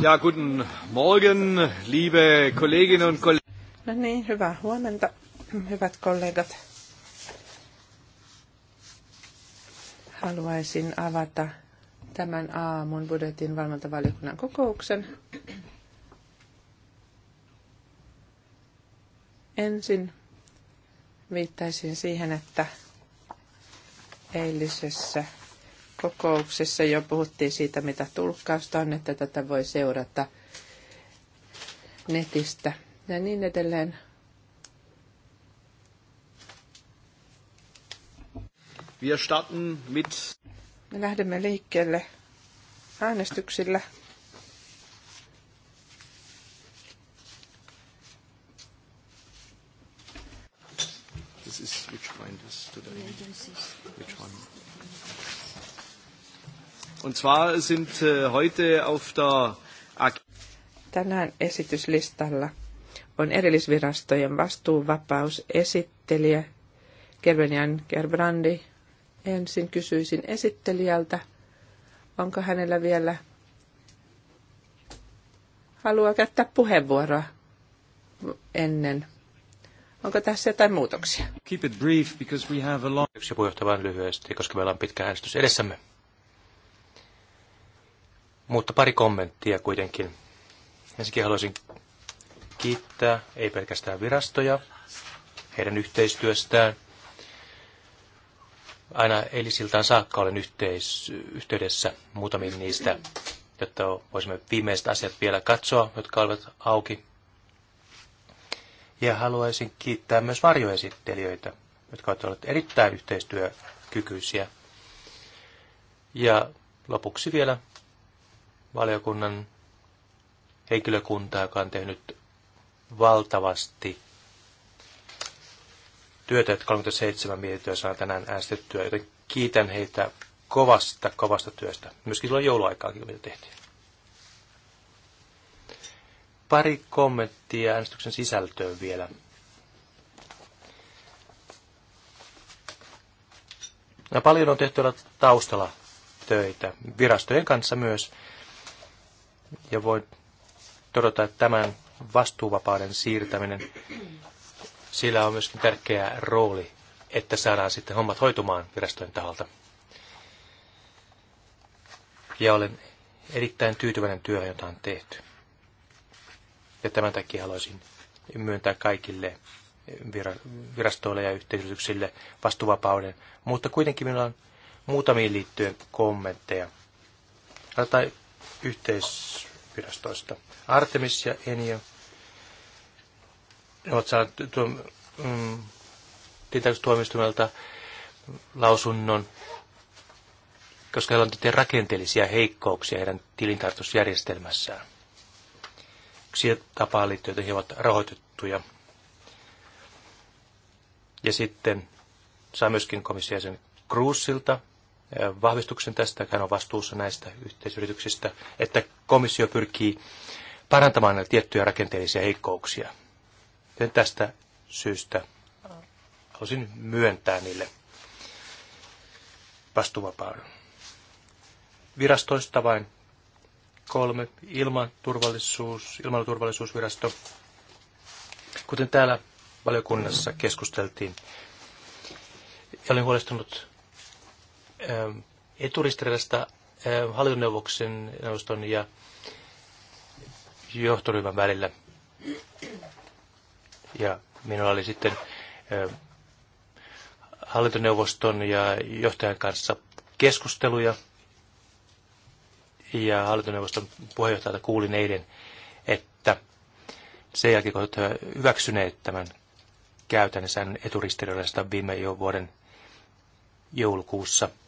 Ja, guten Morgen, liebe Kolleginnen und Kollegen. No niin, hyvää huomenta, hyvät kollegat. Haluaisin avata tämän aamun budjetin valvontavaliokunnan kokouksen. Ensin viittaisin siihen, että eilisessä kokouksessa jo puhuttiin siitä, mitä tulkkausta on, että tätä voi seurata netistä ja niin edelleen. Wir starten mit... Me lähdemme liikkeelle äänestyksillä. zwar sind äh, heute auf der Tänään esityslistalla on erillisvirastojen vastuuvapaus esittelijä Gerbrandi. Ensin kysyisin esittelijältä, onko hänellä vielä halua käyttää puheenvuoroa ennen. Onko tässä jotain muutoksia? Keep it brief, because we have a long... Yksi puheenjohtaja vain lyhyesti, koska meillä on pitkä äänestys edessämme. Mutta pari kommenttia kuitenkin. Ensinnäkin haluaisin kiittää ei pelkästään virastoja heidän yhteistyöstään. Aina eilisiltaan saakka olen yhteis- yhteydessä muutamiin niistä, jotta voisimme viimeiset asiat vielä katsoa, jotka olivat auki. Ja haluaisin kiittää myös varjoesittelijöitä, jotka ovat olleet erittäin yhteistyökykyisiä. Ja lopuksi vielä valiokunnan henkilökuntaa, joka on tehnyt valtavasti työtä, että 37 mietintöä saa tänään äänestettyä, joten kiitän heitä kovasta, kovasta työstä. Myöskin silloin jouluaikaakin, mitä tehtiin. Pari kommenttia äänestyksen sisältöön vielä. Ja no, paljon on tehty taustalla töitä, virastojen kanssa myös, ja voi todeta, että tämän vastuuvapauden siirtäminen, sillä on myöskin tärkeä rooli, että saadaan sitten hommat hoitumaan virastojen taholta. Ja olen erittäin tyytyväinen työhön, jota on tehty. Ja tämän takia haluaisin myöntää kaikille virastoille ja yhteisöksille vastuuvapauden. Mutta kuitenkin minulla on muutamiin liittyen kommentteja. Aloitetaan yhteisvirastoista. Artemis ja Enio ne ovat saaneet tuon, mm, lausunnon, koska heillä on tietysti rakenteellisia heikkouksia heidän tilintarkastusjärjestelmässään. Yksi tapaan liittyen, he ovat rahoitettuja. Ja sitten saa myöskin komission Kruusilta vahvistuksen tästä, hän on vastuussa näistä yhteisyrityksistä, että komissio pyrkii parantamaan tiettyjä rakenteellisia heikkouksia. Joten tästä syystä haluaisin myöntää niille vastuvapauden. Virastoista vain kolme. Ilmaturvallisuus, ilmaturvallisuusvirasto. Kuten täällä valiokunnassa keskusteltiin, ja olin huolestunut Ähm, eturistiriidasta ähm, hallintoneuvoksen neuvoston ja johtoryhmän välillä. Ja minulla oli sitten ähm, hallintoneuvoston ja johtajan kanssa keskusteluja. Ja hallintoneuvoston puheenjohtajalta kuulin eilen, että sen jälkeen kun olette äh, hyväksyneet tämän käytännössä eturistiriidasta viime jo vuoden joulukuussa –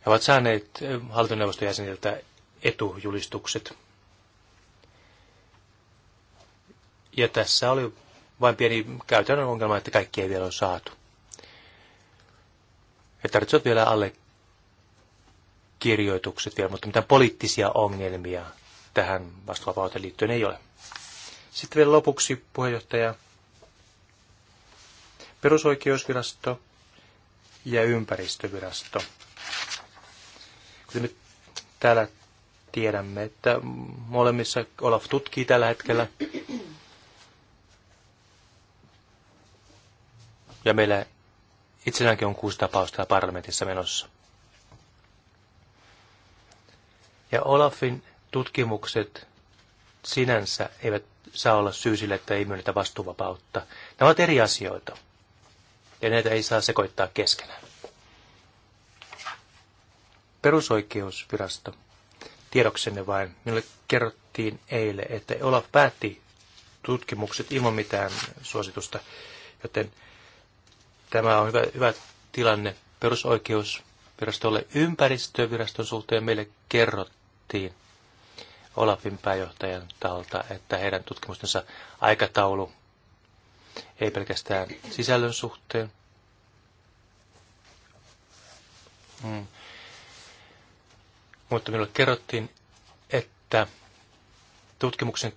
He ovat saaneet eh, hallintoneuvoston jäseniltä etujulistukset. Ja tässä oli vain pieni käytännön ongelma, että kaikki ei vielä ole saatu. He tarvitsevat vielä alle kirjoitukset vielä, mutta mitään poliittisia ongelmia tähän vastuvapauteen liittyen ei ole. Sitten vielä lopuksi puheenjohtaja perusoikeusvirasto ja ympäristövirasto Kuten nyt täällä tiedämme, että molemmissa Olaf tutkii tällä hetkellä. Ja meillä itsenäänkin on kuusi tapausta parlamentissa menossa. Ja Olafin tutkimukset sinänsä eivät saa olla syy sille, että ei myönnetä vastuuvapautta. Nämä ovat eri asioita. Ja näitä ei saa sekoittaa keskenään perusoikeusvirasto. Tiedoksenne vain, minulle kerrottiin eilen, että Olaf päätti tutkimukset ilman mitään suositusta, joten tämä on hyvä, hyvä tilanne perusoikeusvirastolle ympäristöviraston suhteen. Meille kerrottiin Olafin pääjohtajan taholta, että heidän tutkimustensa aikataulu ei pelkästään sisällön suhteen, mm, mutta minulle kerrottiin, että tutkimuksen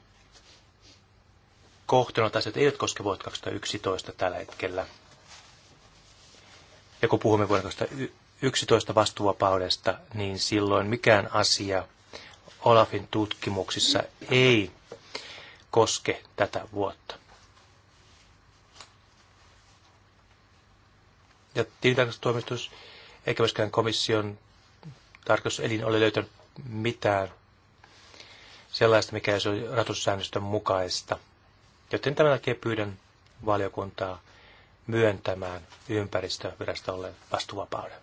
kohteena tai ei eivät koske vuotta 2011 tällä hetkellä. Ja kun puhumme vuonna 2011 vastuuvapaudesta, niin silloin mikään asia Olafin tutkimuksissa ei koske tätä vuotta. Ja tilintarkastustoimistus eikä myöskään komission tarkastuselin ole löytänyt mitään sellaista, mikä ei ole ratussäännöstön mukaista. Joten tämän takia pyydän valiokuntaa myöntämään ympäristövirastolle vastuvapauden.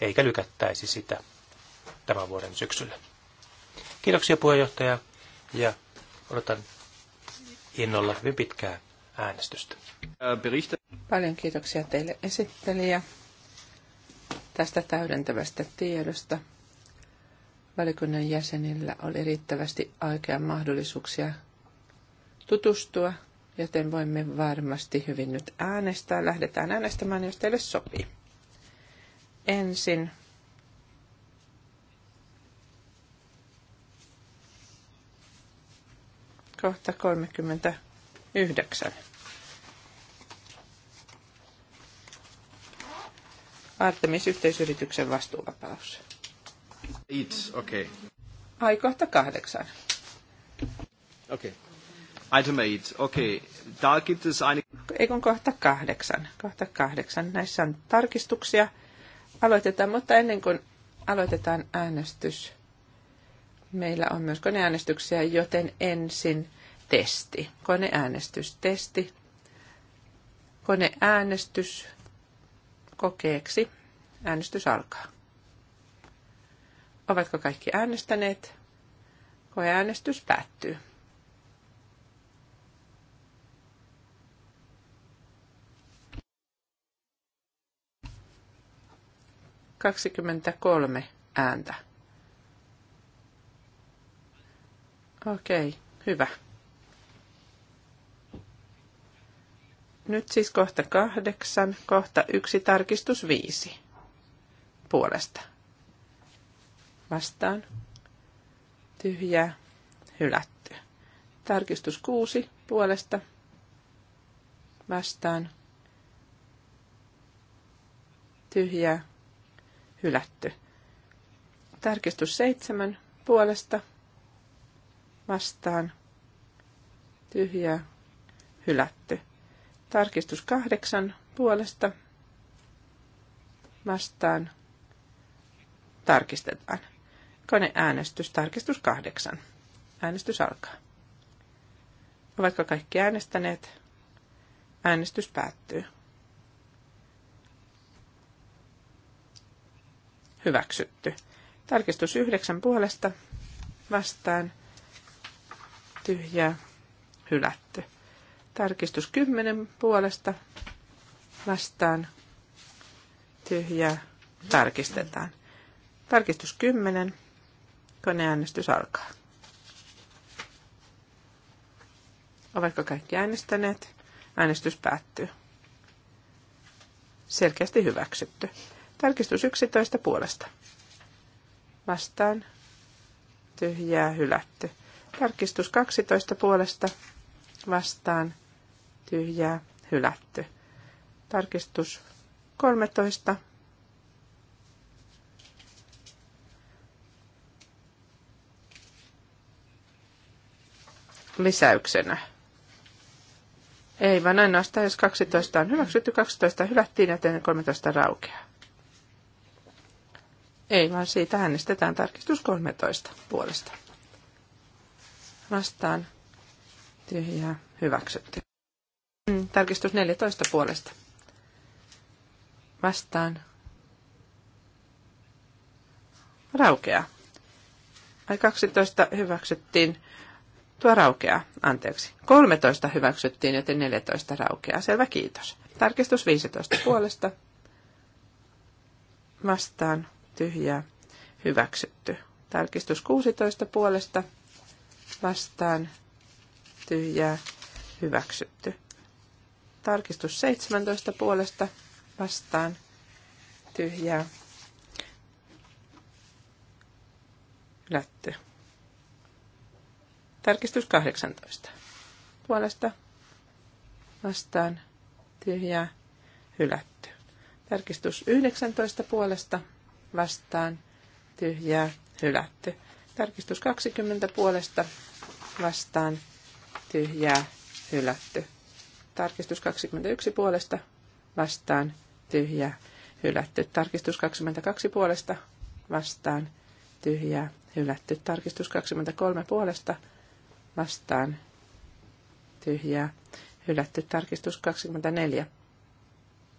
Eikä lykättäisi sitä tämän vuoden syksyllä. Kiitoksia puheenjohtaja ja odotan innolla hyvin pitkää äänestystä. Paljon kiitoksia teille esittelijä tästä täydentävästä tiedosta. Valikunnan jäsenillä oli riittävästi aikaa mahdollisuuksia tutustua, joten voimme varmasti hyvin nyt äänestää. Lähdetään äänestämään, jos teille sopii. Ensin kohta 39. Artemis-yhteisyrityksen vastuuvapaus. It's okay. Ai kohta kahdeksan. Okay. Item 8. Okay. Da Ei kun kohta kahdeksan. Kohta kahdeksan. Näissä on tarkistuksia. Aloitetaan, mutta ennen kuin aloitetaan äänestys, meillä on myös koneäänestyksiä, joten ensin testi. Koneäänestystesti. Koneäänestys kokeeksi. Äänestys alkaa. Ovatko kaikki äänestäneet? Koeäänestys päättyy. Kaksikymmentä kolme ääntä. Okei, hyvä. Nyt siis kohta kahdeksan, kohta yksi, tarkistus viisi. Puolesta. Vastaan. Tyhjää. Hylätty. Tarkistus kuusi. Puolesta. Vastaan. Tyhjää. Hylätty. Tarkistus seitsemän. Puolesta. Vastaan. Tyhjää. Hylätty Tarkistus kahdeksan puolesta vastaan tarkistetaan. äänestys, tarkistus kahdeksan. Äänestys alkaa. Ovatko kaikki äänestäneet? Äänestys päättyy. Hyväksytty. Tarkistus yhdeksän puolesta vastaan. Tyhjää. Hylätty. Tarkistus 10 puolesta vastaan tyhjää tarkistetaan. Tarkistus 10. Koneäänestys alkaa. Ovatko kaikki äänestäneet? Äänestys päättyy. Selkeästi hyväksytty. Tarkistus 11 puolesta. Vastaan. Tyhjää hylätty. Tarkistus 12 puolesta. Vastaan tyhjää, hylätty. Tarkistus 13. Lisäyksenä. Ei, vaan ainoastaan jos 12 on hyväksytty, 12 hylättiin, ja 13 raukeaa. Ei, vaan siitä äänestetään tarkistus 13 puolesta. Vastaan tyhjää hyväksytty. Tarkistus 14 puolesta. Vastaan. raukea. Ai 12 hyväksyttiin. Tuo raukea anteeksi. 13 hyväksyttiin, joten 14 raukeaa. Selvä, kiitos. Tarkistus 15 puolesta. Vastaan. Tyhjää. Hyväksytty. Tarkistus 16 puolesta. Vastaan. Tyhjää. Hyväksytty. Tarkistus 17 puolesta vastaan tyhjää. Lätty. Tarkistus 18 puolesta vastaan tyhjää hylätty. Tarkistus 19 puolesta vastaan tyhjää hylätty. Tarkistus 20 puolesta vastaan tyhjää hylätty. Tarkistus 21 puolesta vastaan tyhjä hylätty. Tarkistus 22 puolesta vastaan tyhjä hylätty. Tarkistus 23 puolesta vastaan tyhjä hylätty. Tarkistus 24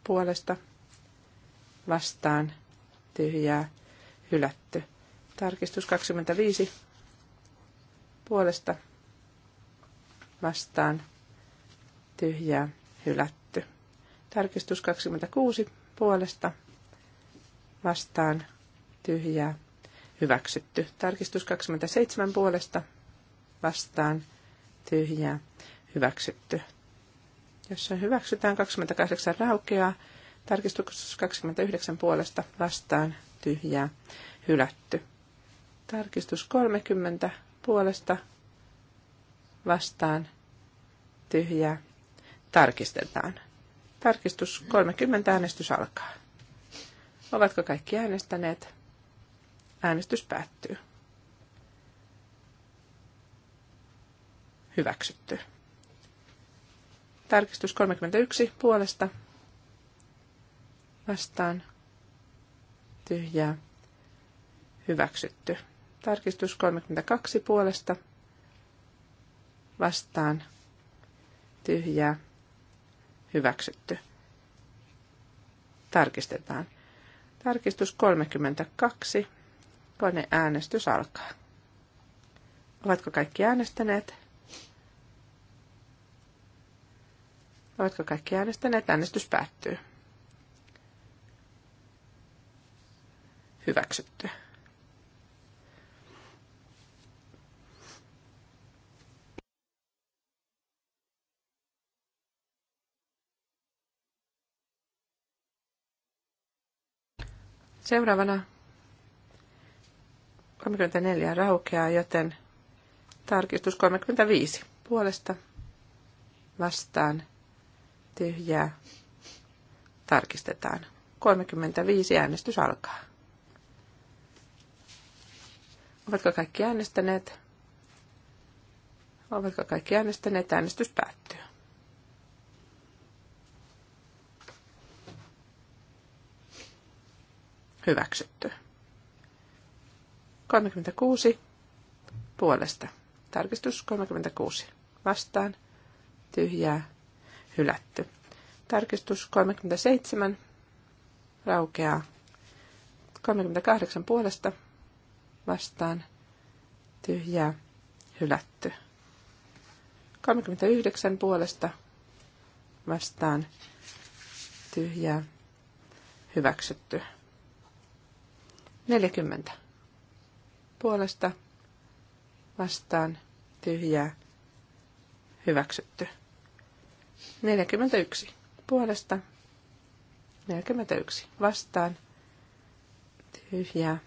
puolesta vastaan tyhjää hylätty. Tarkistus 25 puolesta vastaan tyhjää, hylätty. Tarkistus 26 puolesta vastaan tyhjää, hyväksytty. Tarkistus 27 puolesta vastaan tyhjää, hyväksytty. Jos hyväksytään 28 raukeaa, tarkistus 29 puolesta vastaan tyhjää, hylätty. Tarkistus 30 puolesta vastaan tyhjää, tarkistetaan. Tarkistus 30 äänestys alkaa. Ovatko kaikki äänestäneet? Äänestys päättyy. Hyväksytty. Tarkistus 31 puolesta. Vastaan. Tyhjää. Hyväksytty. Tarkistus 32 puolesta. Vastaan. Tyhjää hyväksytty. Tarkistetaan. Tarkistus 32. Koneäänestys alkaa. Ovatko kaikki äänestäneet? Ovatko kaikki äänestäneet? Äänestys päättyy. Hyväksytty. Seuraavana 34 raukeaa, joten tarkistus 35 puolesta vastaan tyhjää tarkistetaan. 35 äänestys alkaa. Ovatko kaikki äänestäneet? Ovatko kaikki äänestäneet? Äänestys päättyy. Hyväksytty. 36 puolesta. Tarkistus 36. Vastaan. Tyhjää. Hylätty. Tarkistus 37. Raukeaa. 38 puolesta. Vastaan. Tyhjää. Hylätty. 39 puolesta. Vastaan. Tyhjää. Hyväksytty. 40. Puolesta vastaan tyhjää hyväksytty. 41. Puolesta 41. Vastaan tyhjää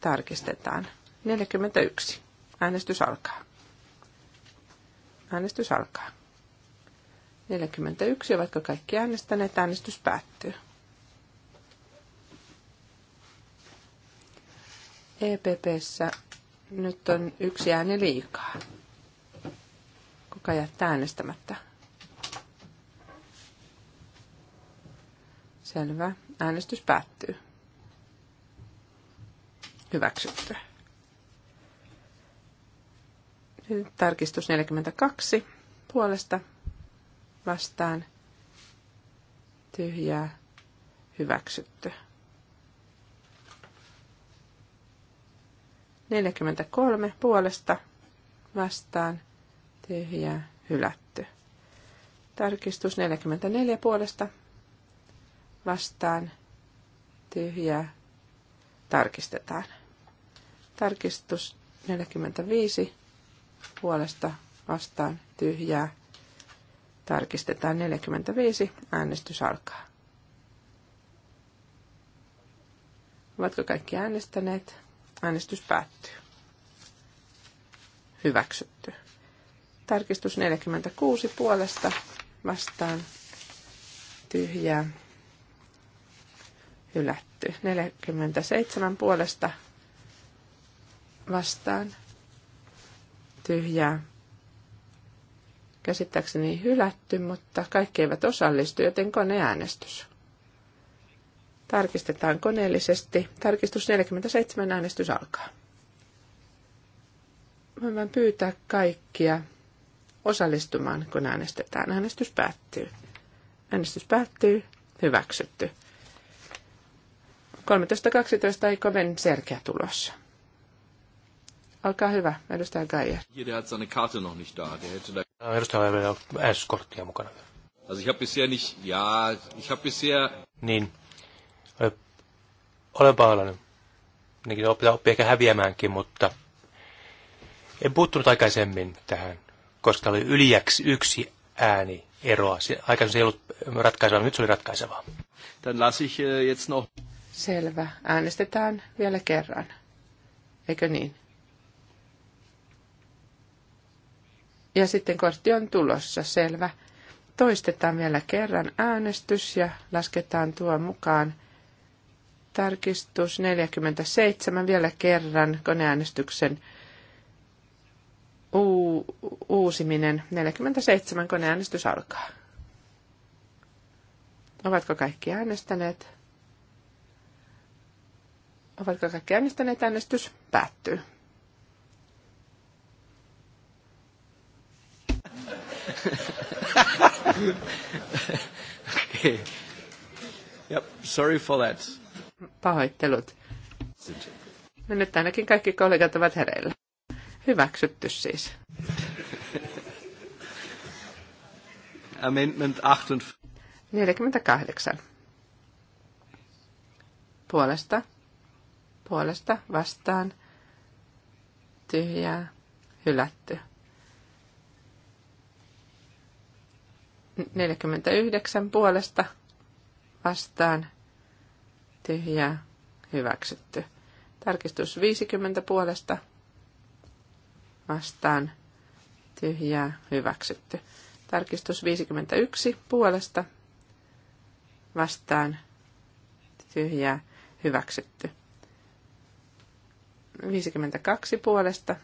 tarkistetaan. 41. Äänestys alkaa. Äänestys alkaa. 41, ovatko kaikki äänestäneet? Äänestys päättyy. EPPssä nyt on yksi ääni liikaa. Kuka jättää äänestämättä? Selvä. Äänestys päättyy. Hyväksytty. Nyt tarkistus 42 puolesta vastaan tyhjää hyväksytty. 43 puolesta vastaan tyhjä hylätty. Tarkistus 44 puolesta vastaan tyhjä tarkistetaan. Tarkistus 45 puolesta vastaan tyhjää tarkistetaan 45. Äänestys alkaa. Ovatko kaikki äänestäneet? Äänestys päättyy. Hyväksytty. Tarkistus 46 puolesta vastaan tyhjää. Hylätty. 47 puolesta vastaan tyhjää. Käsittääkseni hylätty, mutta kaikki eivät osallistu, joten koneäänestys. Tarkistetaan koneellisesti. Tarkistus 47 äänestys alkaa. Voin pyytää kaikkia osallistumaan, kun äänestetään. Äänestys päättyy. Äänestys päättyy. Hyväksytty. 13.12 ei kovin selkeä tulos. Olkaa hyvä, edustaja Geier. Jeder hat seine Karte noch nicht da. Der hätte da... No, edustaja ei ole äänestyskorttia mukana. Also ich habe bisher nicht, ja, ich habe bisher... Niin, olen pahoillani. Niinkin pitää oppia ehkä häviämäänkin, mutta en puuttunut aikaisemmin tähän, koska oli ylijäksi yksi ääni eroa. Aikaisemmin ei ollut ratkaisevaa, nyt se oli ratkaisevaa. Dann lasse ich äh, jetzt noch. Selvä. Äänestetään vielä kerran. Eikö niin? Ja sitten kortti on tulossa, selvä. Toistetaan vielä kerran äänestys ja lasketaan tuo mukaan Tarkistus 47 vielä kerran koneäänestyksen uusiminen. 47 koneäänestys alkaa. Ovatko kaikki äänestäneet? Ovatko kaikki äänestäneet? Äänestys päättyy. okay. Yep, sorry for that. Pahoittelut. No nyt ainakin kaikki kollegat ovat hereillä. Hyväksytty siis. Amendment 48. Puolesta. Puolesta vastaan. Tyhjää. Hylätty. 49 puolesta vastaan tyhjää, hyväksytty. Tarkistus 50 puolesta vastaan, tyhjää, hyväksytty. Tarkistus 51 puolesta vastaan, tyhjää, hyväksytty. 52 puolesta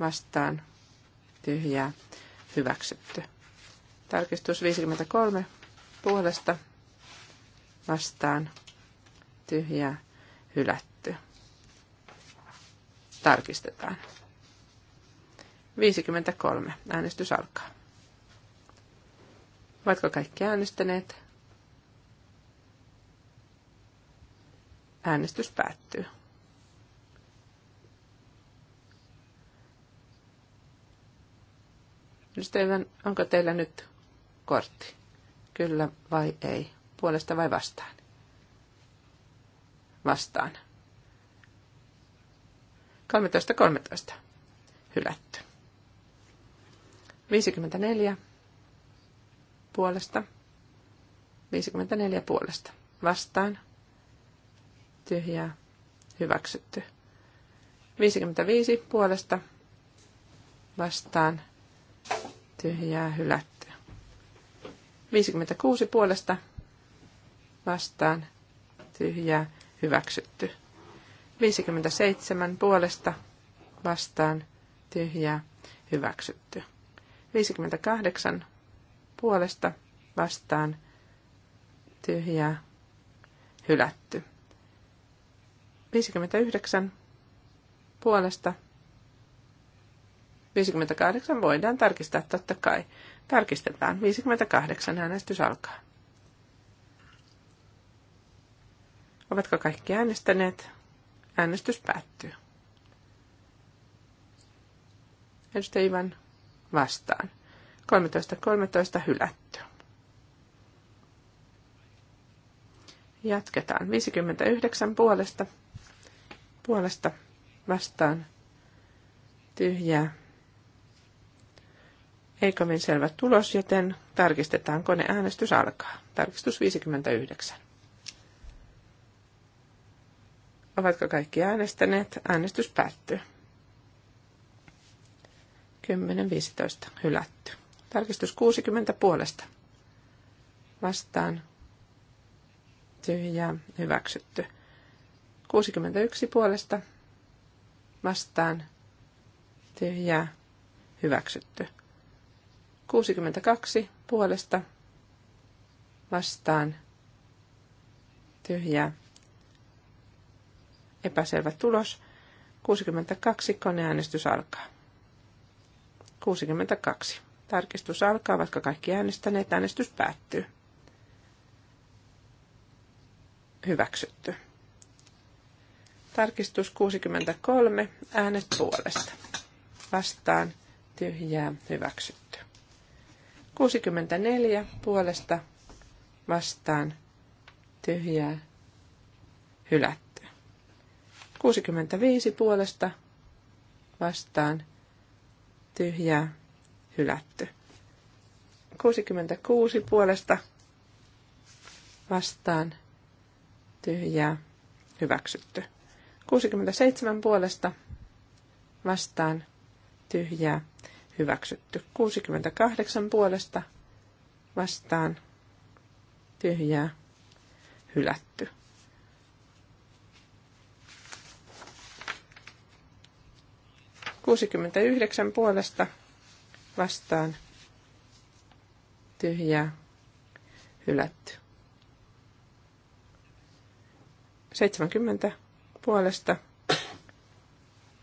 vastaan, tyhjää, hyväksytty. Tarkistus 53 puolesta vastaan tyhjä hylätty. Tarkistetaan. 53. Äänestys alkaa. Ovatko kaikki äänestäneet? Äänestys päättyy. Onko teillä nyt kortti? Kyllä vai ei? puolesta vai vastaan? Vastaan. 13.13. 13. Hylätty. 54 puolesta. 54 puolesta. Vastaan. Tyhjää. Hyväksytty. 55 puolesta. Vastaan. Tyhjää. Hylätty. 56 puolesta vastaan tyhjää hyväksytty. 57 puolesta vastaan tyhjää hyväksytty. 58 puolesta vastaan tyhjää hylätty. 59 puolesta 58 voidaan tarkistaa totta kai. Tarkistetaan. 58 äänestys alkaa. Ovatko kaikki äänestäneet? Äänestys päättyy. Edustaja Ivan vastaan. 13.13 hylätty. Jatketaan. 59 puolesta. Puolesta vastaan. Tyhjää. Ei kovin selvä tulos, joten tarkistetaan koneäänestys alkaa. Tarkistus 59. Ovatko kaikki äänestäneet? Äänestys päättyy. 10.15. Hylätty. Tarkistus 60 puolesta. Vastaan. Tyhjää. Hyväksytty. 61 puolesta. Vastaan. Tyhjää. Hyväksytty. 62 puolesta. Vastaan. Tyhjää Epäselvä tulos. 62. Koneäänestys alkaa. 62. Tarkistus alkaa, vaikka kaikki äänestäneet. Äänestys päättyy. Hyväksytty. Tarkistus 63. Äänet puolesta. Vastaan. Tyhjää. Hyväksytty. 64. Puolesta. Vastaan. Tyhjää. Hylätty. 65 puolesta vastaan tyhjää hylätty. 66 puolesta vastaan tyhjää hyväksytty. 67 puolesta vastaan tyhjää hyväksytty. 68 puolesta vastaan tyhjää hylätty. 69 puolesta vastaan tyhjää hylätty. 70 puolesta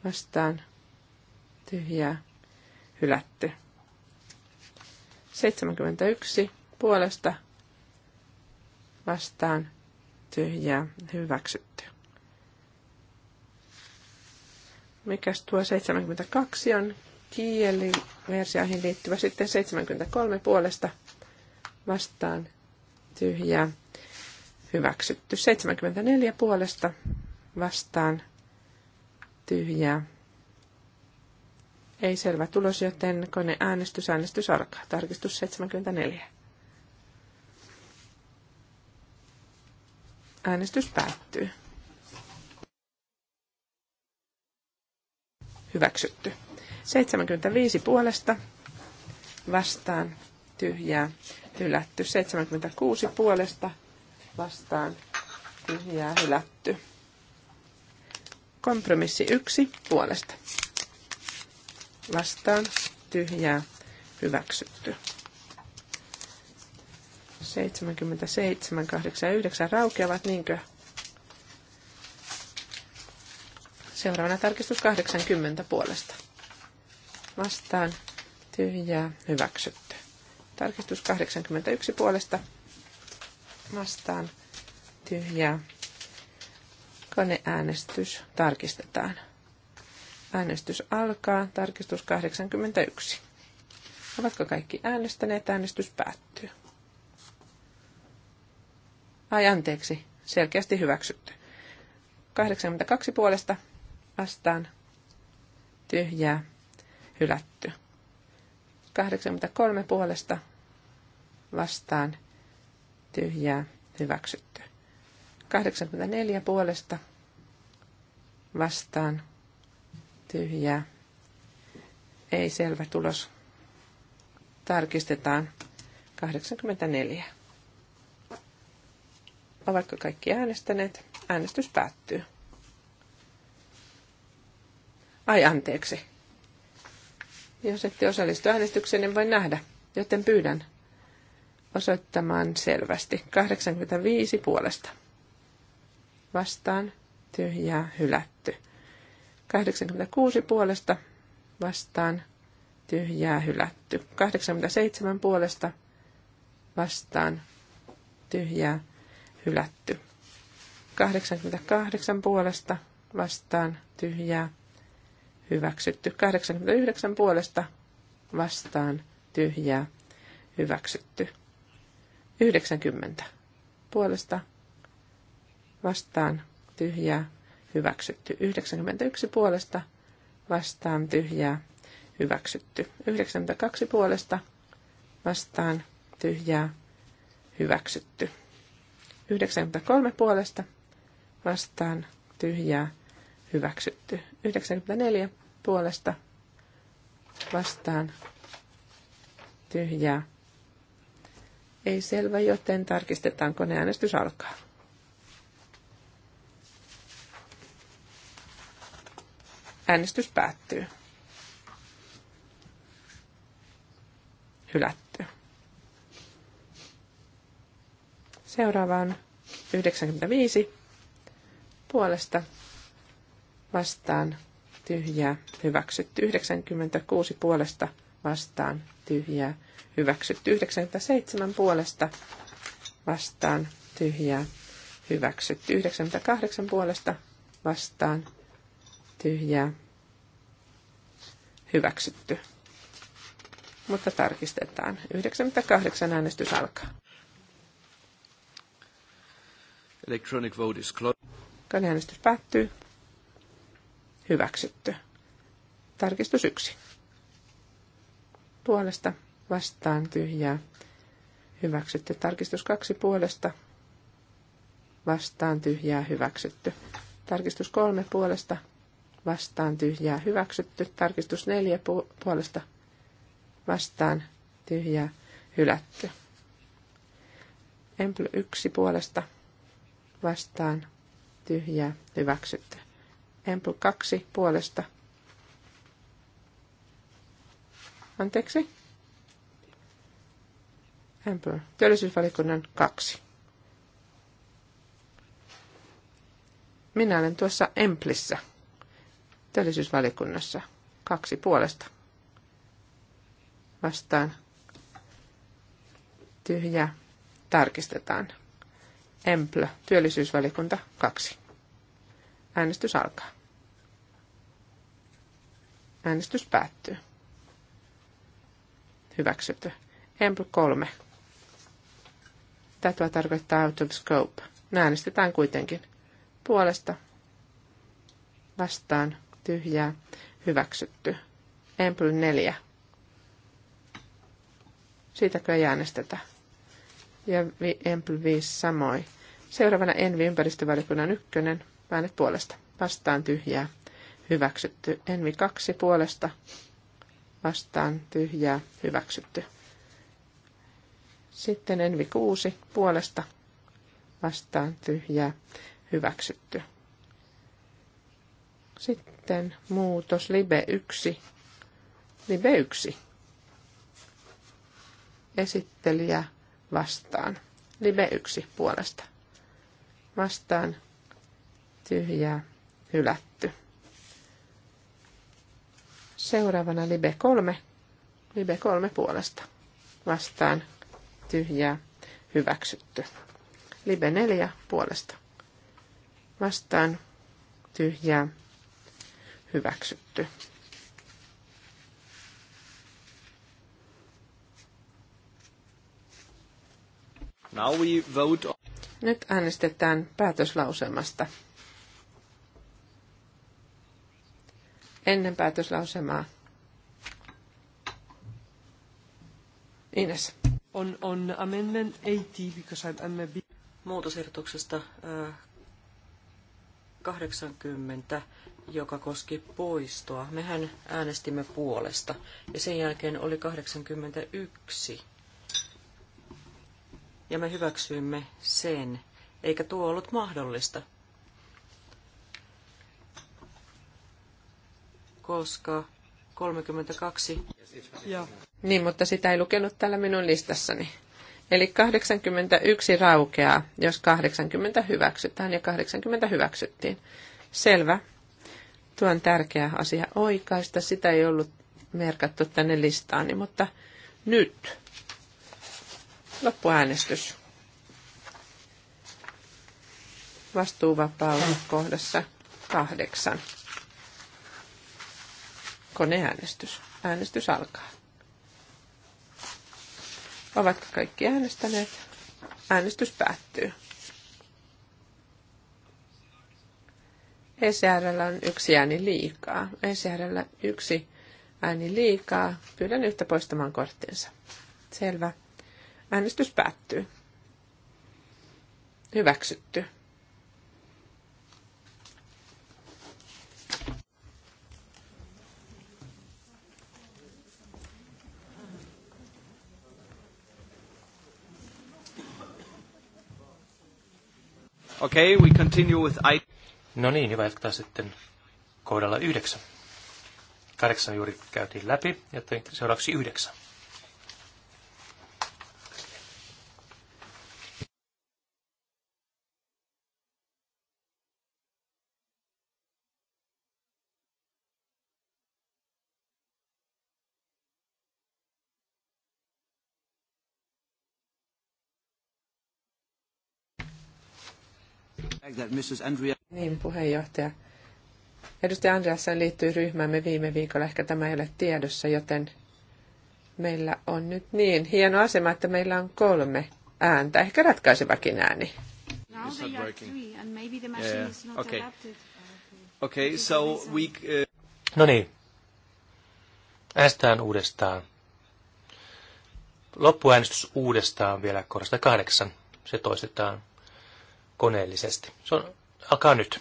vastaan tyhjää hylätty. 71 puolesta vastaan tyhjää hyväksytty. Mikäs tuo 72 on? Kieliversioihin liittyvä. Sitten 73 puolesta vastaan tyhjää. Hyväksytty. 74 puolesta vastaan tyhjää. Ei selvä tulos, joten äänestys, äänestys alkaa. Tarkistus 74. Äänestys päättyy. hyväksytty. 75 puolesta vastaan tyhjää hylätty. 76 puolesta vastaan tyhjää hylätty. Kompromissi 1 puolesta vastaan tyhjää hyväksytty. 77, 89 raukeavat, niinkö Seuraavana tarkistus 80 puolesta. Vastaan tyhjää hyväksytty. Tarkistus 81 puolesta. Vastaan tyhjää. Koneäänestys tarkistetaan. Äänestys alkaa. Tarkistus 81. Ovatko kaikki äänestäneet? Äänestys päättyy. Ai anteeksi, selkeästi hyväksytty. 82 puolesta vastaan tyhjää hylätty. 83 puolesta vastaan tyhjää hyväksytty. 84 puolesta vastaan tyhjää. Ei selvä tulos. Tarkistetaan 84. Ovatko kaikki äänestäneet? Äänestys päättyy. Ai anteeksi. Jos ette osallistu äänestykseen, niin voi nähdä, joten pyydän osoittamaan selvästi. 85 puolesta. Vastaan tyhjää hylätty. 86 puolesta vastaan tyhjää hylätty. 87 puolesta vastaan tyhjää hylätty. 88 puolesta vastaan tyhjää hyväksytty. 89 puolesta vastaan tyhjää hyväksytty. 90 puolesta vastaan tyhjää hyväksytty. 91 puolesta vastaan tyhjää hyväksytty. 92 puolesta vastaan tyhjää hyväksytty. 93 puolesta vastaan tyhjää hyväksytty. 94 puolesta vastaan tyhjää. Ei selvä, joten tarkistetaan koneäänestys alkaa. Äänestys päättyy. Hylätty. Seuraava on 95 puolesta vastaan tyhjää hyväksytty. 96 puolesta vastaan tyhjää hyväksytty. 97 puolesta vastaan tyhjää hyväksytty. 98 puolesta vastaan tyhjää hyväksytty. Mutta tarkistetaan. 98 äänestys alkaa. Electronic vote is closed. Koneäänestys päättyy. Hyväksytty. Tarkistus 1. Puolesta vastaan tyhjää. Hyväksytty. Tarkistus 2 puolesta vastaan tyhjää. Hyväksytty. Tarkistus 3 puolesta vastaan tyhjää. Hyväksytty. Tarkistus 4 puolesta vastaan tyhjää. Hylätty. Emply 1 puolesta vastaan tyhjää. Hyväksytty. Empu 2 puolesta. Anteeksi. Empu. Työllisyysvalikunnan 2. Minä olen tuossa Emplissä, työllisyysvalikunnassa, kaksi puolesta. Vastaan tyhjä tarkistetaan. Emplö, työllisyysvalikunta kaksi. Äänestys alkaa. Äänestys päättyy. Hyväksytty. Empl 3. Tätä tarkoittaa out of scope. Äänestetään kuitenkin. Puolesta. Vastaan. Tyhjää. Hyväksytty. Empl 4. Siitäkö ei äänestetä? Ja Empl 5 samoin. Seuraavana Envi ympäristövaliokunnan ykkönen äänet puolesta. Vastaan tyhjää. Hyväksytty. Envi kaksi puolesta. Vastaan tyhjää. Hyväksytty. Sitten Envi kuusi puolesta. Vastaan tyhjää. Hyväksytty. Sitten muutos Libe yksi Libe yksi Esittelijä vastaan. Libe yksi puolesta. Vastaan tyhjää, hylätty. Seuraavana Libe 3. Libe 3 puolesta. Vastaan tyhjää, hyväksytty. Libe 4 puolesta. Vastaan tyhjää, hyväksytty. Now we vote on... Nyt äänestetään päätöslauselmasta ennen päätöslausemaa. Ines. On, on amendment 80, because I'm, I'm a bit... Muutosehdotuksesta äh, 80, joka koski poistoa. Mehän äänestimme puolesta ja sen jälkeen oli 81. Ja me hyväksyimme sen, eikä tuo ollut mahdollista. koska 32. Ja. Niin, mutta sitä ei lukenut täällä minun listassani. Eli 81 raukeaa, jos 80 hyväksytään ja 80 hyväksyttiin. Selvä. Tuo on tärkeä asia oikaista. Sitä ei ollut merkattu tänne listaani, mutta nyt loppuäänestys. Vastuuvapaus kohdassa kahdeksan. Koneäänestys. Äänestys alkaa. Ovatko kaikki äänestäneet? Äänestys päättyy. ECRllä on yksi ääni liikaa. ECRllä yksi ääni liikaa. Pyydän yhtä poistamaan korttinsa. Selvä. Äänestys päättyy. Hyväksytty. Okay, we continue with I... No niin, hyvä jatketaan sitten kohdalla yhdeksän. Kahdeksan juuri käytiin läpi, joten seuraavaksi yhdeksän. Niin, puheenjohtaja. Edustaja Andreasen liittyy ryhmämme viime viikolla. Ehkä tämä ei ole tiedossa, joten meillä on nyt niin hieno asema, että meillä on kolme ääntä. Ehkä ratkaisevakin ääni. Uh, no niin. Äänestetään uudestaan. Loppuäänestys uudestaan vielä korosta kahdeksan. Se toistetaan koneellisesti. Se on, alkaa nyt.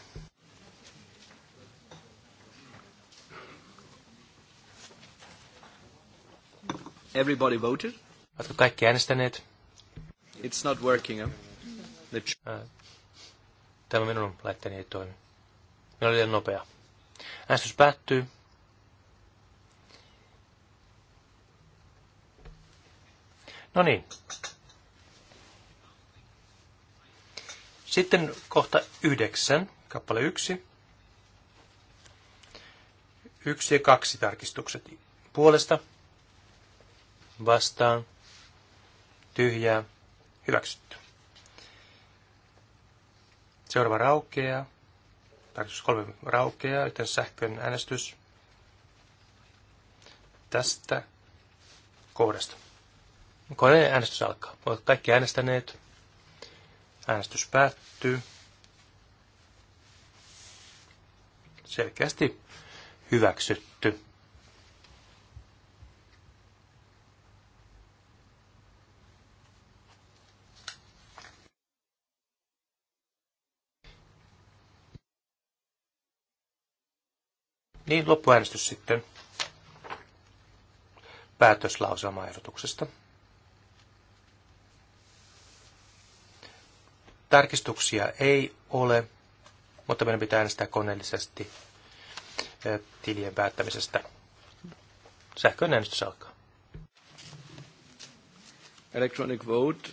Everybody voted? Oletko kaikki äänestäneet? It's not working. Huh? The... Tämä minun laitteeni ei toimi. Minä olen liian nopea. Äänestys päättyy. No niin, Sitten kohta yhdeksän, kappale yksi. Yksi ja kaksi tarkistukset puolesta, vastaan, tyhjää, hyväksytty. Seuraava raukeaa. Tarkistus kolme raukeaa, joten sähkön äänestys tästä kohdasta. Koneen äänestys alkaa. Olet kaikki äänestäneet. Äänestys päättyy. Selkeästi hyväksytty. Niin, loppuäänestys sitten päätöslauselmaehdotuksesta. Tarkistuksia ei ole, mutta meidän pitää äänestää koneellisesti tilien päättämisestä. Sähköinen äänestys alkaa. Electronic vote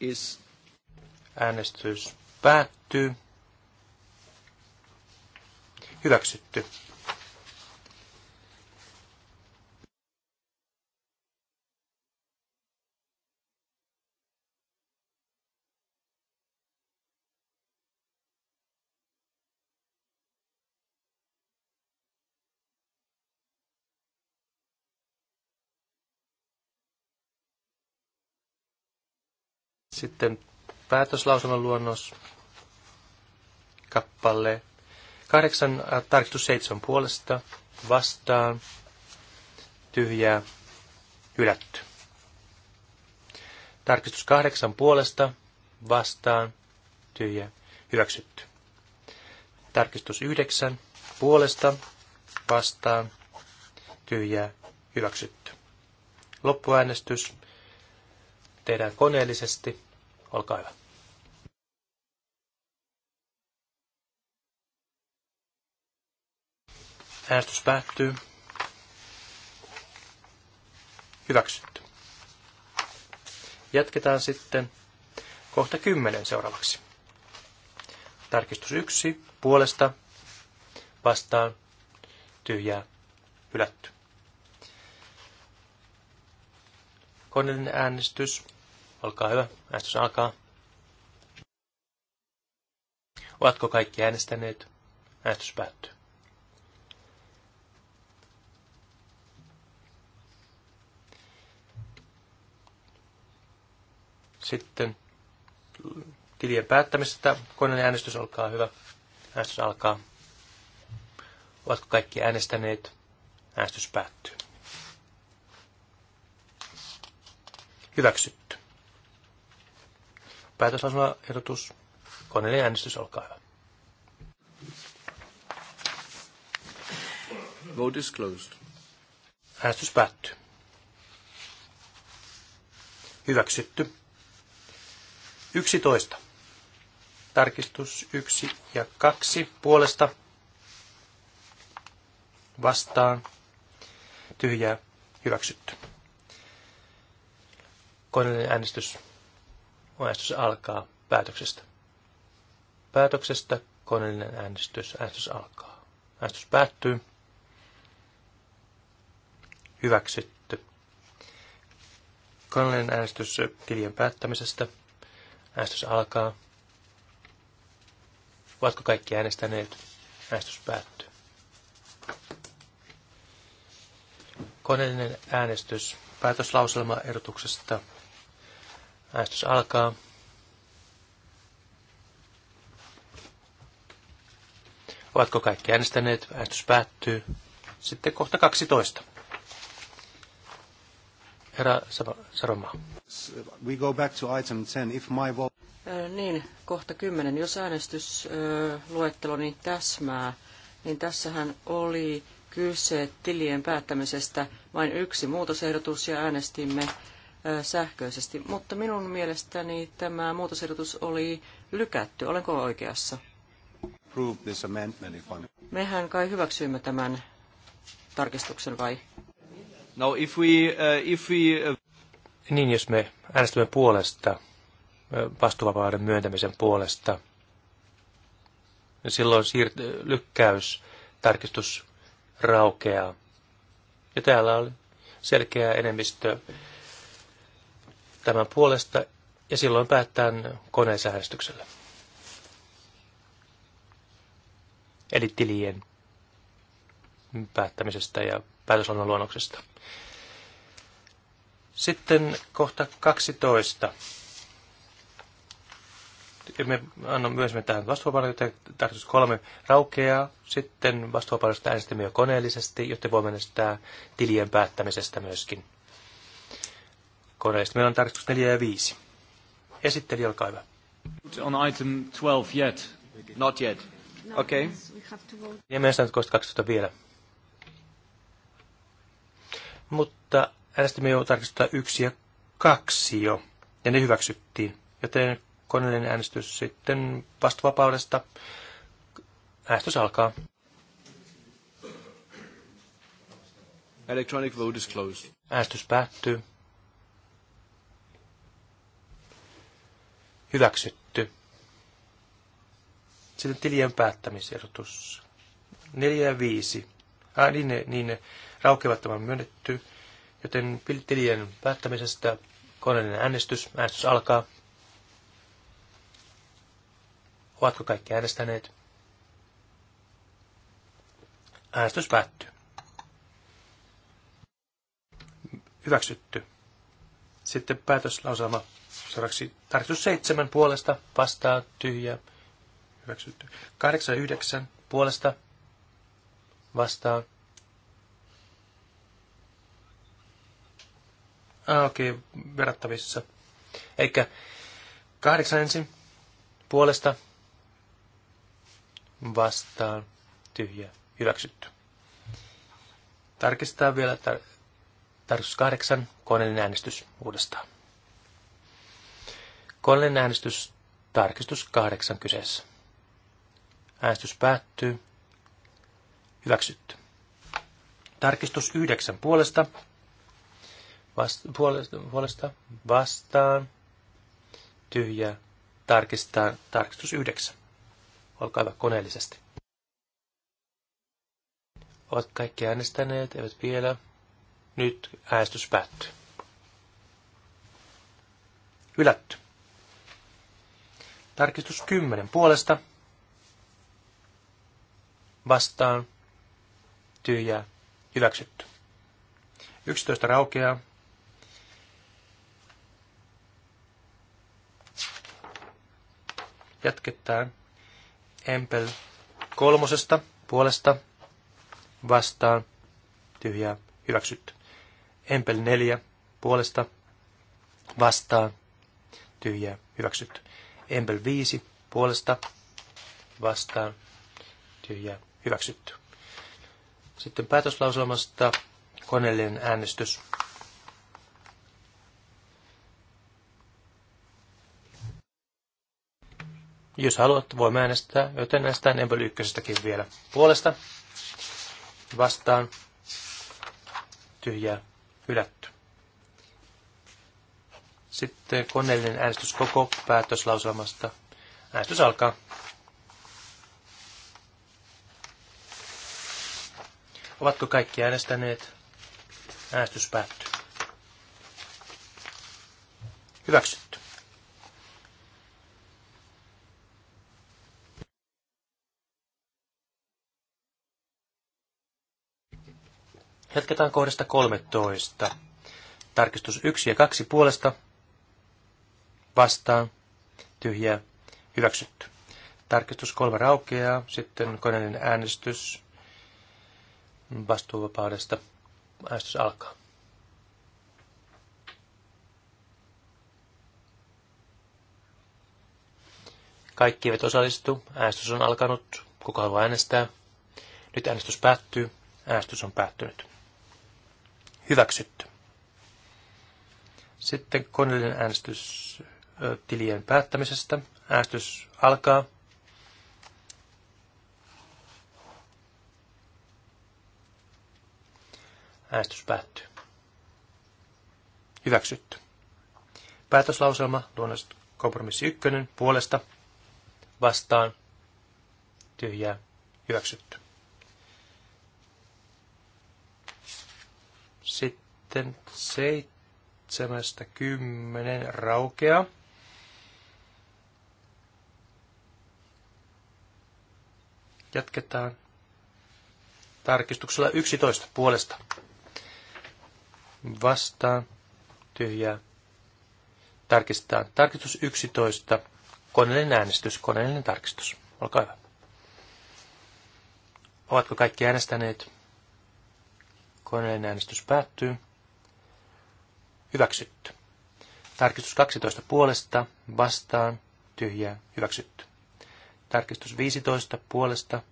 is... Äänestys päättyy. Hyväksytty. Sitten päätöslausunnon luonnos, kappale 8, äh, tarkistus 7 puolesta, vastaan, tyhjää, hylätty. Tarkistus 8 puolesta, vastaan, tyhjää, hyväksytty. Tarkistus 9 puolesta, vastaan, tyhjää, hyväksytty. Loppuäänestys tehdään koneellisesti. Olkaa hyvä. Äänestys päättyy. Hyväksytty. Jatketaan sitten kohta 10 seuraavaksi. Tarkistus 1 puolesta vastaan tyhjää hylätty. Koneellinen äänestys Olkaa hyvä. Äänestys alkaa. Ovatko kaikki äänestäneet? Äänestys päättyy. Sitten tilien päättämisestä koneen äänestys olkaa hyvä. Äänestys alkaa. Ovatko kaikki äänestäneet? Äänestys päättyy. Hyväksytty ehdotus. Koneellinen äänestys, olkaa hyvä. Vote is closed. Äänestys päättyy. Hyväksytty. 11. Tarkistus 1 ja 2 puolesta vastaan tyhjää hyväksytty. Koneellinen äänestys Äänestys alkaa päätöksestä. Päätöksestä koneellinen äänestys. Äänestys alkaa. Äänestys päättyy. Hyväksytty. Koneellinen äänestys tilien päättämisestä. Äänestys alkaa. Ovatko kaikki äänestäneet? Äänestys päättyy. Koneellinen äänestys ehdotuksesta Äänestys alkaa. Ovatko kaikki äänestäneet? Äänestys päättyy. Sitten kohta 12. Herra Saroma. We go back to item 10. If my vote... Niin, kohta 10. Jos äänestysluetteloni niin täsmää, niin tässähän oli kyse tilien päättämisestä vain yksi muutosehdotus ja äänestimme sähköisesti, mutta minun mielestäni tämä muutosehdotus oli lykätty. Olenko oikeassa? Mehän kai hyväksyimme tämän tarkistuksen vai? No, if we, uh, if we, uh... Niin, jos me äänestämme puolesta, vastuuvapauden myöntämisen puolesta, niin silloin siirt- lykkäys, tarkistus raukeaa. Ja täällä oli selkeä enemmistö tämän puolesta ja silloin päättään koneisäänestyksellä. Eli tilien päättämisestä ja päätösvallan luonnoksesta. Sitten kohta 12. Me annan myös me tähän vastuuvapauden, tarkoitus kolme raukeaa. Sitten vastuuvapaudesta äänestämme jo koneellisesti, jotta voimme äänestää tilien päättämisestä myöskin koneista. Meillä on tarkistus 4 ja 5. Esitteli, olkaa hyvä. On item 12 yet. Not yet. Okei. No, okay. Emme äänestänyt kohdasta 12 vielä. Mutta äänestimme jo tarkistusta 1 ja 2 jo, ja ne hyväksyttiin. Joten koneellinen äänestys sitten vastuvapaudesta. Äänestys alkaa. Electronic vote is closed. Äänestys päättyy. hyväksytty. Sitten tilien päättämisehdotus. 4 ja 5. Ah, niin, ne, niin ne raukevat tämän myönnetty, joten tilien päättämisestä koneellinen äänestys. Äänestys alkaa. Ovatko kaikki äänestäneet? Äänestys päättyy. Hyväksytty. Sitten päätöslauselma Seuraavaksi tarkistus seitsemän puolesta vastaa tyhjä hyväksytty. kahdeksan yhdeksän puolesta vastaa. Ah, okei, okay, verrattavissa. Eikä kahdeksan ensin puolesta vastaa tyhjä hyväksytty. Tarkistetaan vielä tar- tarkistus kahdeksan, koneellinen äänestys uudestaan. Koneellinen äänestys, tarkistus kahdeksan kyseessä. Äänestys päättyy. Hyväksytty. Tarkistus yhdeksän puolesta. Vast, puolesta, puolesta vastaan. Tyhjä. Tarkistaa tarkistus yhdeksän. Olkaa hyvä koneellisesti. Ovat kaikki äänestäneet, eivät vielä. Nyt äänestys päättyy. Hylätty. Tarkistus 10 puolesta. Vastaan. Tyhjää. Hyväksytty. 11 raukeaa. Jatketaan. Empel kolmosesta puolesta vastaan tyhjää hyväksytty. Empel neljä puolesta vastaan tyhjää hyväksytty. Embel 5 puolesta vastaan tyhjää hyväksytty. Sitten päätöslauselmasta koneellinen äänestys. Jos haluat, voi äänestää, joten äänestään Embel 1 vielä puolesta vastaan tyhjää hylätty. Sitten koneellinen äänestys koko päätöslauselmasta. Äänestys alkaa. Ovatko kaikki äänestäneet? Äänestys päättyy. Hyväksytty. Jatketaan kohdasta 13. Tarkistus 1 ja 2 puolesta vastaan, tyhjä, hyväksytty. Tarkistus kolme raukeaa, sitten koneellinen äänestys vastuuvapaudesta. Äänestys alkaa. Kaikki eivät osallistu. Äänestys on alkanut. Kuka haluaa äänestää? Nyt äänestys päättyy. Äänestys on päättynyt. Hyväksytty. Sitten koneellinen äänestys tilien päättämisestä. Äänestys alkaa. Äänestys päättyy. Hyväksytty. Päätöslauselma luonnollisesti kompromissi ykkönen puolesta vastaan tyhjää hyväksytty. Sitten seitsemästä kymmenen raukeaa. Jatketaan tarkistuksella 11 puolesta. Vastaan. Tyhjää. Tarkistetaan. Tarkistus 11. Koneellinen äänestys. Koneellinen tarkistus. Olkaa hyvä. Ovatko kaikki äänestäneet? Koneellinen äänestys päättyy. Hyväksytty. Tarkistus 12 puolesta. Vastaan. Tyhjää. Hyväksytty. Tarkistus 15 puolesta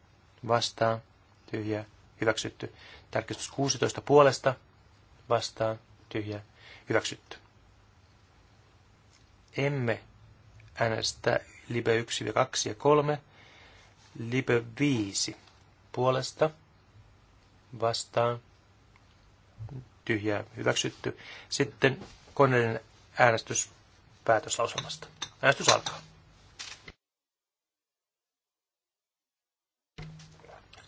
vastaan Tyhjä. hyväksytty. Tarkistus 16 puolesta vastaan Tyhjä. hyväksytty. Emme äänestä Libe 1, 2 ja 3. Libe 5 puolesta vastaan Tyhjä. hyväksytty. Sitten koneellinen äänestys päätöslausumasta. Äänestys alkaa.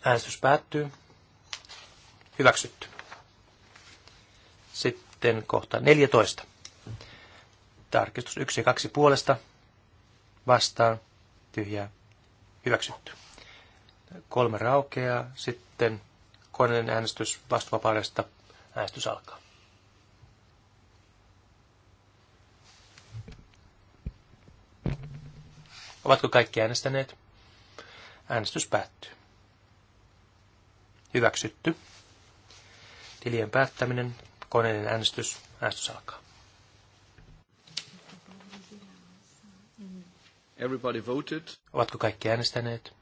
Äänestys päättyy. Hyväksytty. Sitten kohta 14. Tarkistus 1 ja 2 puolesta. Vastaan. Tyhjää. Hyväksytty. Kolme raukeaa. Sitten koneen äänestys vastuvapaudesta. Äänestys alkaa. Ovatko kaikki äänestäneet? Äänestys päättyy. Hyväksytty. Tilien päättäminen. Koneellinen äänestys. Äänestys alkaa. Everybody voted. Ovatko kaikki äänestäneet?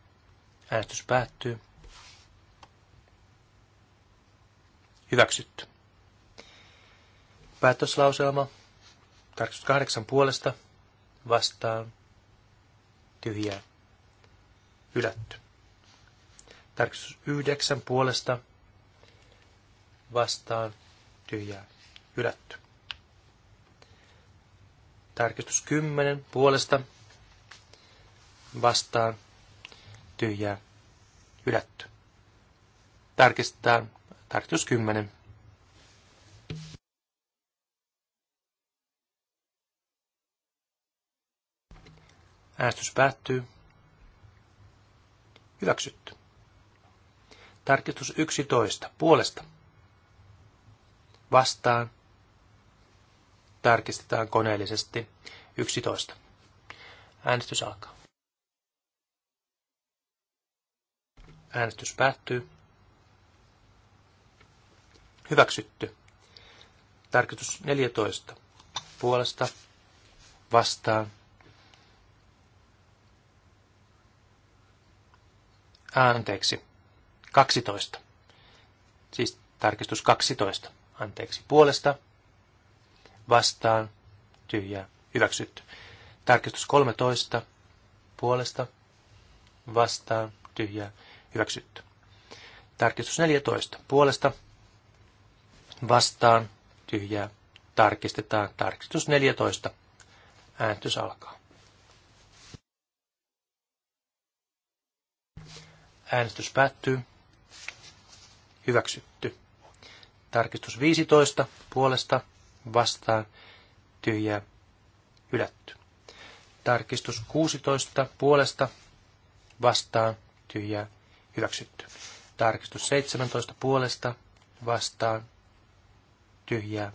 Äänestys päättyy. Hyväksytty. Päätöslauselma. 28 puolesta vastaan. Tyhjää. Hylätty. Tarkistus yhdeksän puolesta vastaan tyhjää hylätty. Tarkistus kymmenen puolesta vastaan tyhjää hylätty. Tarkistetaan tarkistus kymmenen. Äänestys päättyy. Hyväksytty. Tarkistus 11. Puolesta. Vastaan. Tarkistetaan koneellisesti. 11. Äänestys alkaa. Äänestys päättyy. Hyväksytty. Tarkistus 14. Puolesta. Vastaan. Anteeksi. 12. Siis tarkistus 12. Anteeksi. Puolesta, vastaan, tyhjä hyväksytty. Tarkistus 13. Puolesta, vastaan, tyhjä hyväksytty. Tarkistus 14. Puolesta, vastaan, tyhjä. tarkistetaan. Tarkistus 14. Ääntys alkaa. Äänestys päättyy hyväksytty. Tarkistus 15 puolesta vastaan tyhjää hylätty. Tarkistus 16 puolesta vastaan tyhjää hyväksytty. Tarkistus 17 puolesta vastaan tyhjää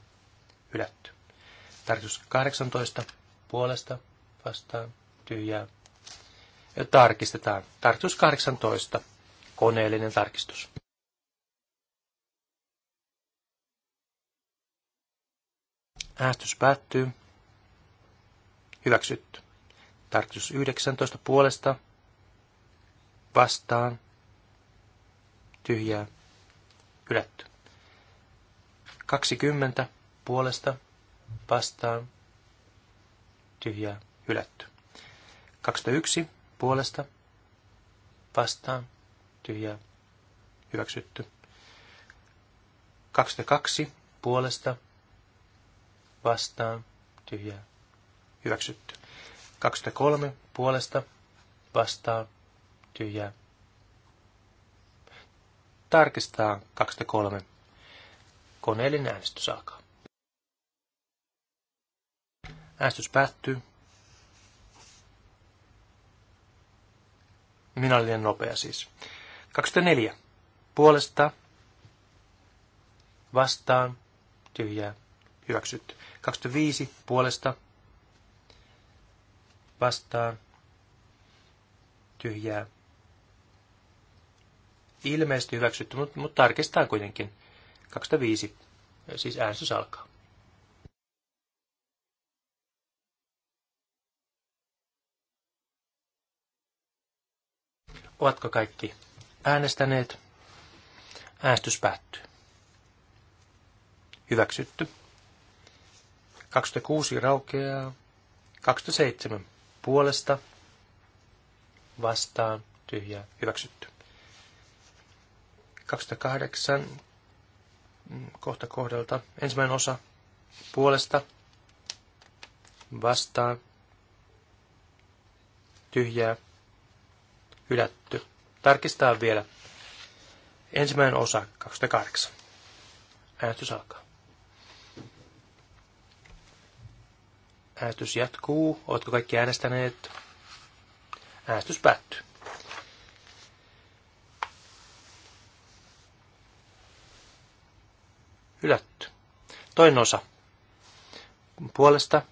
hylätty. Tarkistus 18 puolesta vastaan tyhjää. Ja tarkistetaan. Tarkistus 18. Koneellinen tarkistus. Äänestys päättyy. Hyväksytty. Tarkistus 19 puolesta. Vastaan. Tyhjää. Hylätty. 20 puolesta. Vastaan. Tyhjää. Hylätty. 21 puolesta. Vastaan. Tyhjää. Hyväksytty. 22 puolesta Vastaan vastaan, tyhjää, hyväksytty. 23 puolesta vastaan, tyhjää. Tarkistetaan 23. Koneellinen äänestys alkaa. Äänestys päättyy. Minä olin nopea siis. 24. Puolesta vastaan tyhjää hyväksytty. 25 puolesta vastaan tyhjää. Ilmeisesti hyväksytty, mutta, mut tarkistetaan kuitenkin. 25, siis äänestys alkaa. Ovatko kaikki äänestäneet? Äänestys päättyy. Hyväksytty. 26 raukeaa. 27 puolesta vastaan tyhjä hyväksytty. 28 mm, kohta kohdalta ensimmäinen osa puolesta vastaan tyhjää hylätty. Tarkistaa vielä ensimmäinen osa 28. Äänestys alkaa. Äänestys jatkuu. Oletko kaikki äänestäneet? Äänestys päättyy. Hylätty. Toinen osa. Puolesta.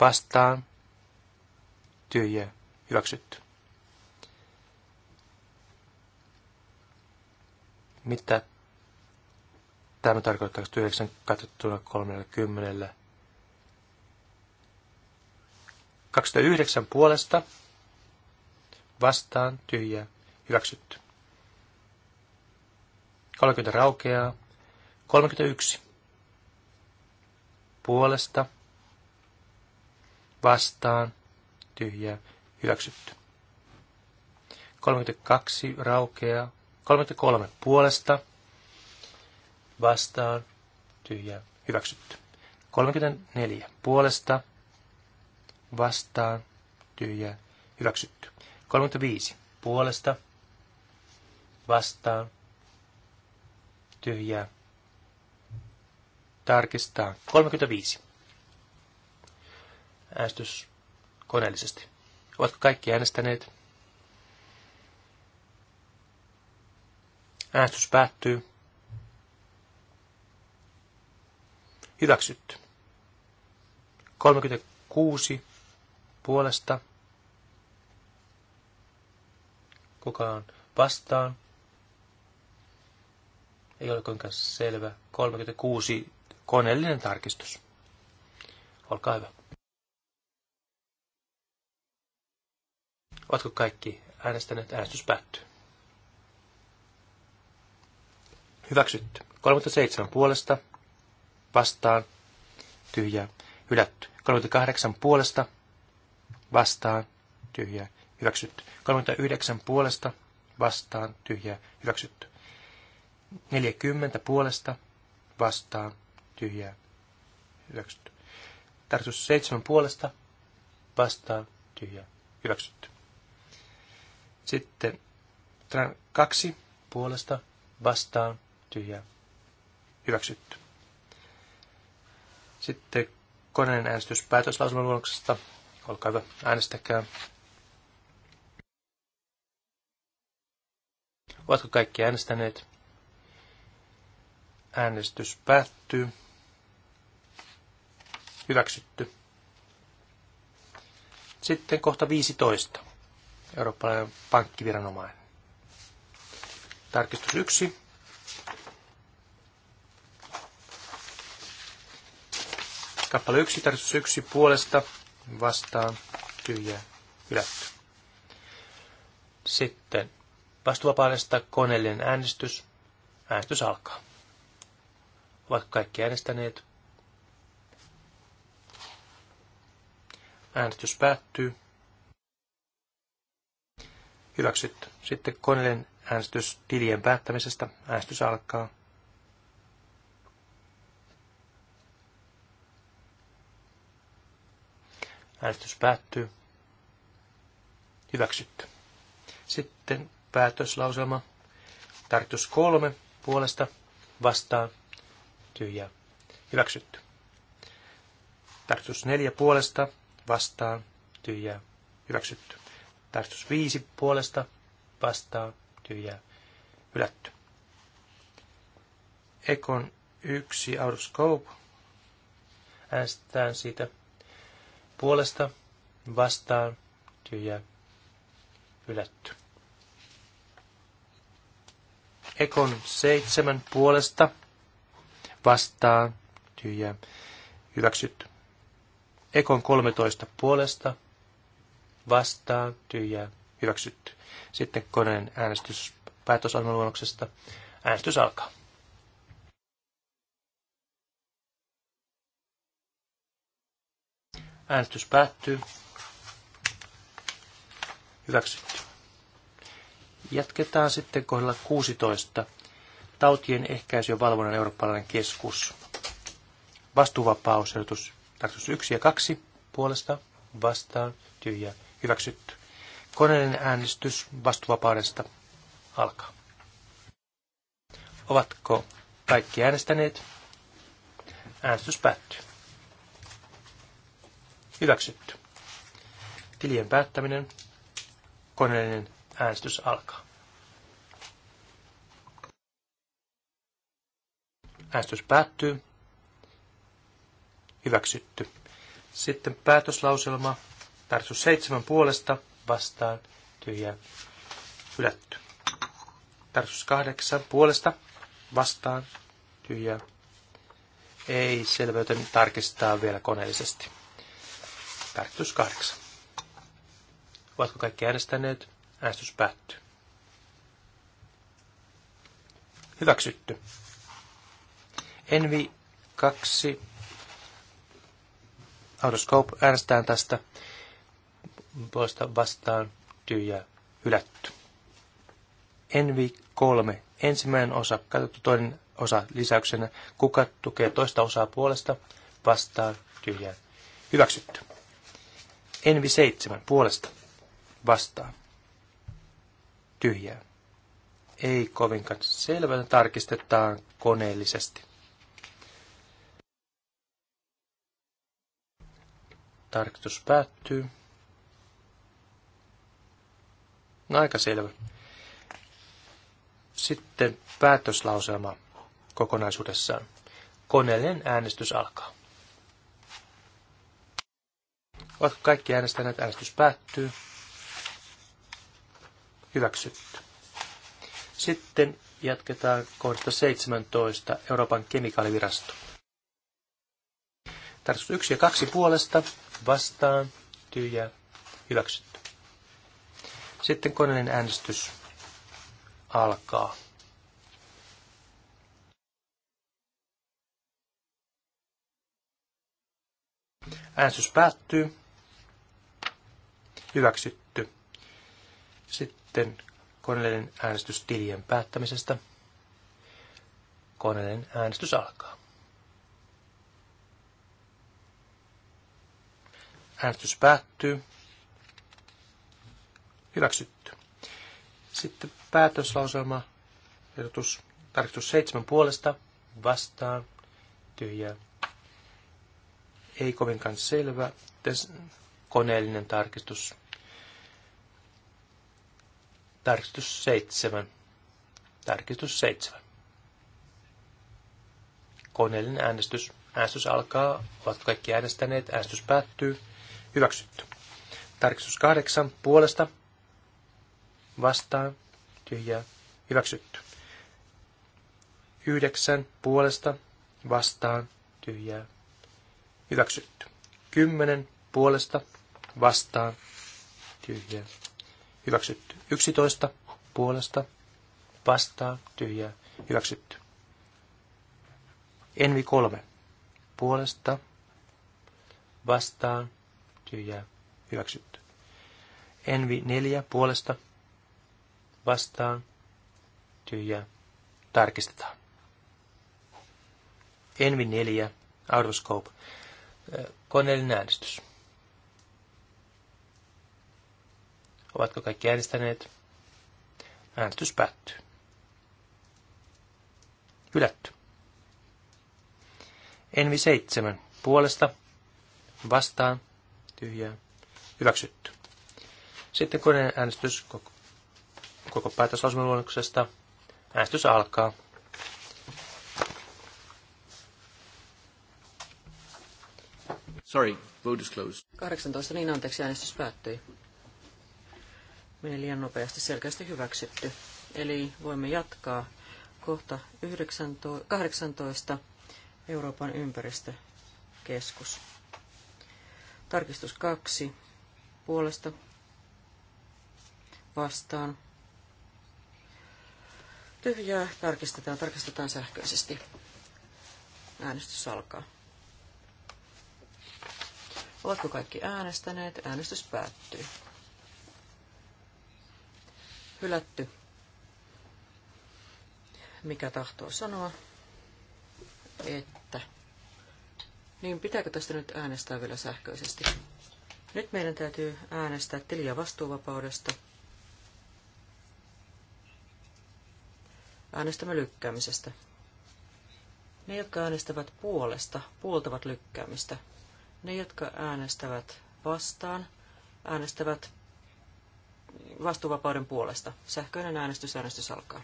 Vastaan. Tyhjä. Hyväksytty. Mitä tämä tarkoittaa 9 katsottuna 30? 209 puolesta vastaan tyhjä hyväksytty. 30 raukeaa. 31 puolesta vastaan tyhjä hyväksytty. 32 raukeaa. 33 puolesta vastaan tyhjä hyväksytty. 34 puolesta vastaan, tyhjää, hyväksytty. 35. Puolesta, vastaan, tyhjää, tarkistaa. 35. Äänestys koneellisesti. Ovatko kaikki äänestäneet? Äänestys päättyy. Hyväksytty. 36 puolesta. Kuka on vastaan? Ei ole kuinka selvä. 36 koneellinen tarkistus. Olkaa hyvä. Ovatko kaikki äänestäneet? Äänestys päättyy. Hyväksytty. 37 puolesta. Vastaan. Tyhjä. Hylätty. 38 puolesta vastaan, tyhjä hyväksytty. 39 puolesta, vastaan, tyhjä hyväksytty. 40 puolesta, vastaan, tyhjä hyväksytty. Tarkoitus 7 puolesta, vastaan, tyhjä hyväksytty. Sitten kaksi puolesta, vastaan, tyhjä hyväksytty. Sitten koneen äänestyspäätöslauselman luonnoksesta Olkaa hyvä, äänestäkää. Ovatko kaikki äänestäneet? Äänestys päättyy. Hyväksytty. Sitten kohta 15. Eurooppalainen pankkiviranomainen. Tarkistus 1. Kappale 1, tarkistus 1 puolesta vastaan tyhjää hylätty. Sitten vastuvapaudesta koneellinen äänestys. Äänestys alkaa. Ovatko kaikki äänestäneet? Äänestys päättyy. Hyväksytty. Sitten koneellinen äänestys tilien päättämisestä. Äänestys alkaa. Äänestys päättyy. Hyväksytty. Sitten päätöslauselma. Tarkoitus kolme puolesta vastaan tyhjää. Hyväksytty. Tarkoitus neljä puolesta vastaan tyhjää. Hyväksytty. Tarkoitus viisi puolesta vastaan tyhjää. Hylätty. Ekon yksi out of scope. Äänestetään siitä puolesta vastaan tyhjä ylätty. Ekon seitsemän puolesta vastaan tyhjä hyväksytty. Ekon 13 puolesta vastaan tyhjä hyväksytty. Sitten koneen äänestys päätösalmaluonnoksesta. Äänestys alkaa. Äänestys päättyy. Hyväksytty. Jatketaan sitten kohdalla 16. Tautien ehkäisy- ja valvonnan eurooppalainen keskus. Vastuuvapausehdotus tarkoitus 1 ja 2 puolesta vastaan tyhjä hyväksytty. Koneellinen äänestys vastuuvapaudesta alkaa. Ovatko kaikki äänestäneet? Äänestys päättyy. Hyväksytty. Tilien päättäminen. Koneellinen äänestys alkaa. Äänestys päättyy. Hyväksytty. Sitten päätöslauselma. Tarkistus seitsemän puolesta vastaan tyhjä hylätty. Tarkistus kahdeksan puolesta vastaan tyhjä ei selvä, joten tarkistetaan vielä koneellisesti. Tarkistus 8. Ovatko kaikki äänestäneet? Äänestys päättyy. Hyväksytty. Envi 2. Autoscope äänestään tästä puolesta vastaan tyhjää hylätty. Envi 3. Ensimmäinen osa, katsottu toinen osa lisäyksenä. Kuka tukee toista osaa puolesta vastaan tyhjää hyväksytty. Envi 7 puolesta vastaa Tyhjää. Ei kovinkaan selvä, tarkistetaan koneellisesti. Tarkistus päättyy. No aika selvä. Sitten päätöslauselma kokonaisuudessaan. Koneellinen äänestys alkaa. Ovatko kaikki äänestäneet? Äänestys päättyy. Hyväksytty. Sitten jatketaan kohdasta 17, Euroopan kemikaalivirasto. Tarkistus 1 ja 2 puolesta, vastaan, tyhjä, hyväksytty. Sitten koneellinen äänestys alkaa. Äänestys päättyy hyväksytty. Sitten koneellinen äänestys tilien päättämisestä. Koneellinen äänestys alkaa. Äänestys päättyy. Hyväksytty. Sitten päätöslauselma, ehdotus, tarkistus seitsemän puolesta, vastaan, tyhjää. Ei kovinkaan selvä. Koneellinen tarkistus Tarkistus seitsemän. Tarkistus seitsemän. Koneellinen äänestys. Äänestys alkaa. Ovatko kaikki äänestäneet? Äänestys päättyy. Hyväksytty. Tarkistus kahdeksan. Puolesta. Vastaan. Tyhjää. Hyväksytty. Yhdeksän. Puolesta. Vastaan. Tyhjää. Hyväksytty. Kymmenen. Puolesta. Vastaan. Tyhjää hyväksytty. 11 puolesta vastaa tyhjää hyväksytty. Envi 3 puolesta vastaan tyhjää hyväksytty. Envi 4 puolesta vastaan tyhjää tarkistetaan. Envi 4 Autoscope koneellinen äänestys. Ovatko kaikki äänestäneet? Äänestys päättyy. Hylätty. Envi 7. Puolesta. Vastaan. Tyhjää. Hyväksytty. Sitten koneen äänestys koko, koko päätöslausumaluonnoksesta. Äänestys alkaa. Sorry, vote is closed. 18, niin anteeksi, äänestys päättyi. Meni liian nopeasti, selkeästi hyväksytty. Eli voimme jatkaa kohta 18 Euroopan ympäristökeskus. Tarkistus 2 puolesta vastaan. Tyhjää tarkistetaan, tarkistetaan sähköisesti. Äänestys alkaa. Ovatko kaikki äänestäneet? Äänestys päättyy. Hylätty. Mikä tahtoo sanoa, että... Niin, pitääkö tästä nyt äänestää vielä sähköisesti? Nyt meidän täytyy äänestää tilia vastuuvapaudesta. Äänestämme lykkäämisestä. Ne, jotka äänestävät puolesta, puoltavat lykkäämistä. Ne, jotka äänestävät vastaan, äänestävät vastuuvapauden puolesta. Sähköinen äänestys, äänestys alkaa.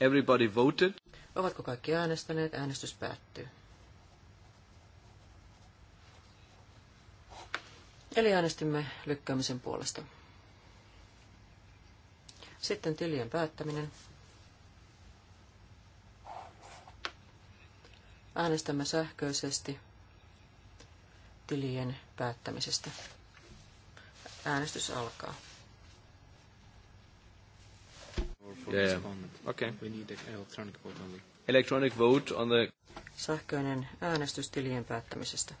Everybody voted. Ovatko kaikki äänestäneet? Äänestys päättyy. Eli äänestimme lykkäämisen puolesta. Sitten tilien päättäminen. Äänestämme sähköisesti tilien päättämisestä. Äänestys alkaa. Yeah. Okay. We need electronic vote only. Electronic vote on the... Sähköinen äänestys tilien päättämisestä.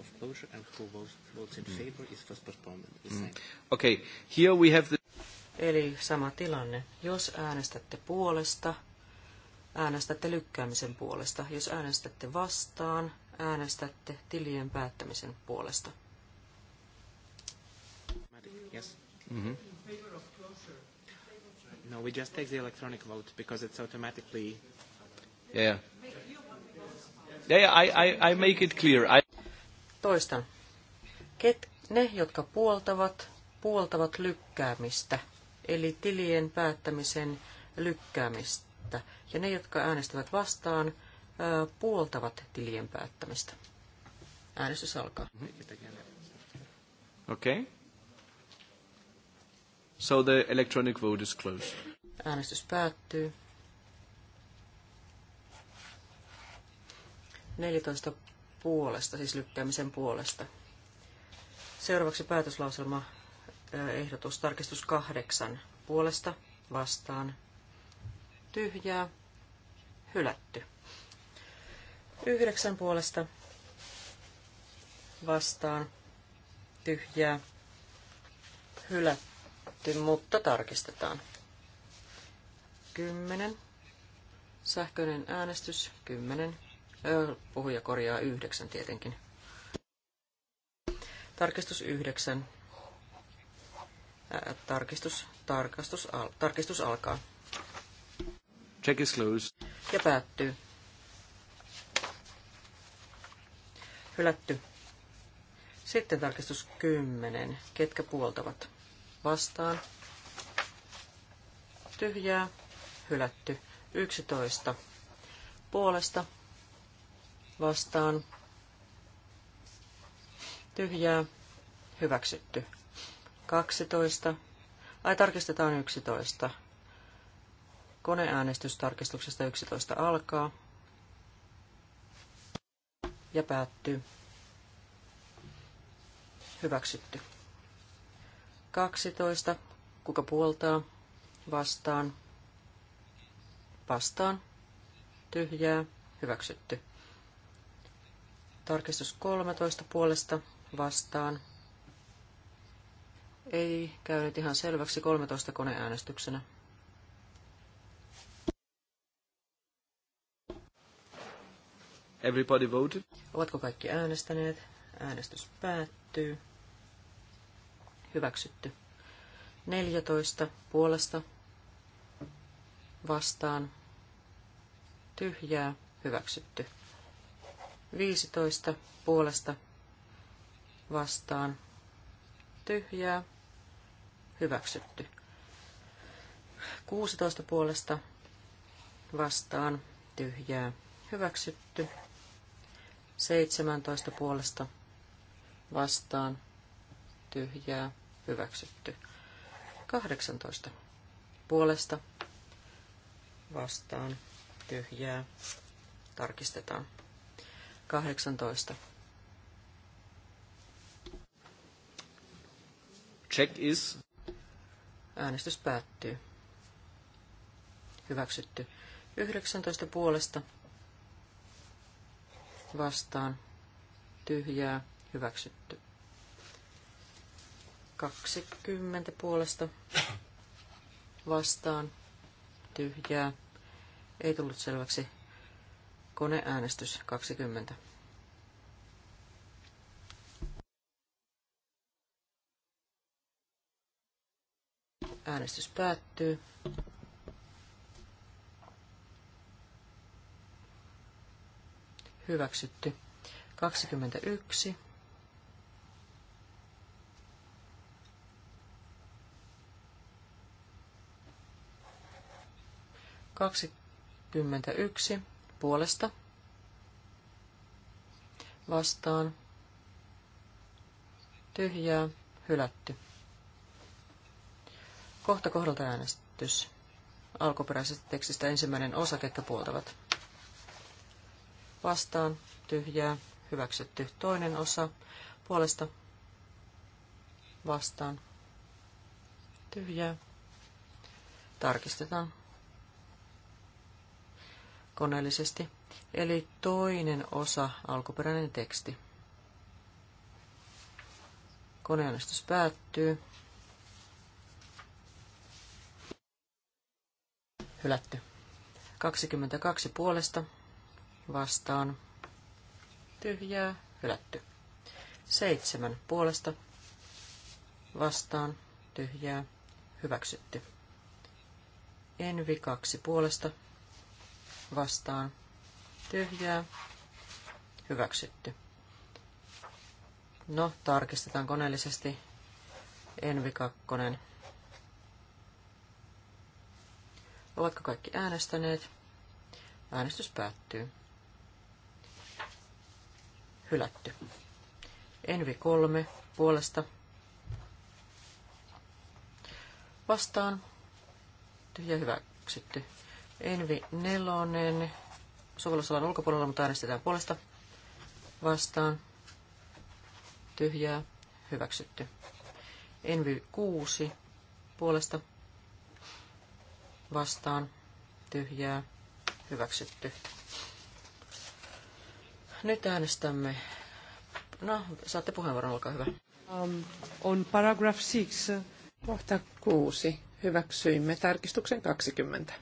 Of closure and who votes in favor is first postponement. Mm. Okay, here we have the... Eli sama tilanne. Jos äänestätte puolesta, äänestätte lykkäämisen puolesta. Jos äänestätte vastaan, äänestätte tilien päättämisen puolesta? Yes. Mm-hmm. No, we just take the electronic vote because it's automatically. Yeah. Yeah, yeah I, I, I make it clear. I... Toistan. Ket, ne, jotka puoltavat, puoltavat lykkäämistä, eli tilien päättämisen lykkäämistä. Ja ne, jotka äänestävät vastaan, puoltavat tilien päättämistä. Äänestys alkaa. Okay. So the electronic vote is closed. Äänestys päättyy. 14 puolesta, siis lykkäämisen puolesta. Seuraavaksi päätöslauselma ehdotus tarkistus kahdeksan puolesta vastaan tyhjää hylätty. Yhdeksän puolesta vastaan tyhjää hylätty, mutta tarkistetaan. Kymmenen. Sähköinen äänestys. Kymmenen. Puhuja korjaa yhdeksän tietenkin. Tarkistus yhdeksän. tarkistus, tarkastus, al, tarkistus alkaa. Check is closed. Ja päättyy. Hylätty. Sitten tarkistus 10. Ketkä puoltavat? Vastaan. Tyhjää. Hylätty. 11. Puolesta. Vastaan. Tyhjää. Hyväksytty. 12. Ai tarkistetaan 11. Koneäänestys tarkistuksesta 11 alkaa ja päättyy. Hyväksytty. 12. Kuka puoltaa? Vastaan. Vastaan. Tyhjää. Hyväksytty. Tarkistus 13 puolesta vastaan. Ei käynyt ihan selväksi 13 koneäänestyksenä. Everybody voted? Ovatko kaikki äänestäneet? Äänestys päättyy. Hyväksytty. 14 puolesta vastaan tyhjää hyväksytty. 15 puolesta vastaan tyhjää hyväksytty. 16 puolesta vastaan tyhjää hyväksytty. 17 puolesta vastaan tyhjää hyväksytty. 18 puolesta vastaan tyhjää tarkistetaan. 18. Check is. Äänestys päättyy. Hyväksytty. 19 puolesta vastaan tyhjää hyväksytty. 20 puolesta vastaan tyhjää. Ei tullut selväksi. Koneäänestys 20. Äänestys päättyy. hyväksytty. 21. Kaksikymmentäyksi puolesta vastaan tyhjää hylätty. Kohta kohdalta äänestys. Alkuperäisestä tekstistä ensimmäinen osa, ketkä puoltavat vastaan tyhjää hyväksytty. Toinen osa puolesta vastaan tyhjää. Tarkistetaan koneellisesti. Eli toinen osa, alkuperäinen teksti. Koneäänestys päättyy. Hylätty. 22 puolesta vastaan tyhjää hylätty. Seitsemän puolesta vastaan tyhjää hyväksytty. Envi kaksi puolesta vastaan tyhjää hyväksytty. No, tarkistetaan koneellisesti Envi kakkonen. Ovatko kaikki äänestäneet? Äänestys päättyy hylätty. Envi 3 puolesta vastaan tyhjä hyväksytty. Envi 4 sovellusalan ulkopuolella, mutta äänestetään puolesta vastaan tyhjää hyväksytty. Envi 6 puolesta vastaan tyhjää hyväksytty. Nyt äänestämme. No, saatte puheenvuoron, olkaa hyvä. Um, on paragraph 6. Kohta 6. Hyväksyimme tarkistuksen 20.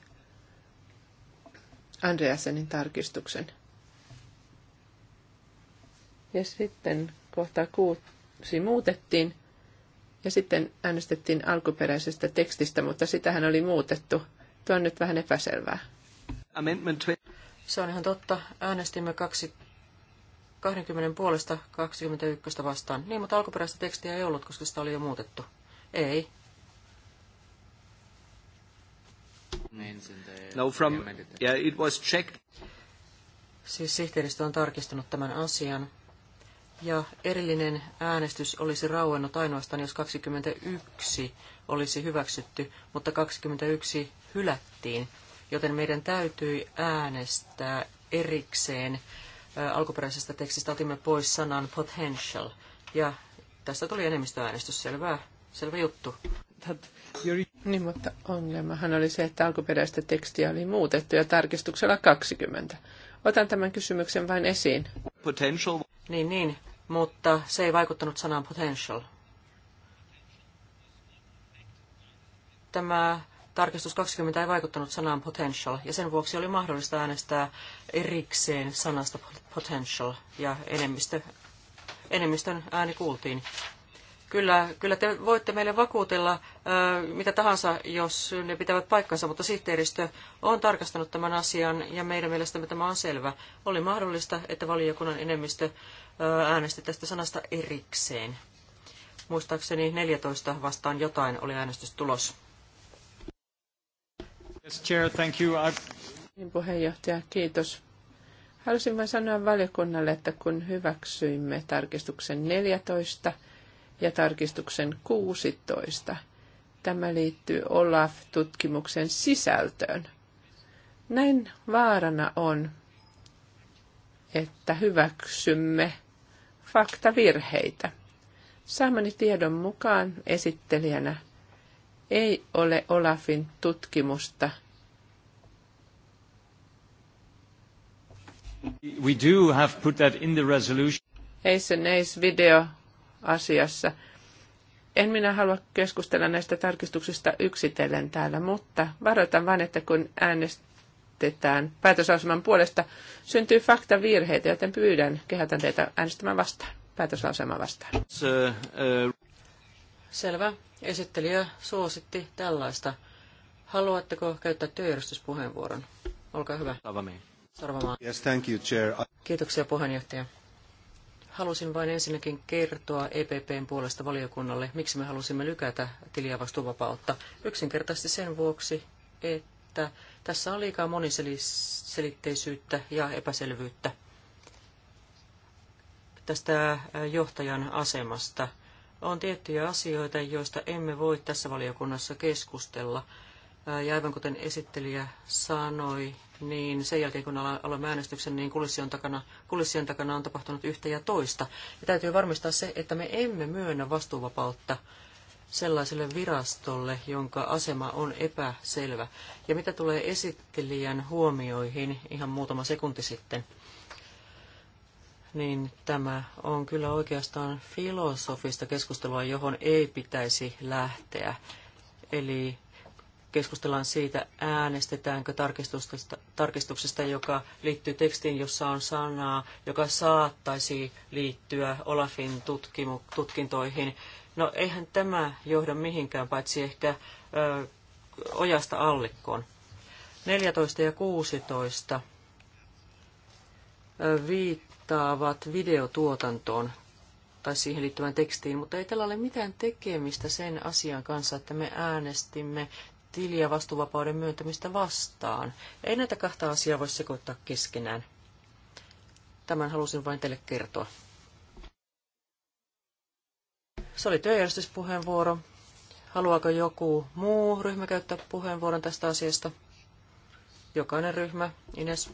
Andreasenin tarkistuksen. Ja sitten kohta kuusi muutettiin. Ja sitten äänestettiin alkuperäisestä tekstistä, mutta sitähän oli muutettu. Tuo on nyt vähän epäselvää. Se on ihan totta. Äänestimme kaksi 20 puolesta 21 vastaan. Niin, mutta alkuperäistä tekstiä ei ollut, koska sitä oli jo muutettu. Ei. No, from, yeah, it was checked. Siis sihteeristö on tarkistanut tämän asian. Ja erillinen äänestys olisi rauennut ainoastaan, jos 21 olisi hyväksytty, mutta 21 hylättiin, joten meidän täytyi äänestää erikseen alkuperäisestä tekstistä otimme pois sanan potential. Ja tästä tuli enemmistöäänestys, selvä, selvä juttu. Niin, mutta ongelmahan oli se, että alkuperäistä tekstiä oli muutettu ja tarkistuksella 20. Otan tämän kysymyksen vain esiin. Potential. Niin, niin, mutta se ei vaikuttanut sanaan potential. Tämä Tarkistus 20 ei vaikuttanut sanaan potential, ja sen vuoksi oli mahdollista äänestää erikseen sanasta potential, ja enemmistö, enemmistön ääni kuultiin. Kyllä, kyllä te voitte meille vakuutella äh, mitä tahansa, jos ne pitävät paikkansa, mutta sihteeristö on tarkastanut tämän asian ja meidän mielestämme tämä on selvä. Oli mahdollista, että valiokunnan enemmistö äh, äänesti tästä sanasta erikseen. Muistaakseni 14 vastaan jotain oli äänestystulos. Chair, thank niin, puheenjohtaja, kiitos. Halusin vain sanoa valiokunnalle, että kun hyväksyimme tarkistuksen 14 ja tarkistuksen 16, tämä liittyy Olaf-tutkimuksen sisältöön. Näin vaarana on, että hyväksymme faktavirheitä. Saamani tiedon mukaan esittelijänä ei ole Olafin tutkimusta. We do have put that in the resolution. Ei sen eis video asiassa. En minä halua keskustella näistä tarkistuksista yksitellen täällä, mutta varoitan vain, että kun äänestetään päätöslauselman puolesta, syntyy faktavirheitä, joten pyydän, kehotan teitä äänestämään vastaan, päätöslauselman vastaan. So, uh... Selvä. Esittelijä suositti tällaista. Haluatteko käyttää työjärjestyspuheenvuoron? Olkaa hyvä. Sarvamaa. Yes, thank you, chair. Kiitoksia puheenjohtaja. Halusin vain ensinnäkin kertoa EPPn puolesta valiokunnalle, miksi me halusimme lykätä tiliä Yksinkertaisesti sen vuoksi, että tässä on liikaa moniselitteisyyttä ja epäselvyyttä tästä johtajan asemasta – on tiettyjä asioita, joista emme voi tässä valiokunnassa keskustella. Ja aivan kuten esittelijä sanoi, niin sen jälkeen kun aloimme äänestyksen, niin kulissien takana, kulissien takana on tapahtunut yhtä ja toista. Ja täytyy varmistaa se, että me emme myönnä vastuuvapautta sellaiselle virastolle, jonka asema on epäselvä. Ja mitä tulee esittelijän huomioihin ihan muutama sekunti sitten – niin tämä on kyllä oikeastaan filosofista keskustelua, johon ei pitäisi lähteä. Eli keskustellaan siitä, äänestetäänkö tarkistuksesta, tarkistuksesta, joka liittyy tekstiin, jossa on sanaa, joka saattaisi liittyä Olafin tutkimu, tutkintoihin. No eihän tämä johda mihinkään, paitsi ehkä ö, ojasta allikkoon. 14 ja 16 ö, viit, viittaavat videotuotantoon tai siihen liittyvään tekstiin, mutta ei tällä ole mitään tekemistä sen asian kanssa, että me äänestimme tili- ja vastuuvapauden myöntämistä vastaan. Ei näitä kahta asiaa voi sekoittaa keskenään. Tämän halusin vain teille kertoa. Se oli työjärjestyspuheenvuoro. Haluaako joku muu ryhmä käyttää puheenvuoron tästä asiasta? Jokainen ryhmä. Ines.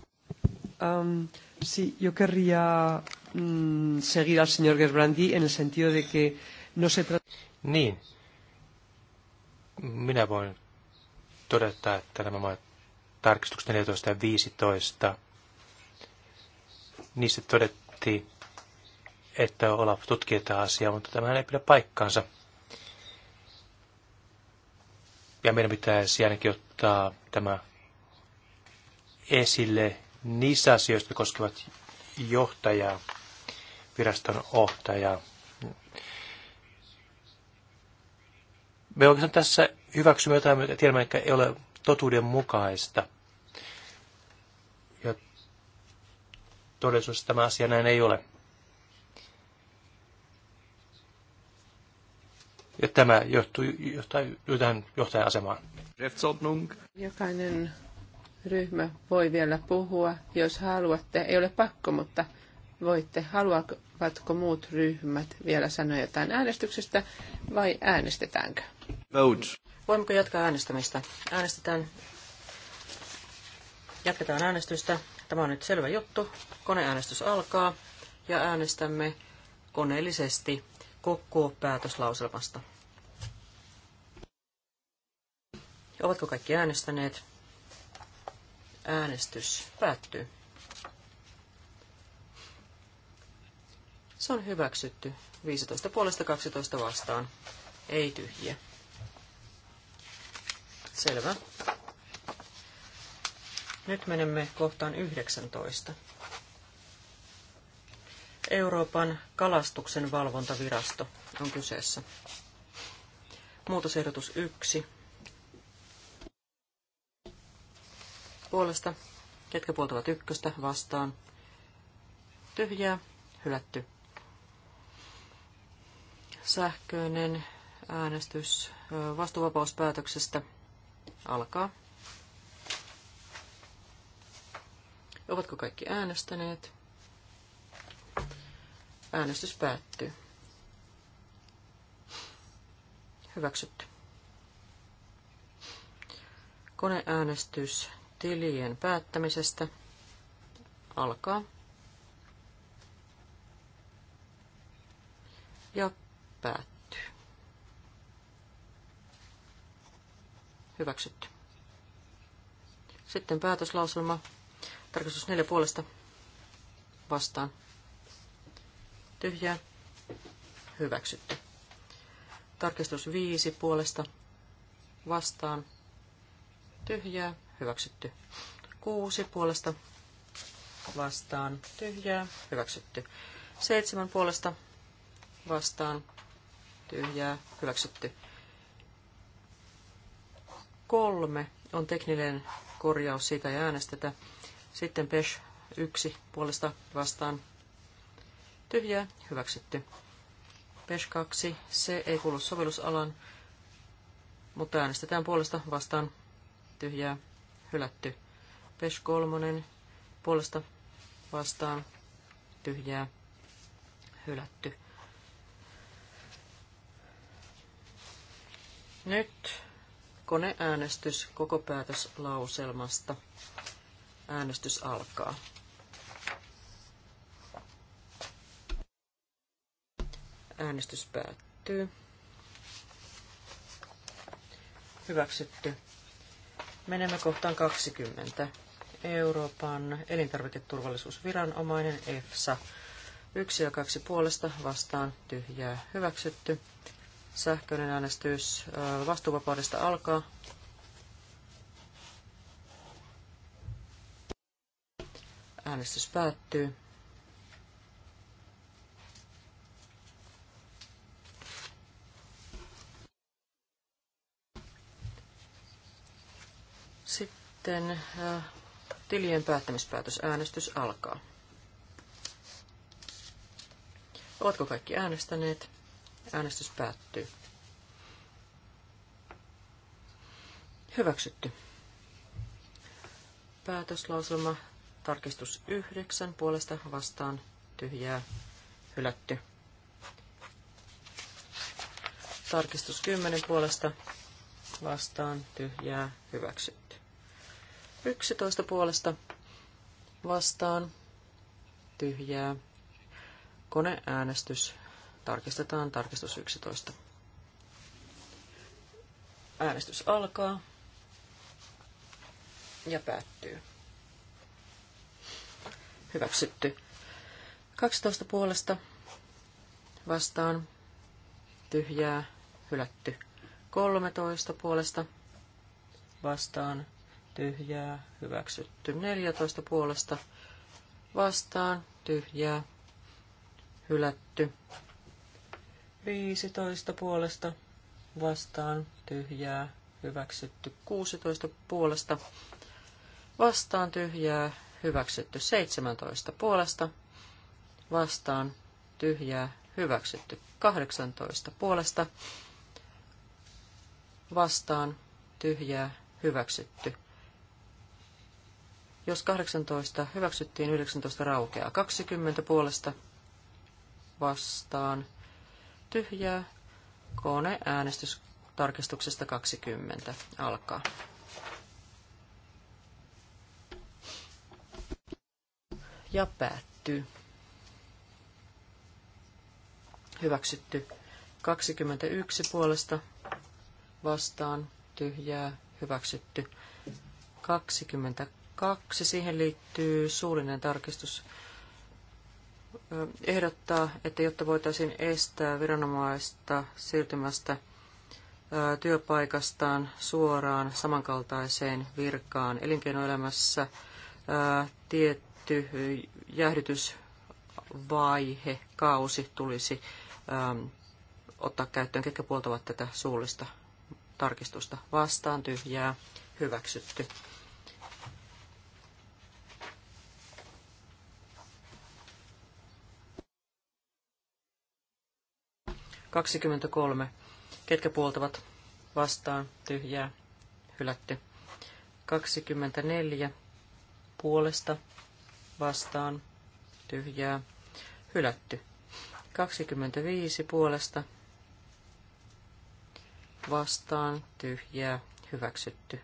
Um, sí, yo querría mm, seguir al señor Gersbrandi en el sentido de que no se trata... Niin. Minä voin todeta, että nämä ovat tarkistukset 14 ja 15. Niissä todettiin, että Olaf tutkii tätä asiaa, mutta tämä ei pidä paikkaansa. Ja meidän pitäisi ainakin ottaa tämä esille niissä asioissa, jotka koskevat johtajaa, viraston ohtajaa. Me oikeastaan tässä hyväksymme jotain, mitä tiedämme, että ei ole totuuden mukaista Ja todellisuudessa tämä asia näin ei ole. Ja tämä johtuu johtajan asemaan. Jokainen ryhmä voi vielä puhua, jos haluatte. Ei ole pakko, mutta voitte. Haluavatko muut ryhmät vielä sanoa jotain äänestyksestä vai äänestetäänkö? Vote. Voimmeko jatkaa äänestämistä? Äänestetään. Jatketaan äänestystä. Tämä on nyt selvä juttu. Koneäänestys alkaa ja äänestämme koneellisesti koko päätöslauselmasta. Ovatko kaikki äänestäneet? Äänestys päättyy. Se on hyväksytty. 15 puolesta 12 vastaan. Ei tyhjiä. Selvä. Nyt menemme kohtaan 19. Euroopan kalastuksen valvontavirasto on kyseessä. Muutosehdotus 1 puolesta, ketkä puoltavat ykköstä vastaan. Tyhjää, hylätty. Sähköinen äänestys vastuuvapauspäätöksestä alkaa. Ovatko kaikki äänestäneet? Äänestys päättyy. Hyväksytty. Koneäänestys tilien päättämisestä. Alkaa. Ja päättyy. Hyväksytty. Sitten päätöslauselma. Tarkastus neljä puolesta. Vastaan. Tyhjää. Hyväksytty. Tarkistus viisi puolesta. Vastaan. Tyhjää hyväksytty. Kuusi puolesta vastaan tyhjää, hyväksytty. Seitsemän puolesta vastaan tyhjää, hyväksytty. Kolme on tekninen korjaus, siitä ei äänestetä. Sitten PESH yksi puolesta vastaan tyhjää, hyväksytty. PESH 2, se ei kuulu sovellusalan, mutta äänestetään puolesta vastaan tyhjää, hylätty. Pes kolmonen puolesta vastaan tyhjää hylätty. Nyt koneäänestys koko päätöslauselmasta. Äänestys alkaa. Äänestys päättyy. Hyväksytty. Menemme kohtaan 20. Euroopan elintarviketurvallisuusviranomainen EFSA. Yksi ja kaksi puolesta vastaan tyhjää hyväksytty. Sähköinen äänestys vastuuvapaudesta alkaa. Äänestys päättyy. Sitten äh, tilien päättämispäätös. Äänestys alkaa. Ovatko kaikki äänestäneet? Äänestys päättyy. Hyväksytty. Päätöslauselma tarkistus 9 puolesta vastaan tyhjää hylätty. Tarkistus 10 puolesta vastaan tyhjää hyväksytty. 11 puolesta vastaan tyhjää. Koneäänestys. Tarkistetaan tarkistus 11. Äänestys alkaa ja päättyy. Hyväksytty. 12 puolesta vastaan tyhjää, hylätty. 13 puolesta vastaan tyhjää, hyväksytty. 14 puolesta vastaan, tyhjää, hylätty. 15 puolesta vastaan, tyhjää, hyväksytty. 16 puolesta vastaan, tyhjää, hyväksytty. 17 puolesta vastaan, tyhjää, hyväksytty. 18 puolesta vastaan, tyhjää, hyväksytty. Jos 18 hyväksyttiin, 19 raukeaa. 20 puolesta vastaan tyhjää. Kone äänestystarkistuksesta 20 alkaa. Ja päättyy. Hyväksytty. 21 puolesta vastaan tyhjää hyväksytty. 22 kaksi, siihen liittyy suullinen tarkistus. Ehdottaa, että jotta voitaisiin estää viranomaista siirtymästä työpaikastaan suoraan samankaltaiseen virkaan elinkeinoelämässä, tietty jäähdytysvaihe, kausi tulisi ottaa käyttöön, ketkä puoltavat tätä suullista tarkistusta vastaan, tyhjää, hyväksytty. 23. Ketkä puoltavat vastaan tyhjää hylätty. 24. Puolesta vastaan tyhjää hylätty. 25. Puolesta vastaan tyhjää hyväksytty.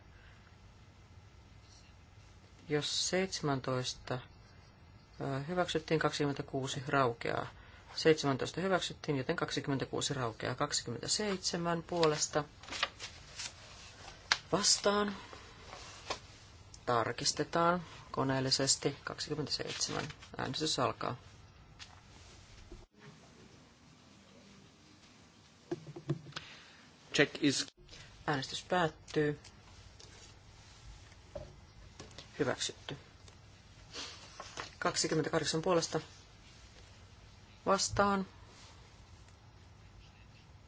Jos 17 hyväksyttiin 26 raukeaa. 17 hyväksyttiin, joten 26 raukeaa. 27 puolesta vastaan. Tarkistetaan koneellisesti. 27. Äänestys alkaa. Check is... Äänestys päättyy. Hyväksytty. 28 puolesta vastaan.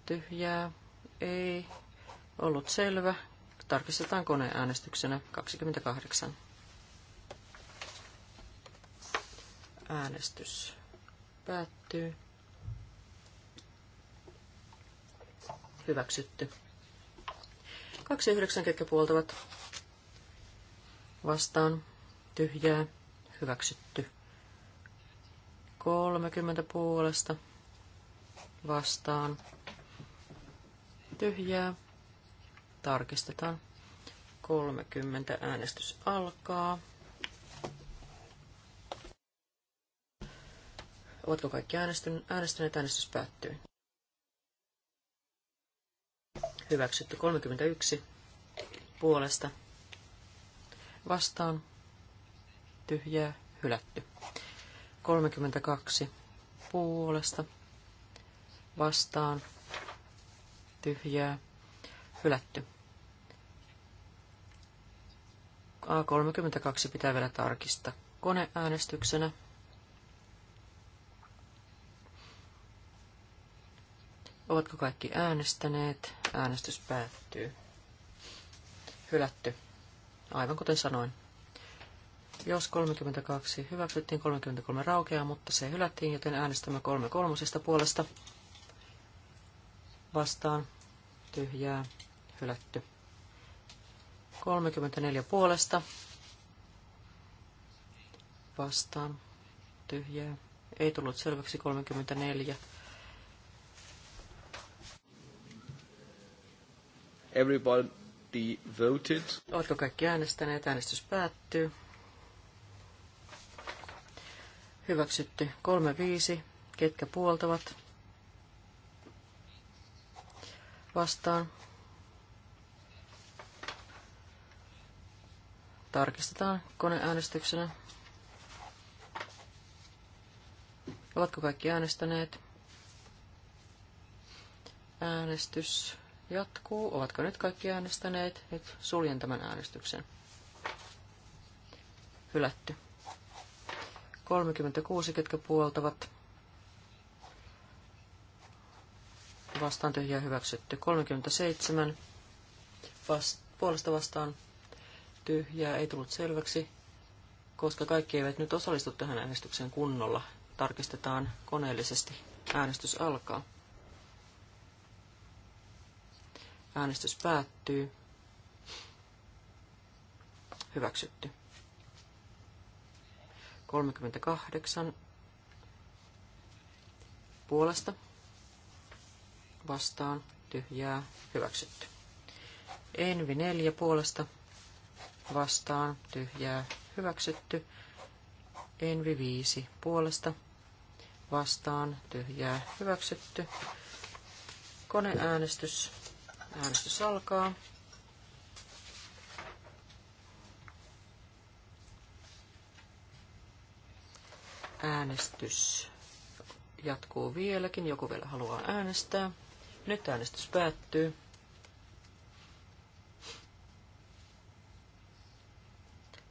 Tyhjää ei ollut selvä. Tarkistetaan koneäänestyksenä 28. Äänestys päättyy. Hyväksytty. 29 ketkä puoltavat. Vastaan. Tyhjää. Hyväksytty. 30 puolesta vastaan. Tyhjää. Tarkistetaan. 30 äänestys alkaa. Ovatko kaikki äänestyneet? Äänestys päättyy. Hyväksytty 31 puolesta. Vastaan tyhjää hylätty. 32 puolesta vastaan tyhjää hylätty. A32 pitää vielä tarkistaa koneäänestyksenä. Ovatko kaikki äänestäneet? Äänestys päättyy. Hylätty. Aivan kuten sanoin. Jos 32 hyväksyttiin, 33 raukeaa, mutta se hylättiin, joten äänestämme kolme kolmosesta puolesta vastaan tyhjää hylätty. 34 puolesta vastaan tyhjää. Ei tullut selväksi 34. Everybody voted. Oletko kaikki äänestäneet? Äänestys päättyy. Hyväksytty. kolme viisi, Ketkä puoltavat? Vastaan. Tarkistetaan koneäänestyksenä. Ovatko kaikki äänestäneet? Äänestys jatkuu. Ovatko nyt kaikki äänestäneet? Nyt suljen tämän äänestyksen. Hylätty. 36, ketkä puoltavat. Vastaan tyhjää hyväksytty. 37 vast, puolesta vastaan tyhjää ei tullut selväksi, koska kaikki eivät nyt osallistu tähän äänestykseen kunnolla. Tarkistetaan koneellisesti. Äänestys alkaa. Äänestys päättyy. Hyväksytty. 38 puolesta vastaan tyhjää hyväksytty. Envi 4 puolesta vastaan tyhjää hyväksytty. Envi 5 puolesta vastaan tyhjää hyväksytty. Koneäänestys. Äänestys alkaa. Äänestys jatkuu vieläkin. Joku vielä haluaa äänestää. Nyt äänestys päättyy.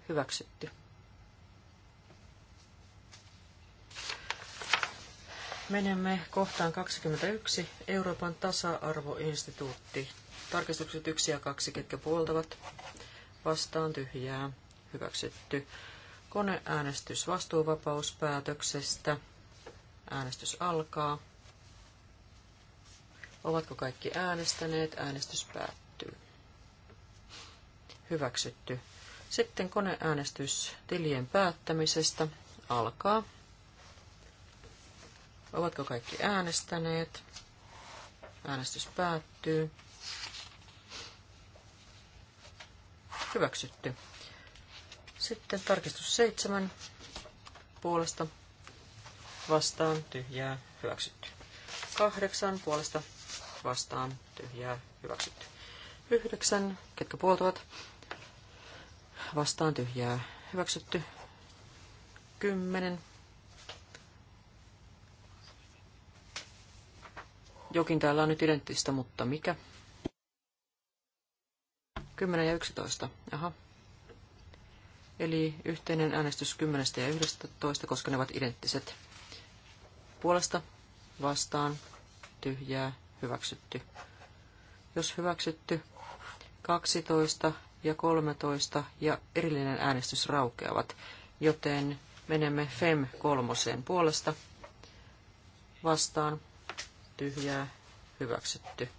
Hyväksytty. Menemme kohtaan 21. Euroopan tasa-arvoinstituutti. Tarkistukset 1 ja 2, ketkä puoltavat. Vastaan tyhjää. Hyväksytty. Koneäänestys vastuuvapauspäätöksestä. Äänestys alkaa. Ovatko kaikki äänestäneet? Äänestys päättyy. Hyväksytty. Sitten koneäänestys tilien päättämisestä alkaa. Ovatko kaikki äänestäneet? Äänestys päättyy. Hyväksytty. Sitten tarkistus seitsemän puolesta vastaan tyhjää hyväksytty. Kahdeksan puolesta vastaan tyhjää hyväksytty. Yhdeksän, ketkä puoltavat, vastaan tyhjää hyväksytty. Kymmenen. Jokin täällä on nyt identtistä, mutta mikä? Kymmenen ja 11. Aha, Eli yhteinen äänestys 10 ja 11, koska ne ovat identtiset. Puolesta, vastaan, tyhjää, hyväksytty. Jos hyväksytty, 12 ja 13 ja erillinen äänestys raukeavat, joten menemme FEM kolmoseen puolesta, vastaan, tyhjää, hyväksytty.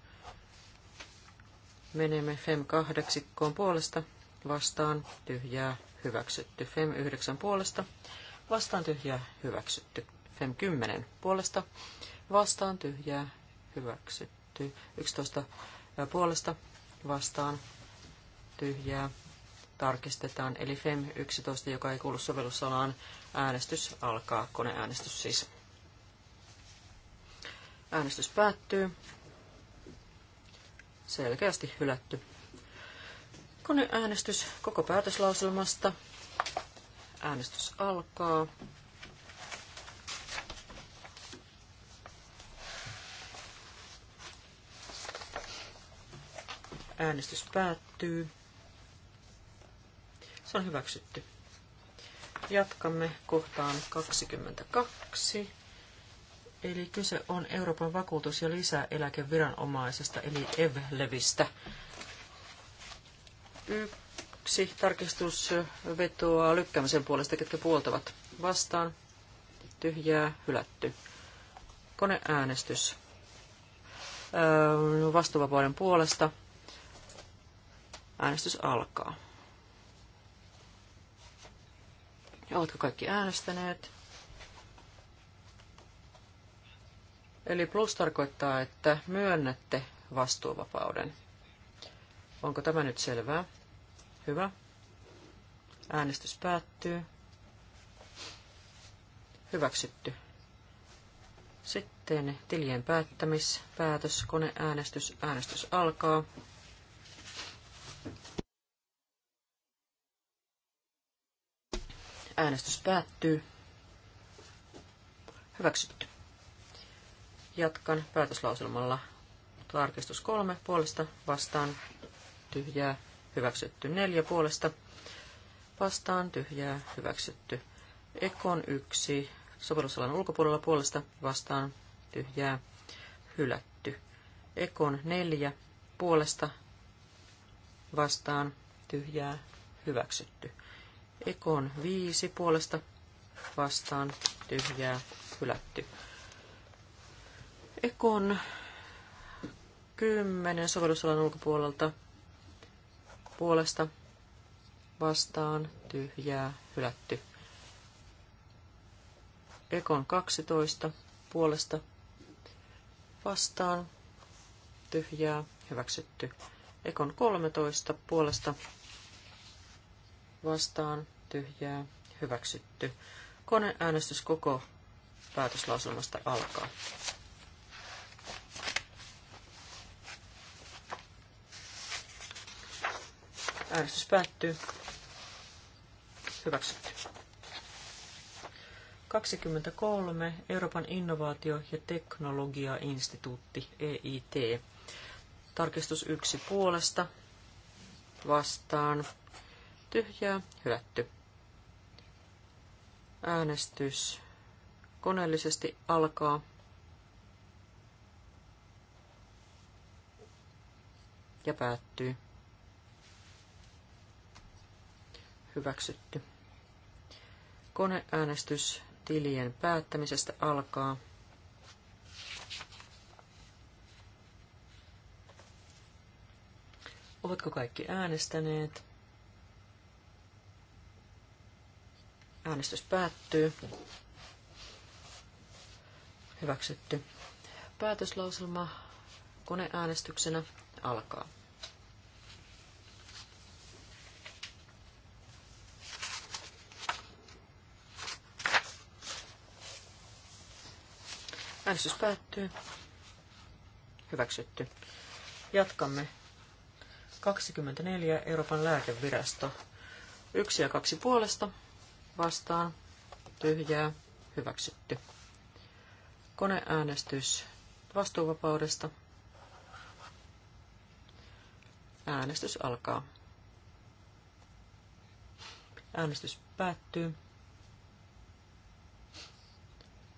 Menemme FEM kahdeksikkoon puolesta, vastaan, tyhjää, hyväksytty. Fem 9 puolesta, vastaan tyhjää, hyväksytty. Fem 10 puolesta, vastaan tyhjää, hyväksytty. 11 puolesta, vastaan tyhjää, tarkistetaan. Eli FEM 11, joka ei kuulu sovellusalaan, äänestys alkaa, koneäänestys siis. Äänestys päättyy. Selkeästi hylätty. Koneäänestys koko päätöslauselmasta. Äänestys alkaa. Äänestys päättyy. Se on hyväksytty. Jatkamme kohtaan 22. Eli kyse on Euroopan vakuutus- ja lisäeläkeviranomaisesta, eli EVLEVistä. Yksi tarkistus vetoaa lykkäämisen puolesta, ketkä puoltavat vastaan. Tyhjää, hylätty. Koneäänestys. Öö, vastuvapauden puolesta. Äänestys alkaa. Oletko kaikki äänestäneet? Eli plus tarkoittaa, että myönnätte vastuuvapauden. Onko tämä nyt selvää? Hyvä. Äänestys päättyy. Hyväksytty. Sitten tilien päättämis, päätös, koneäänestys, äänestys alkaa. Äänestys päättyy. Hyväksytty. Jatkan päätöslauselmalla. Tarkistus kolme puolesta vastaan tyhjää hyväksytty. Neljä puolesta vastaan tyhjää, hyväksytty. Ekon yksi sovellusalan ulkopuolella puolesta vastaan tyhjää, hylätty. Ekon neljä puolesta vastaan tyhjää, hyväksytty. Ekon viisi puolesta vastaan tyhjää, hylätty. Ekon kymmenen sovellusalan ulkopuolelta puolesta vastaan tyhjää hylätty. Ekon 12 puolesta vastaan tyhjää hyväksytty. Ekon 13 puolesta vastaan tyhjää hyväksytty. Koneäänestys koko päätöslausumasta alkaa. Äänestys päättyy. Hyväksytty. 23. Euroopan innovaatio- ja teknologiainstituutti EIT. Tarkistus 1 puolesta. Vastaan. Tyhjää. Hylätty. Äänestys koneellisesti alkaa. Ja päättyy. Hyväksytty. Koneäänestys tilien päättämisestä alkaa. Ovatko kaikki äänestäneet? Äänestys päättyy. Hyväksytty. Päätöslauselma koneäänestyksenä alkaa. Äänestys päättyy. Hyväksytty. Jatkamme. 24 Euroopan lääkevirasto. Yksi ja kaksi puolesta. Vastaan. Tyhjää. Hyväksytty. Koneäänestys vastuuvapaudesta. Äänestys alkaa. Äänestys päättyy.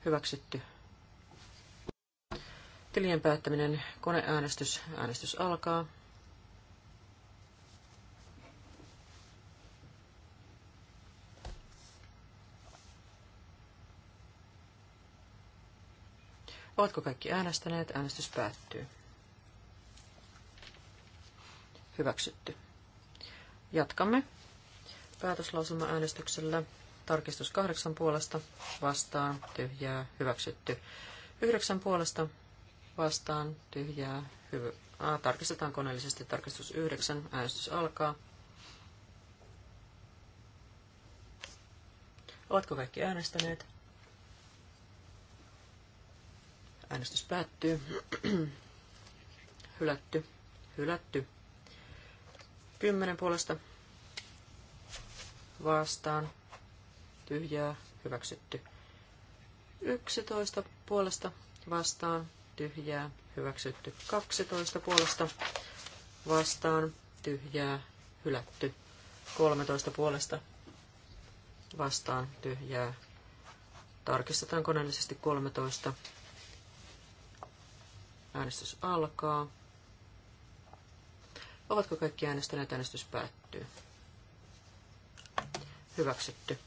Hyväksytty Tilien päättäminen, koneäänestys, äänestys alkaa. Ovatko kaikki äänestäneet? Äänestys päättyy. Hyväksytty. Jatkamme päätöslauselma äänestyksellä. Tarkistus kahdeksan puolesta vastaan tyhjää hyväksytty. Yhdeksän puolesta vastaan tyhjää hyvä. Ah, tarkistetaan koneellisesti tarkistus 9. Äänestys alkaa. Ovatko kaikki äänestäneet? Äänestys päättyy. Hylätty. Hylätty. Kymmenen puolesta vastaan. Tyhjää. Hyväksytty. Yksitoista puolesta vastaan tyhjää, hyväksytty 12 puolesta vastaan, tyhjää, hylätty 13 puolesta vastaan, tyhjää. Tarkistetaan koneellisesti 13. Äänestys alkaa. Ovatko kaikki äänestäneet? Äänestys päättyy. Hyväksytty.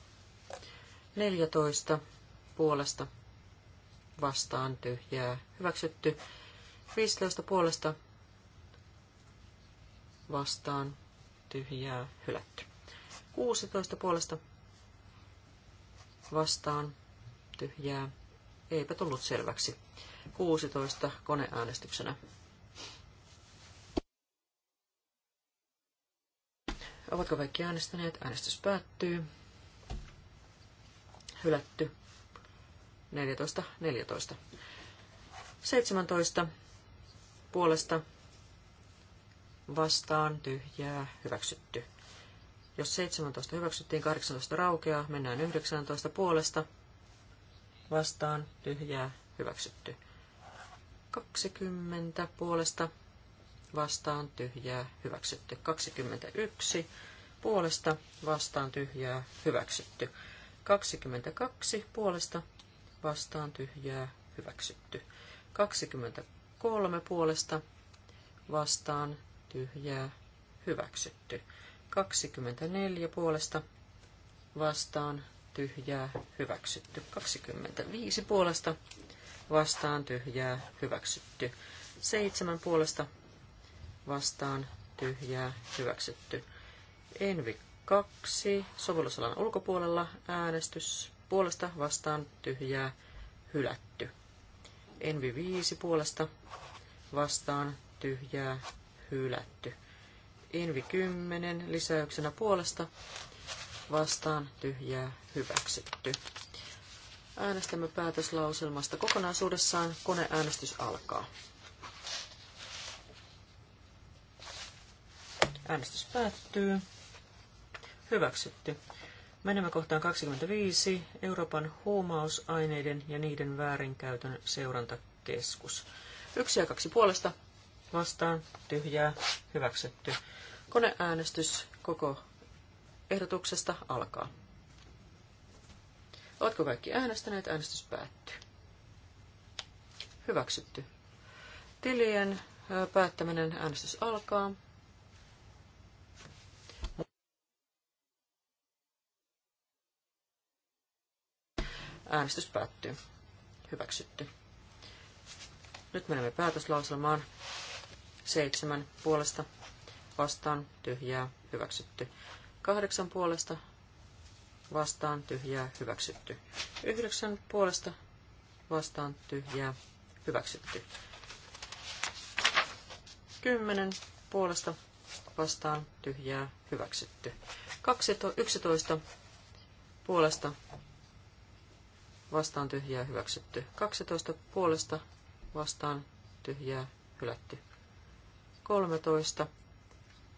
14 puolesta vastaan tyhjää hyväksytty. 15 puolesta vastaan tyhjää hylätty. 16 puolesta vastaan tyhjää eipä tullut selväksi. 16 koneäänestyksenä. Ovatko kaikki äänestäneet? Äänestys päättyy. Hylätty. 14, 14. 17 puolesta vastaan tyhjää hyväksytty. Jos 17 hyväksyttiin, 18 raukeaa, mennään 19 puolesta vastaan tyhjää hyväksytty. 20 puolesta vastaan tyhjää hyväksytty. 21 puolesta vastaan tyhjää hyväksytty. 22 puolesta vastaan tyhjää hyväksytty. 23 puolesta vastaan tyhjää hyväksytty. 24 puolesta vastaan tyhjää hyväksytty. 25 puolesta vastaan tyhjää hyväksytty. 7 puolesta vastaan tyhjää hyväksytty. Envi 2 sovellusalan ulkopuolella äänestys puolesta vastaan tyhjää hylätty. Envi 5 puolesta vastaan tyhjää hylätty. Envi 10 lisäyksenä puolesta vastaan tyhjää hyväksytty. Äänestämme päätöslauselmasta kokonaisuudessaan. Koneäänestys alkaa. Äänestys päättyy. Hyväksytty. Menemme kohtaan 25, Euroopan huumausaineiden ja niiden väärinkäytön seurantakeskus. Yksi ja kaksi puolesta vastaan, tyhjää, hyväksytty. Koneäänestys koko ehdotuksesta alkaa. Oletko kaikki äänestäneet? Äänestys päättyy. Hyväksytty. Tilien päättäminen äänestys alkaa. Äänestys päättyy. Hyväksytty. Nyt menemme päätöslauselmaan. Seitsemän puolesta vastaan tyhjää hyväksytty. Kahdeksan puolesta vastaan tyhjää hyväksytty. Yhdeksän puolesta vastaan tyhjää hyväksytty. Kymmenen puolesta vastaan tyhjää hyväksytty. 12, yksitoista puolesta vastaan tyhjää hyväksytty. 12 puolesta vastaan tyhjää hylätty. 13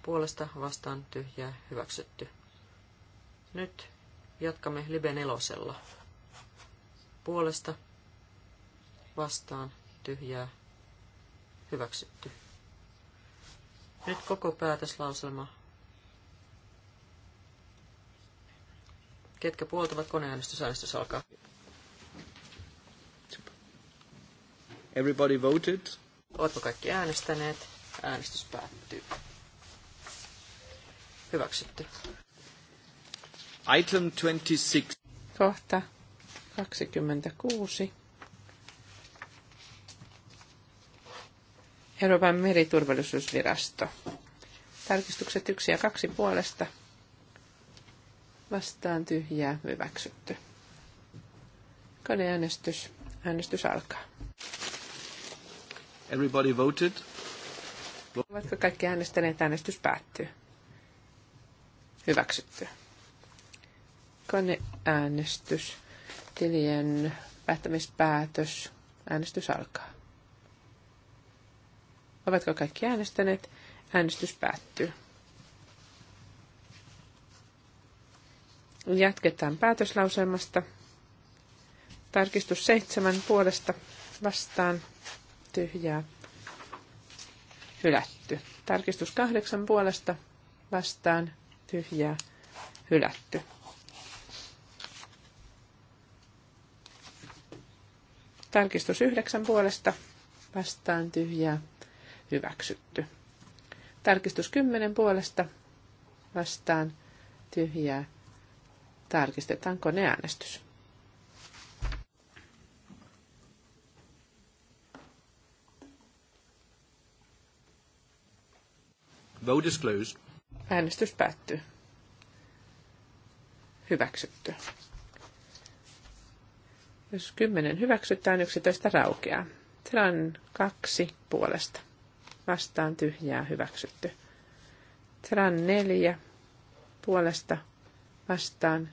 puolesta vastaan tyhjää hyväksytty. Nyt jatkamme Libe nelosella. Puolesta vastaan tyhjää hyväksytty. Nyt koko päätöslauselma. Ketkä puoltavat koneäänestysäänestys alkaa. Everybody voted? Oletko kaikki äänestäneet? Äänestys päättyy. Hyväksytty. Item 26. Kohta 26. Euroopan meriturvallisuusvirasto. Tarkistukset 1 ja 2 puolesta. Vastaan tyhjää hyväksytty. Koneäänestys. Äänestys alkaa. Everybody voted. Ovatko kaikki äänestäneet? Äänestys päättyy. Hyväksytty. Koneäänestys. Tilien päättämispäätös. Äänestys alkaa. Ovatko kaikki äänestäneet? Äänestys päättyy. Jatketaan päätöslauselmasta. Tarkistus seitsemän puolesta vastaan tyhjää hylätty. Tarkistus kahdeksan puolesta vastaan tyhjää hylätty. Tarkistus yhdeksän puolesta vastaan tyhjää hyväksytty. Tarkistus kymmenen puolesta vastaan tyhjää. Tarkistetaan äänestys? Vote is closed. Äänestys päättyy. Hyväksytty. Jos kymmenen hyväksytään, 11 raukeaa. Siellä on kaksi puolesta. Vastaan tyhjää hyväksytty. Tran neljä puolesta vastaan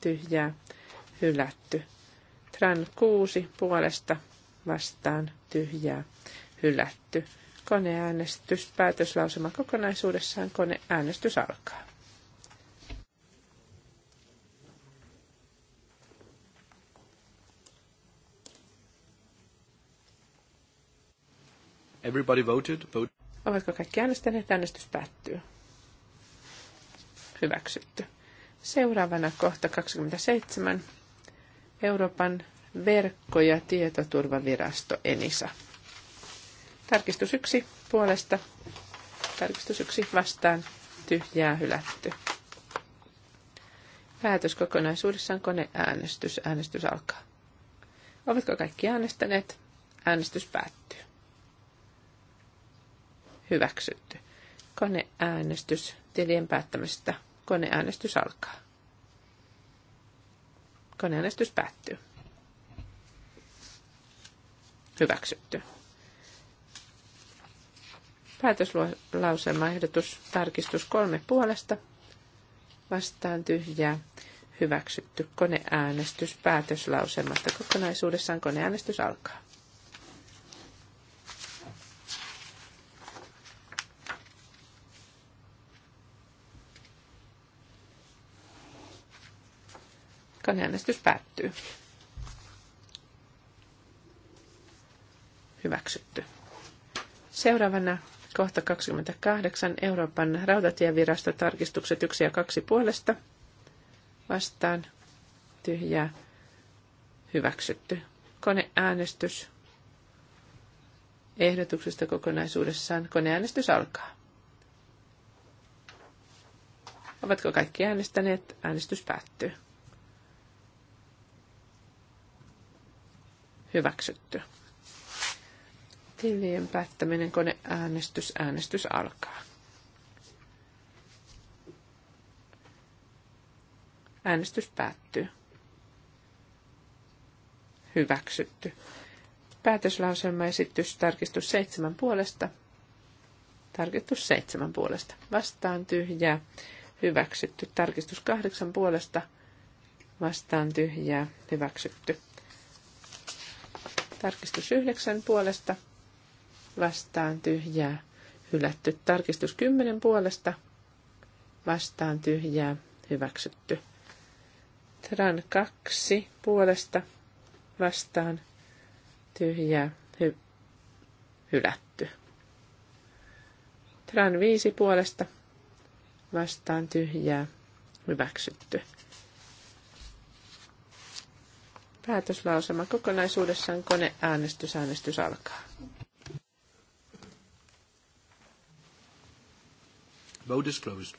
tyhjää hylätty. Tran kuusi puolesta vastaan tyhjää hylätty. Koneäänestys, päätöslausuma kokonaisuudessaan, koneäänestys alkaa. Everybody voted. Vote. Ovatko kaikki äänestäneet? Äänestys päättyy. Hyväksytty. Seuraavana kohta 27. Euroopan verkko- ja tietoturvavirasto ENISA. Tarkistus yksi puolesta. Tarkistus yksi vastaan. Tyhjää hylätty. Päätös kokonaisuudessaan koneäänestys. Äänestys alkaa. Ovatko kaikki äänestäneet? Äänestys päättyy. Hyväksytty. Koneäänestys tilien päättämistä. Koneäänestys alkaa. Koneäänestys päättyy. Hyväksytty. Päätöslauselmaehdotus tarkistus kolme puolesta. Vastaan tyhjää. Hyväksytty koneäänestys päätöslauselmasta. Kokonaisuudessaan koneäänestys alkaa. koneäänestys päättyy. Hyväksytty. Seuraavana Kohta 28. Euroopan rautatievirasto tarkistukset 1 ja 2 puolesta. Vastaan. Tyhjää. Hyväksytty. Koneäänestys. Ehdotuksesta kokonaisuudessaan koneäänestys alkaa. Ovatko kaikki äänestäneet? Äänestys päättyy. Hyväksytty. Tilien päättäminen koneäänestys. Äänestys alkaa. Äänestys päättyy. Hyväksytty. Päätöslauselma esitys tarkistus seitsemän puolesta. Tarkistus seitsemän puolesta. Vastaan tyhjää. Hyväksytty. Tarkistus kahdeksan puolesta. Vastaan tyhjää. Hyväksytty. Tarkistus yhdeksän puolesta vastaan tyhjää, hylätty. Tarkistus 10 puolesta vastaan tyhjää, hyväksytty. Tran 2 puolesta vastaan tyhjää, hy- hylätty. Tran 5 puolesta vastaan tyhjää, hyväksytty. Päätöslausema kokonaisuudessaan koneäänestysäänestys alkaa. Vote is closed.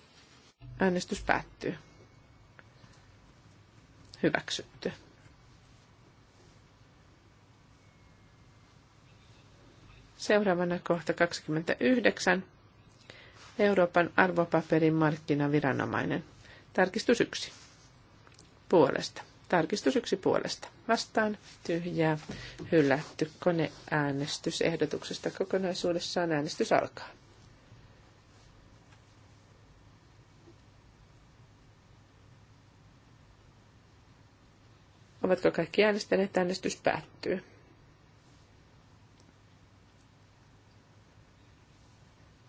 Äänestys päättyy. Hyväksytty. Seuraavana kohta 29. Euroopan arvopaperin markkinaviranomainen. Tarkistus 1. Puolesta. Tarkistus 1 puolesta. Vastaan tyhjää hylätty koneäänestysehdotuksesta kokonaisuudessaan äänestys alkaa. Ovatko kaikki äänestäneet? Äänestys päättyy.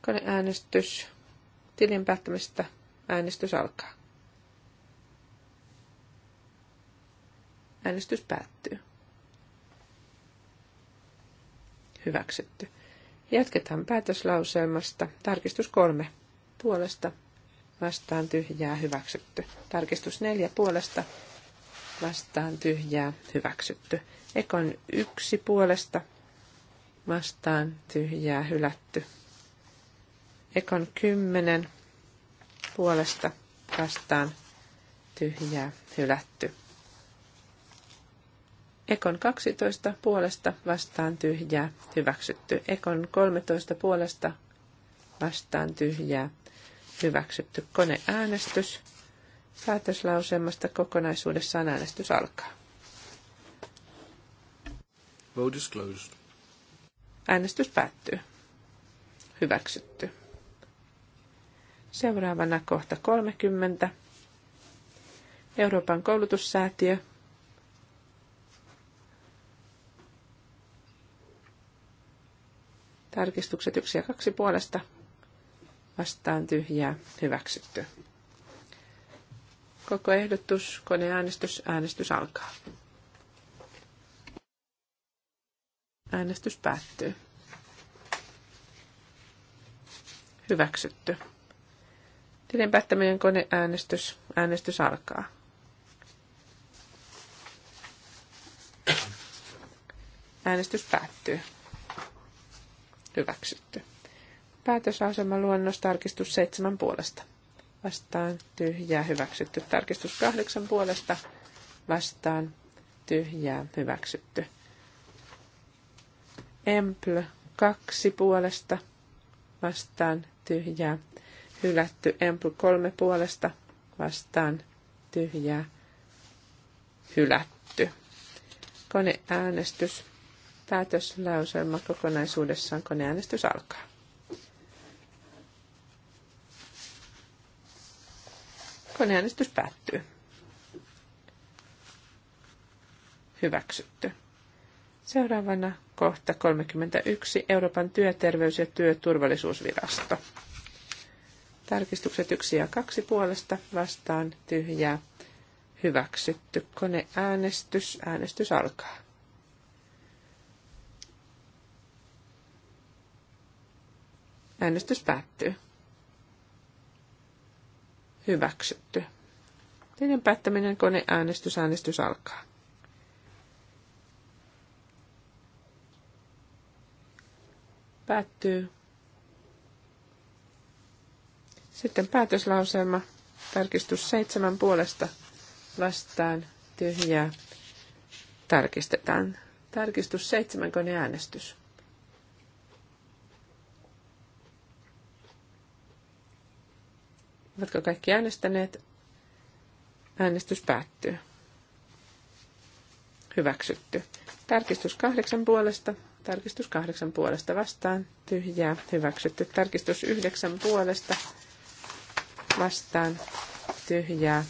Koneäänestys. Tilin päättämistä äänestys alkaa. Äänestys päättyy. Hyväksytty. Jatketaan päätöslauselmasta. Tarkistus kolme. Puolesta vastaan tyhjää hyväksytty. Tarkistus neljä puolesta vastaan tyhjää hyväksytty. Ekon yksi puolesta vastaan tyhjää hylätty. Ekon kymmenen puolesta vastaan tyhjää hylätty. Ekon 12 puolesta vastaan tyhjää hyväksytty. Ekon 13 puolesta vastaan tyhjää hyväksytty. Koneäänestys. Päätöslauselmasta kokonaisuudessaan äänestys alkaa. Vote is closed. Äänestys päättyy. Hyväksytty. Seuraavana kohta 30. Euroopan koulutussäätiö. Tarkistukset 1 ja 2 puolesta. Vastaan tyhjää. Hyväksytty. Koko ehdotus, koneäänestys, äänestys alkaa. Äänestys päättyy. Hyväksytty. Tilin päättäminen koneäänestys. Äänestys alkaa. Äänestys päättyy. Hyväksytty. Päätösasema luonnos tarkistus seitsemän puolesta vastaan tyhjää hyväksytty. Tarkistus kahdeksan puolesta vastaan tyhjää hyväksytty. Empl kaksi puolesta vastaan tyhjää hylätty. Empl kolme puolesta vastaan tyhjää hylätty. Koneäänestys. Päätöslauselma kokonaisuudessaan koneäänestys alkaa. Koneäänestys päättyy. Hyväksytty. Seuraavana kohta 31 Euroopan työterveys- ja työturvallisuusvirasto. Tarkistukset 1 ja 2 puolesta vastaan tyhjää. Hyväksytty. Koneäänestys. Äänestys alkaa. Äänestys päättyy. Hyväksytty. Teidän päättäminen koneäänestys. Äänestys alkaa. Päättyy. Sitten päätöslauselma. Tarkistus seitsemän puolesta vastaan tyhjää. Tarkistetaan. Tarkistus seitsemän koneäänestys. äänestys. Ovatko kaikki äänestäneet? Äänestys päättyy. Hyväksytty. Tarkistus kahdeksan puolesta. Tarkistus kahdeksan puolesta vastaan. Tyhjää. Hyväksytty. Tarkistus yhdeksän puolesta vastaan. Tyhjää.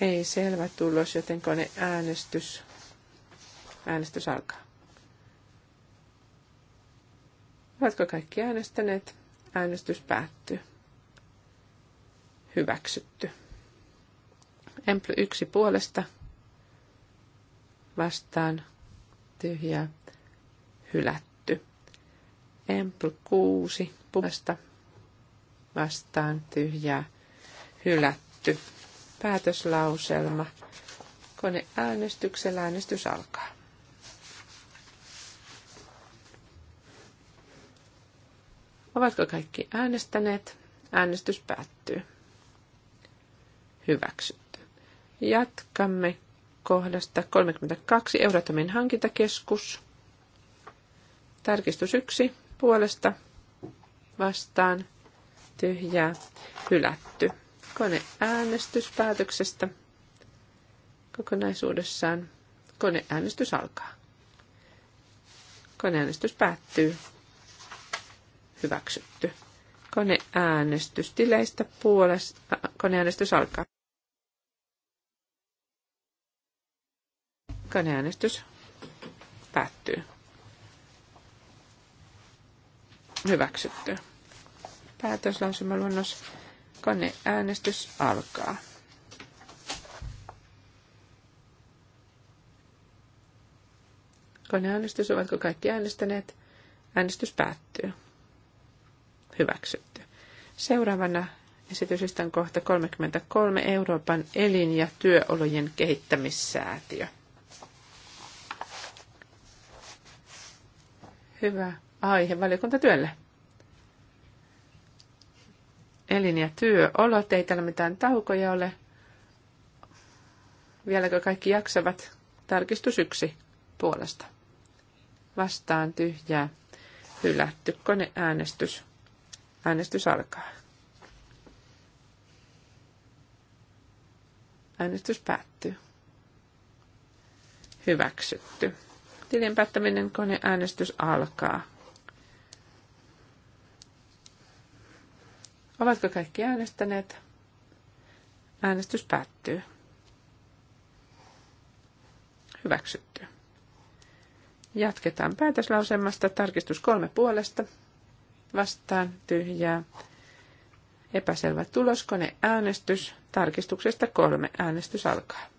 Ei selvä tulos, joten kone äänestys. Äänestys alkaa. Ovatko kaikki äänestäneet? Äänestys päättyy hyväksytty. Emply 1 puolesta vastaan tyhjää hylätty. Emply 6 puolesta vastaan tyhjää hylätty. Päätöslauselma. Kone äänestyksellä äänestys alkaa. Ovatko kaikki äänestäneet? Äänestys päättyy hyväksytty. Jatkamme kohdasta 32 Euratomin hankintakeskus. Tarkistus 1 puolesta vastaan tyhjää hylätty. Koneäänestyspäätöksestä päätöksestä kokonaisuudessaan. Koneäänestys alkaa. Koneäänestys päättyy. Hyväksytty. Koneäänestys tileistä puolesta. Koneäänestys alkaa. Koneäänestys päättyy. Hyväksytty. Päätöslausumaluonnos. Koneäänestys alkaa. Koneäänestys, ovatko kaikki äänestäneet? Äänestys päättyy. Hyväksytty. Seuraavana esityslistan kohta 33 Euroopan elin- ja työolojen kehittämissäätiö. hyvä aihe valiokuntatyölle. Elin- ja työolot, ei täällä mitään taukoja ole. Vieläkö kaikki jaksavat? Tarkistus yksi puolesta. Vastaan tyhjää. Hylätty koneäänestys. Äänestys alkaa. Äänestys päättyy. Hyväksytty. Tilin päättäminen koneäänestys alkaa. Ovatko kaikki äänestäneet? Äänestys päättyy. Hyväksytty. Jatketaan päätöslausemasta. Tarkistus kolme puolesta. Vastaan tyhjää. Epäselvä tulos. Koneäänestys. Tarkistuksesta kolme. Äänestys alkaa.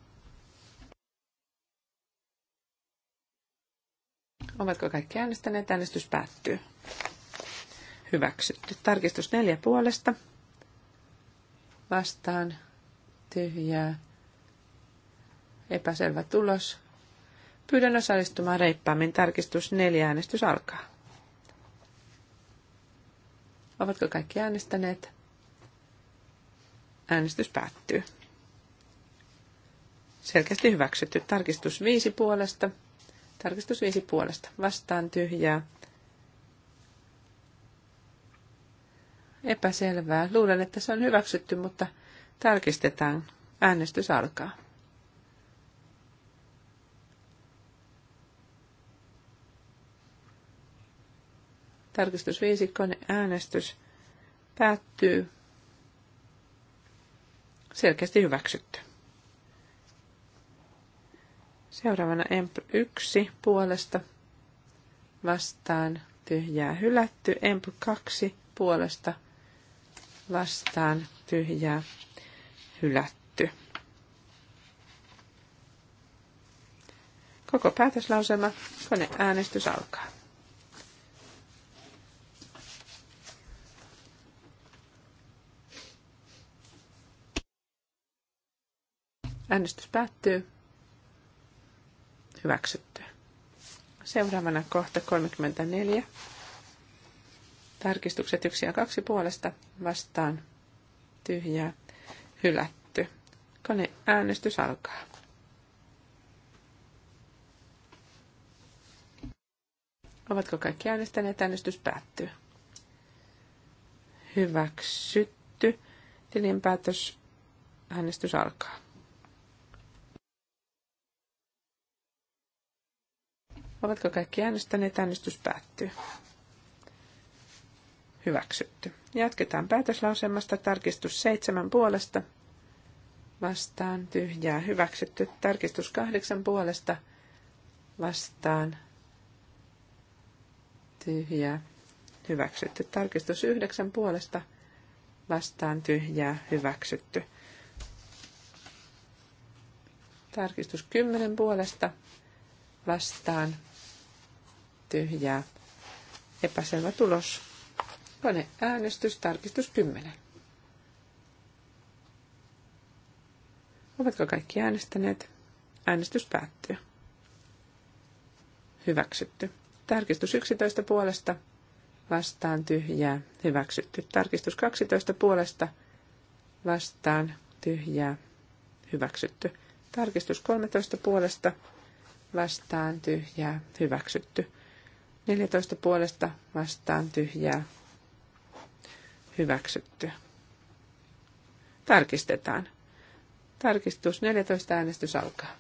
Ovatko kaikki äänestäneet? Äänestys päättyy. Hyväksytty. Tarkistus neljä puolesta. Vastaan. Tyhjää. Epäselvä tulos. Pyydän osallistumaan reippaammin. Tarkistus neljä. Äänestys alkaa. Ovatko kaikki äänestäneet? Äänestys päättyy. Selkeästi hyväksytty. Tarkistus viisi puolesta Tarkistus viisi puolesta. Vastaan tyhjää. Epäselvää. Luulen, että se on hyväksytty, mutta tarkistetaan. Äänestys alkaa. Tarkistusviisikon äänestys päättyy. Selkeästi hyväksytty. Seuraavana EMP 1 puolesta vastaan tyhjää hylätty. EMP 2 puolesta vastaan tyhjää hylätty. Koko päätöslausema, koneäänestys alkaa. Äänestys päättyy. Hyväksytty. Seuraavana kohta 34. Tarkistukset 1 ja 2 puolesta vastaan tyhjää hylätty. Kone äänestys alkaa. Ovatko kaikki äänestäneet? Äänestys päättyy. Hyväksytty. Tilinpäätös. Äänestys alkaa. Ovatko kaikki äänestäneet? Äänestys päättyy. Hyväksytty. Jatketaan päätöslausemasta. Tarkistus seitsemän puolesta. Vastaan tyhjää. Hyväksytty. Tarkistus kahdeksan puolesta. Vastaan tyhjää. Hyväksytty. Tarkistus yhdeksän puolesta. Vastaan tyhjää. Hyväksytty. Tarkistus kymmenen puolesta. Vastaan tyhjää. Epäselvä tulos. Kone äänestys, tarkistus 10. Ovatko kaikki äänestäneet? Äänestys päättyy. Hyväksytty. Tarkistus 11 puolesta. Vastaan tyhjää. Hyväksytty. Tarkistus 12 puolesta. Vastaan tyhjää. Hyväksytty. Tarkistus 13 puolesta. Vastaan tyhjää. Hyväksytty. 14 puolesta vastaan tyhjää hyväksytty. Tarkistetaan. Tarkistus 14 äänestys alkaa.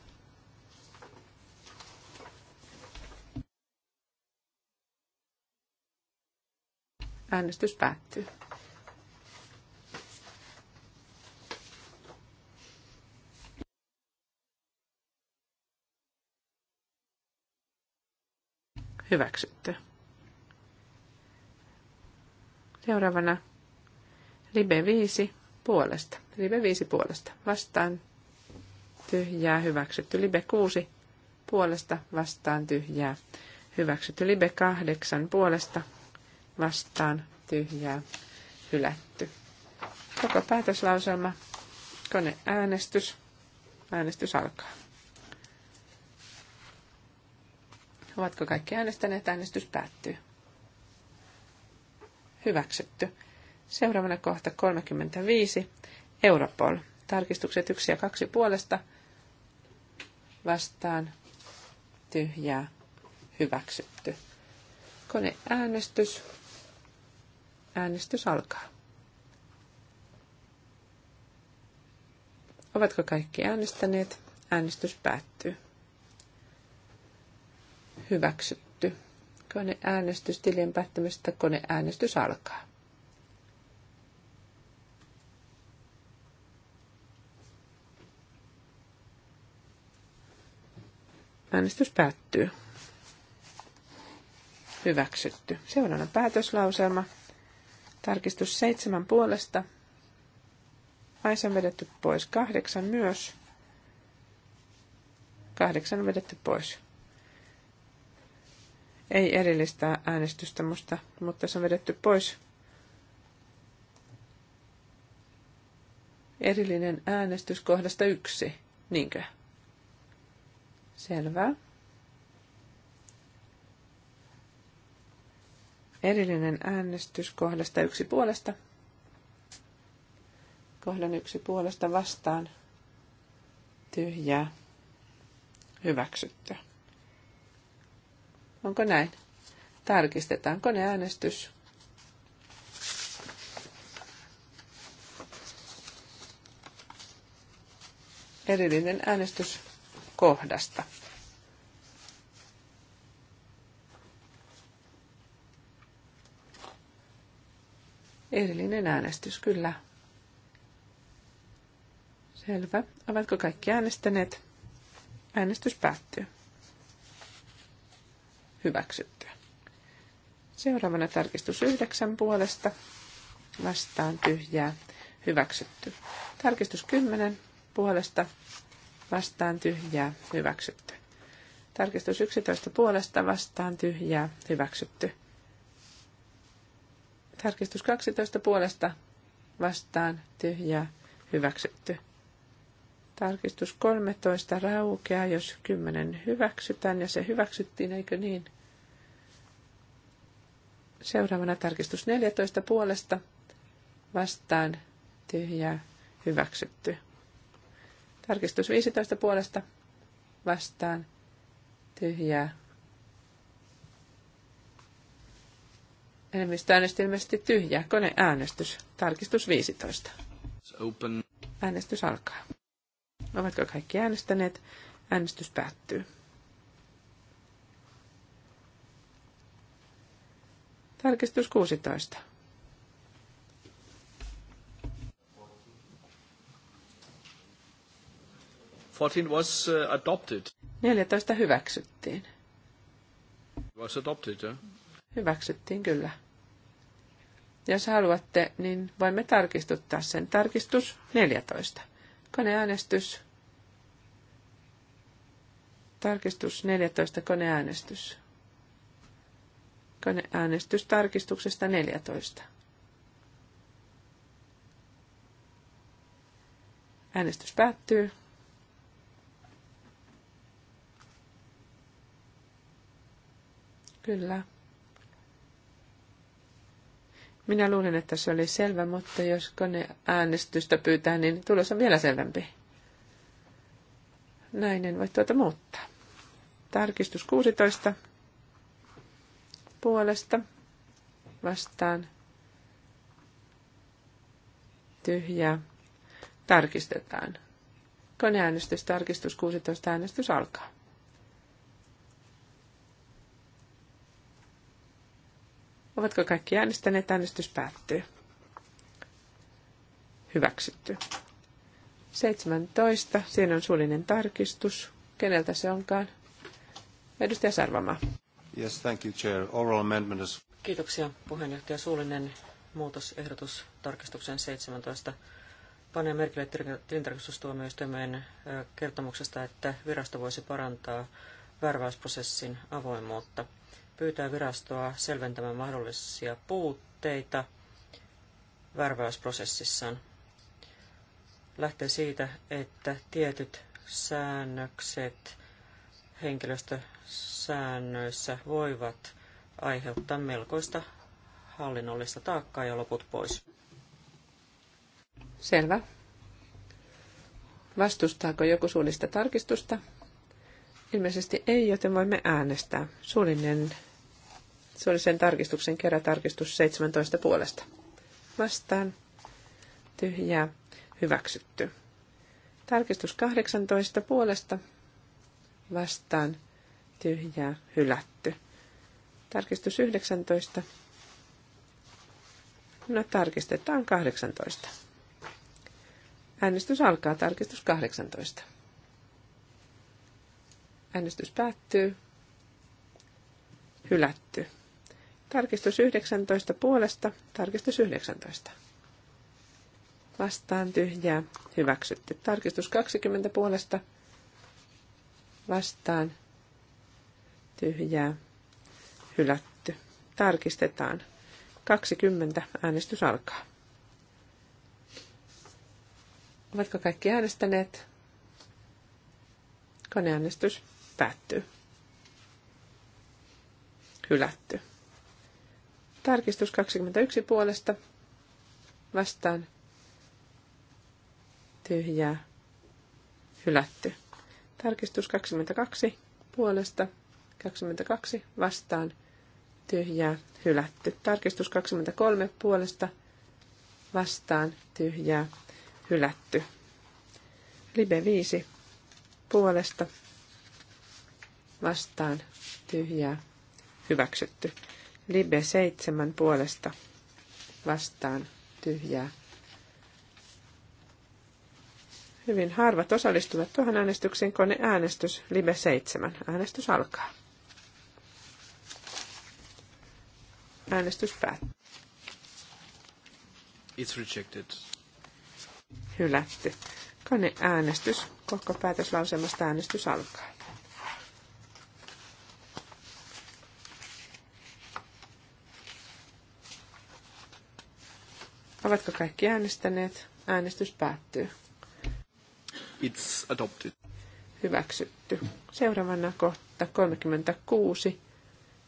Äänestys päättyy. Hyväksytty. Seuraavana Libe 5 puolesta. Libe 5 puolesta. Vastaan tyhjää. Hyväksytty. Libe 6 puolesta. Vastaan tyhjää. Hyväksytty. Libe 8 puolesta. Vastaan tyhjää. Hylätty. Koko päätöslauselma. Koneäänestys. Äänestys alkaa. Ovatko kaikki äänestäneet? Äänestys päättyy. Hyväksytty. Seuraavana kohta 35. Europol. Tarkistukset 1 ja 2 puolesta. Vastaan. Tyhjää. Hyväksytty. Koneäänestys. Äänestys alkaa. Ovatko kaikki äänestäneet? Äänestys päättyy. Hyväksytty. Koneäänestys tilien päättämistä Koneäänestys alkaa. Äänestys päättyy. Hyväksytty. Seuraava päätöslauselma. Tarkistus seitsemän puolesta. Aisa on vedetty pois. Kahdeksan myös. Kahdeksan on vedetty pois ei erillistä äänestystä, musta, mutta se on vedetty pois. Erillinen äänestys kohdasta yksi, niinkö? Selvä. Erillinen äänestys kohdasta yksi puolesta. Kohdan yksi puolesta vastaan. Tyhjää. Hyväksytty. Onko näin? Tarkistetaan koneäänestys. Erillinen äänestys kohdasta. Erillinen äänestys, kyllä. Selvä. Ovatko kaikki äänestäneet? Äänestys päättyy hyväksyttyä. Seuraavana tarkistus yhdeksän puolesta vastaan tyhjää hyväksytty. Tarkistus kymmenen puolesta vastaan tyhjää hyväksytty. Tarkistus 11 puolesta vastaan tyhjää hyväksytty. Tarkistus 12 puolesta vastaan tyhjää hyväksytty. Tarkistus 13 raukeaa, jos 10 hyväksytään, ja se hyväksyttiin, eikö niin? Seuraavana tarkistus 14 puolesta vastaan tyhjää hyväksytty. Tarkistus 15 puolesta vastaan tyhjää. Enemmistö äänesti ilmeisesti tyhjää. Koneäänestys. Tarkistus 15. Äänestys alkaa. Ovatko no, kaikki äänestäneet? Äänestys päättyy. Tarkistus 16. Was uh, adopted. 14 hyväksyttiin. Was adopted, yeah? Hyväksyttiin kyllä. Jos haluatte, niin voimme tarkistuttaa sen. Tarkistus 14. Koneäänestys. Tarkistus 14. Koneäänestys. Koneäänestys tarkistuksesta 14. Äänestys päättyy. Kyllä. Minä luulen, että se oli selvä, mutta jos kone äänestystä pyytää, niin tulos on vielä selvempi. Näin en voi tuota muuttaa. Tarkistus 16 puolesta vastaan tyhjää. Tarkistetaan. Koneäänestys, tarkistus 16, äänestys alkaa. Ovatko kaikki äänestäneet? Äänestys päättyy. Hyväksytty. 17. Siinä on suullinen tarkistus. Keneltä se onkaan? Edustaja Sarvamaa. Yes, thank you, Chair. Oral amendment is... Kiitoksia, puheenjohtaja. Suullinen muutosehdotus tarkistuksen 17 panee merkille tilintarkistustuomioistuimen kertomuksesta, että virasto voisi parantaa värväysprosessin avoimuutta pyytää virastoa selventämään mahdollisia puutteita värväysprosessissaan. Lähtee siitä, että tietyt säännökset henkilöstösäännöissä voivat aiheuttaa melkoista hallinnollista taakkaa ja loput pois. Selvä. Vastustaako joku suunnista tarkistusta? Ilmeisesti ei, joten voimme äänestää. Suullinen, suullisen tarkistuksen kerätarkistus 17 puolesta. Vastaan. Tyhjää. Hyväksytty. Tarkistus 18 puolesta. Vastaan. Tyhjää. Hylätty. Tarkistus 19. No tarkistetaan 18. Äänestys alkaa tarkistus 18. Äänestys päättyy. Hylätty. Tarkistus 19 puolesta. Tarkistus 19. Vastaan tyhjää. Hyväksytty. Tarkistus 20 puolesta. Vastaan tyhjää. Hylätty. Tarkistetaan. 20. Äänestys alkaa. Ovatko kaikki äänestäneet? Koneäänestys Päättyy. Hylätty. Tarkistus 21 puolesta. Vastaan. Tyhjää. Hylätty. Tarkistus 22 puolesta. 22 vastaan. Tyhjää. Hylätty. Tarkistus 23 puolesta. Vastaan. Tyhjää. Hylätty. Libe 5 puolesta vastaan tyhjää hyväksytty. Libe 7 puolesta vastaan tyhjää. Hyvin harvat osallistuvat tuohon äänestykseen äänestys Libe 7. Äänestys alkaa. Äänestys päättyy. It's rejected. Hylätty. äänestys Koko päätöslauselmasta äänestys alkaa. Ovatko kaikki äänestäneet? Äänestys päättyy. It's adopted. Hyväksytty. Seuraavana kohta 36.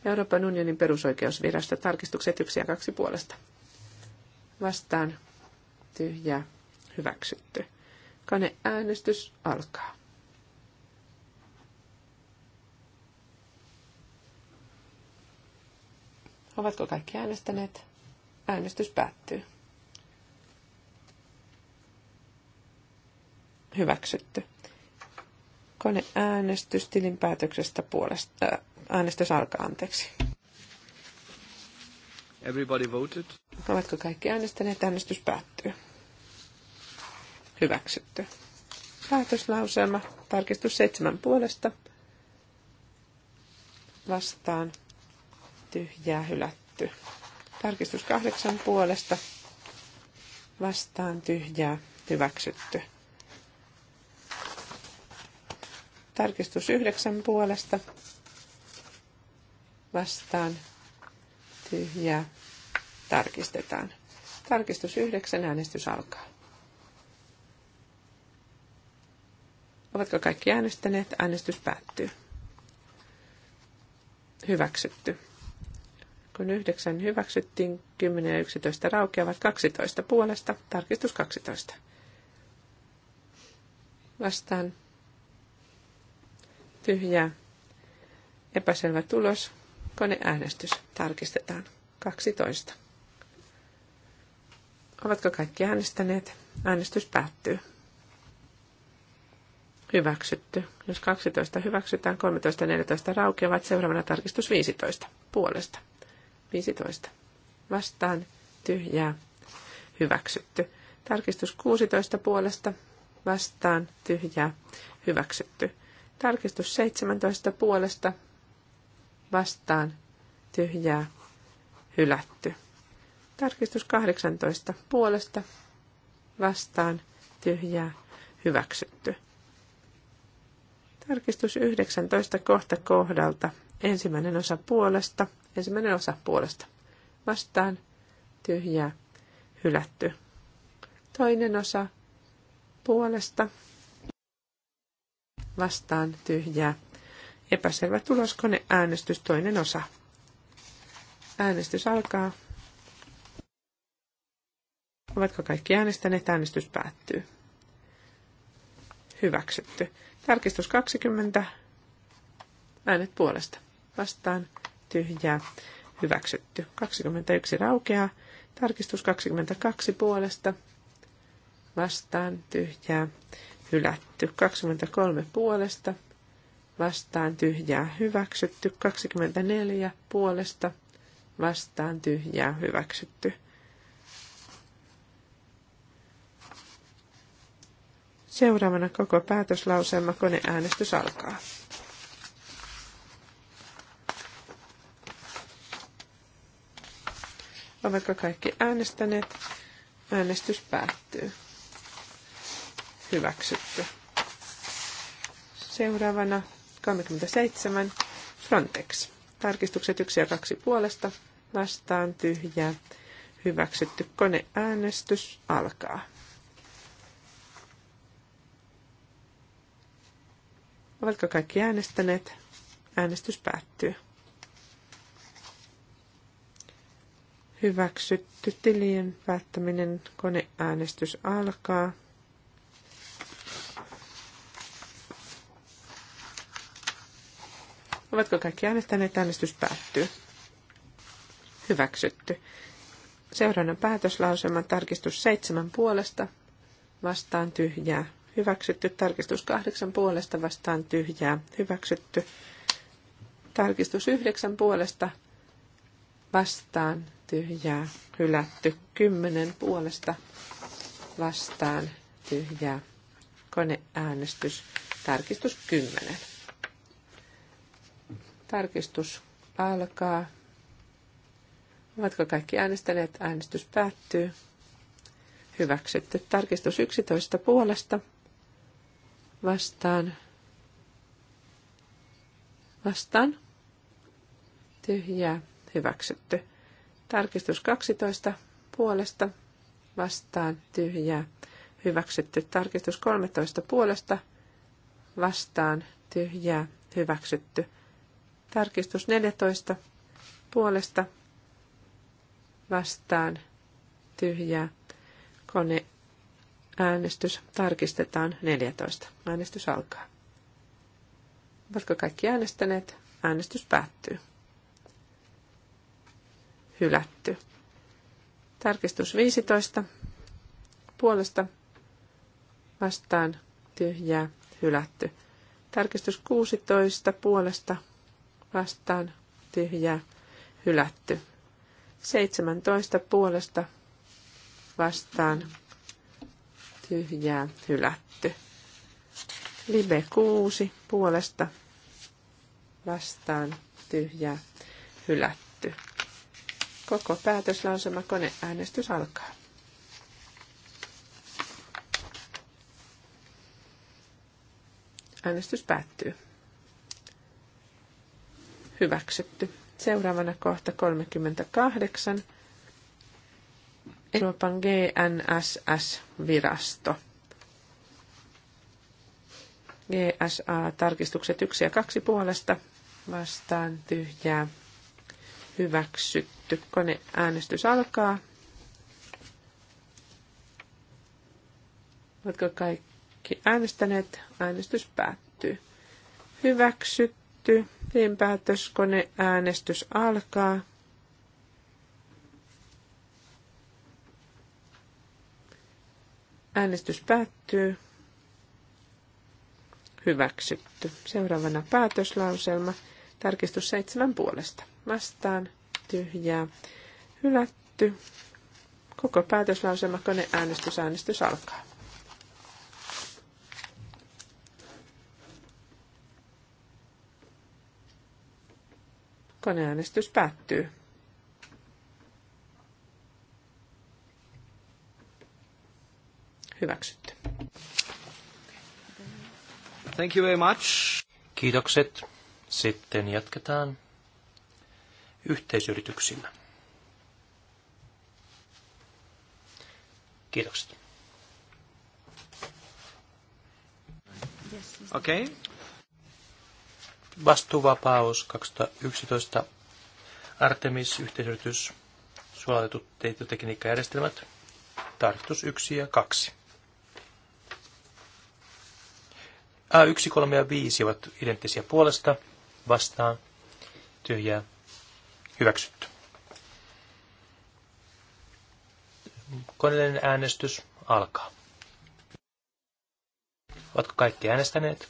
Euroopan unionin perusoikeusvirasto tarkistukset 1 ja 2 puolesta. Vastaan Tyhjä. hyväksytty. äänestys alkaa. Ovatko kaikki äänestäneet? Äänestys päättyy. Hyväksytty. Kone äänestys tilinpäätöksestä puolesta. Äh, äänestys alkaa, anteeksi. Everybody voted. Ovatko kaikki äänestäneet? Äänestys päättyy. Hyväksytty. Päätöslauselma. Tarkistus seitsemän puolesta. Vastaan. Tyhjää hylätty. Tarkistus kahdeksan puolesta. Vastaan tyhjää hyväksytty. Tarkistus yhdeksän puolesta vastaan tyhjää tarkistetaan. Tarkistus yhdeksän äänestys alkaa. Ovatko kaikki äänestäneet? Äänestys päättyy. Hyväksytty. Kun yhdeksän hyväksyttiin, 10 ja 11 raukeavat 12 puolesta, tarkistus 12. Vastaan tyhjää, epäselvä tulos, koneäänestys, tarkistetaan, 12. Ovatko kaikki äänestäneet? Äänestys päättyy. Hyväksytty. Jos 12 hyväksytään, 13 ja 14 raukeavat. Seuraavana tarkistus 15. Puolesta. 15. Vastaan. Tyhjää. Hyväksytty. Tarkistus 16 puolesta. Vastaan. Tyhjää. Hyväksytty. Tarkistus 17 puolesta vastaan tyhjää hylätty. Tarkistus 18 puolesta vastaan tyhjää hyväksytty. Tarkistus 19 kohta kohdalta. Ensimmäinen osa puolesta. Ensimmäinen osa puolesta. Vastaan tyhjää hylätty. Toinen osa puolesta vastaan tyhjää. Epäselvä tuloskone Äänestys toinen osa. Äänestys alkaa. Ovatko kaikki äänestäneet? Äänestys päättyy. Hyväksytty. Tarkistus 20. Äänet puolesta. Vastaan. Tyhjää. Hyväksytty. 21 raukeaa. Tarkistus 22 puolesta. Vastaan. Tyhjää hylätty. 23 puolesta vastaan tyhjää hyväksytty. 24 puolesta vastaan tyhjää hyväksytty. Seuraavana koko päätöslauselma koneäänestys alkaa. Ovatko kaikki äänestäneet? Äänestys päättyy. Hyväksytty. Seuraavana 37. Frontex. Tarkistukset 1 ja 2 puolesta. Vastaan tyhjää. Hyväksytty koneäänestys alkaa. Ovatko kaikki äänestäneet? Äänestys päättyy. Hyväksytty tilien päättäminen. Koneäänestys alkaa. Ovatko kaikki äänestäneet? Äänestys päättyy. Hyväksytty. Seuraavan päätöslauselman tarkistus seitsemän puolesta vastaan tyhjää. Hyväksytty. Tarkistus kahdeksan puolesta vastaan tyhjää. Hyväksytty. Tarkistus yhdeksän puolesta vastaan tyhjää. Hylätty. Kymmenen puolesta vastaan tyhjää. Koneäänestys. Tarkistus kymmenen. Tarkistus alkaa. Ovatko kaikki äänestäneet? Äänestys päättyy. Hyväksytty. Tarkistus 11 puolesta. Vastaan. Vastaan. Tyhjää. Hyväksytty. Tarkistus 12 puolesta. Vastaan. Tyhjää. Hyväksytty. Tarkistus 13 puolesta. Vastaan. Tyhjää. Hyväksytty Tarkistus 14 puolesta vastaan tyhjää. Kone äänestys tarkistetaan 14. Äänestys alkaa. Ovatko kaikki äänestäneet? Äänestys päättyy. Hylätty. Tarkistus 15. Puolesta vastaan tyhjää hylätty. Tarkistus 16 puolesta vastaan tyhjää hylätty. 17 puolesta vastaan tyhjää hylätty. Libe 6 puolesta vastaan tyhjää hylätty. Koko päätöslausema koneäänestys alkaa. Äänestys päättyy. Hyväksytty. Seuraavana kohta 38. Euroopan GNSS-virasto. GSA-tarkistukset 1 ja 2 puolesta vastaan tyhjää hyväksytty. Koneäänestys alkaa. Oletko kaikki äänestäneet? Äänestys päättyy. Hyväksytty. Tilinpäätöskone äänestys alkaa. Äänestys päättyy. Hyväksytty. Seuraavana päätöslauselma. Tarkistus seitsemän puolesta. Vastaan. Tyhjää. Hylätty. Koko päätöslauselma koneäänestys. Äänestys alkaa. Koneäänestys päättyy. Hyväksytty. Thank you very much. Kiitokset. Sitten jatketaan yhteisyrityksillä. Kiitokset. Okei. Okay. Vastuuvapaus 2011. Artemis, yhteisyritys, suolatetut tietotekniikkajärjestelmät, tarkistus 1 ja 2. A, 1, 3 ja 5 ovat identtisiä puolesta, vastaan, tyhjää, hyväksytty. Koneellinen äänestys alkaa. Ovatko kaikki äänestäneet?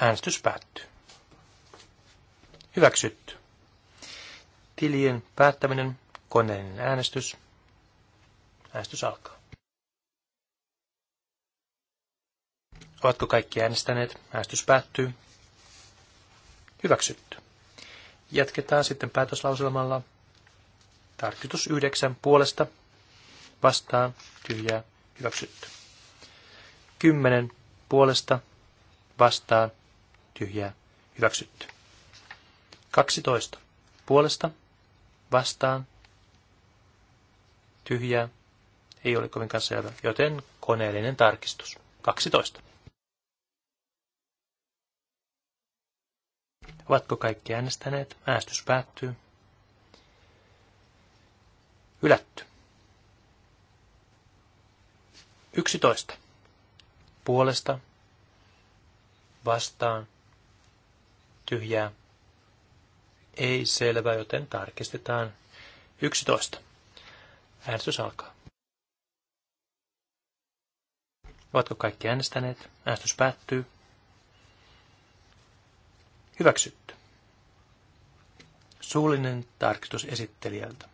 Äänestys päättyy. Hyväksytty. Tilien päättäminen, koneellinen äänestys. Äänestys alkaa. Ovatko kaikki äänestäneet? Äänestys päättyy. Hyväksytty. Jatketaan sitten päätöslauselmalla. Tarkistus yhdeksän puolesta. Vastaan. Tyhjää. Hyväksytty. Kymmenen puolesta. Vastaan tyhjää, hyväksytty. 12. Puolesta, vastaan, tyhjää, ei ole kovinkaan selvä, joten koneellinen tarkistus. 12. Ovatko kaikki äänestäneet? Äänestys päättyy. Ylätty. 11. Puolesta, vastaan, tyhjää, ei selvä, joten tarkistetaan 11. Äänestys alkaa. Ovatko kaikki äänestäneet? Äänestys päättyy. Hyväksytty. Suullinen tarkistus esittelijältä.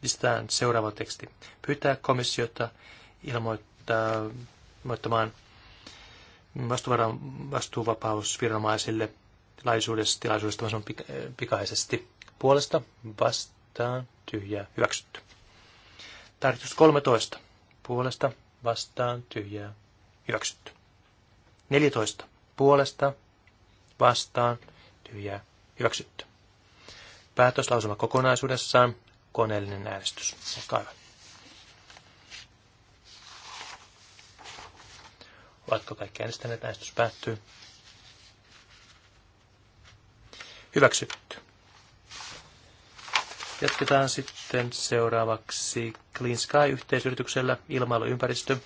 Pistetään seuraava teksti. Pyytää komissiota ilmoittaa, ilmoittamaan vastuuvapaus viranomaisille laisuudessa, tilaisuudesta on pikaisesti puolesta vastaan tyhjää hyväksytty. Tarkistus 13. Puolesta vastaan tyhjää hyväksytty. 14. Puolesta vastaan tyhjää hyväksytty. Päätöslausuma kokonaisuudessaan koneellinen äänestys. Olkaa hyvä. vaikka kaikki äänestäneet? Äänestys päättyy. Hyväksytty. Jatketaan sitten seuraavaksi Clean Sky-yhteisyrityksellä ilmailuympäristö.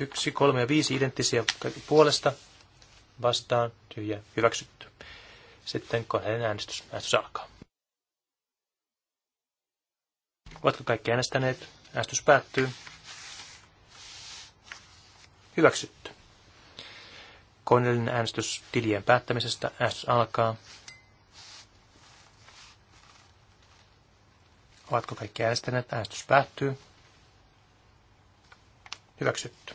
Yksi kolme ja viisi identtisiä puolesta vastaan tyhjä hyväksytty. Sitten koneen äänestys, äänestys alkaa. Ovatko kaikki äänestäneet? Äänestys päättyy. Hyväksytty. Koneellinen äänestys tilien päättämisestä. Äänestys alkaa. Ovatko kaikki äänestäneet? Äänestys päättyy. Hyväksytty.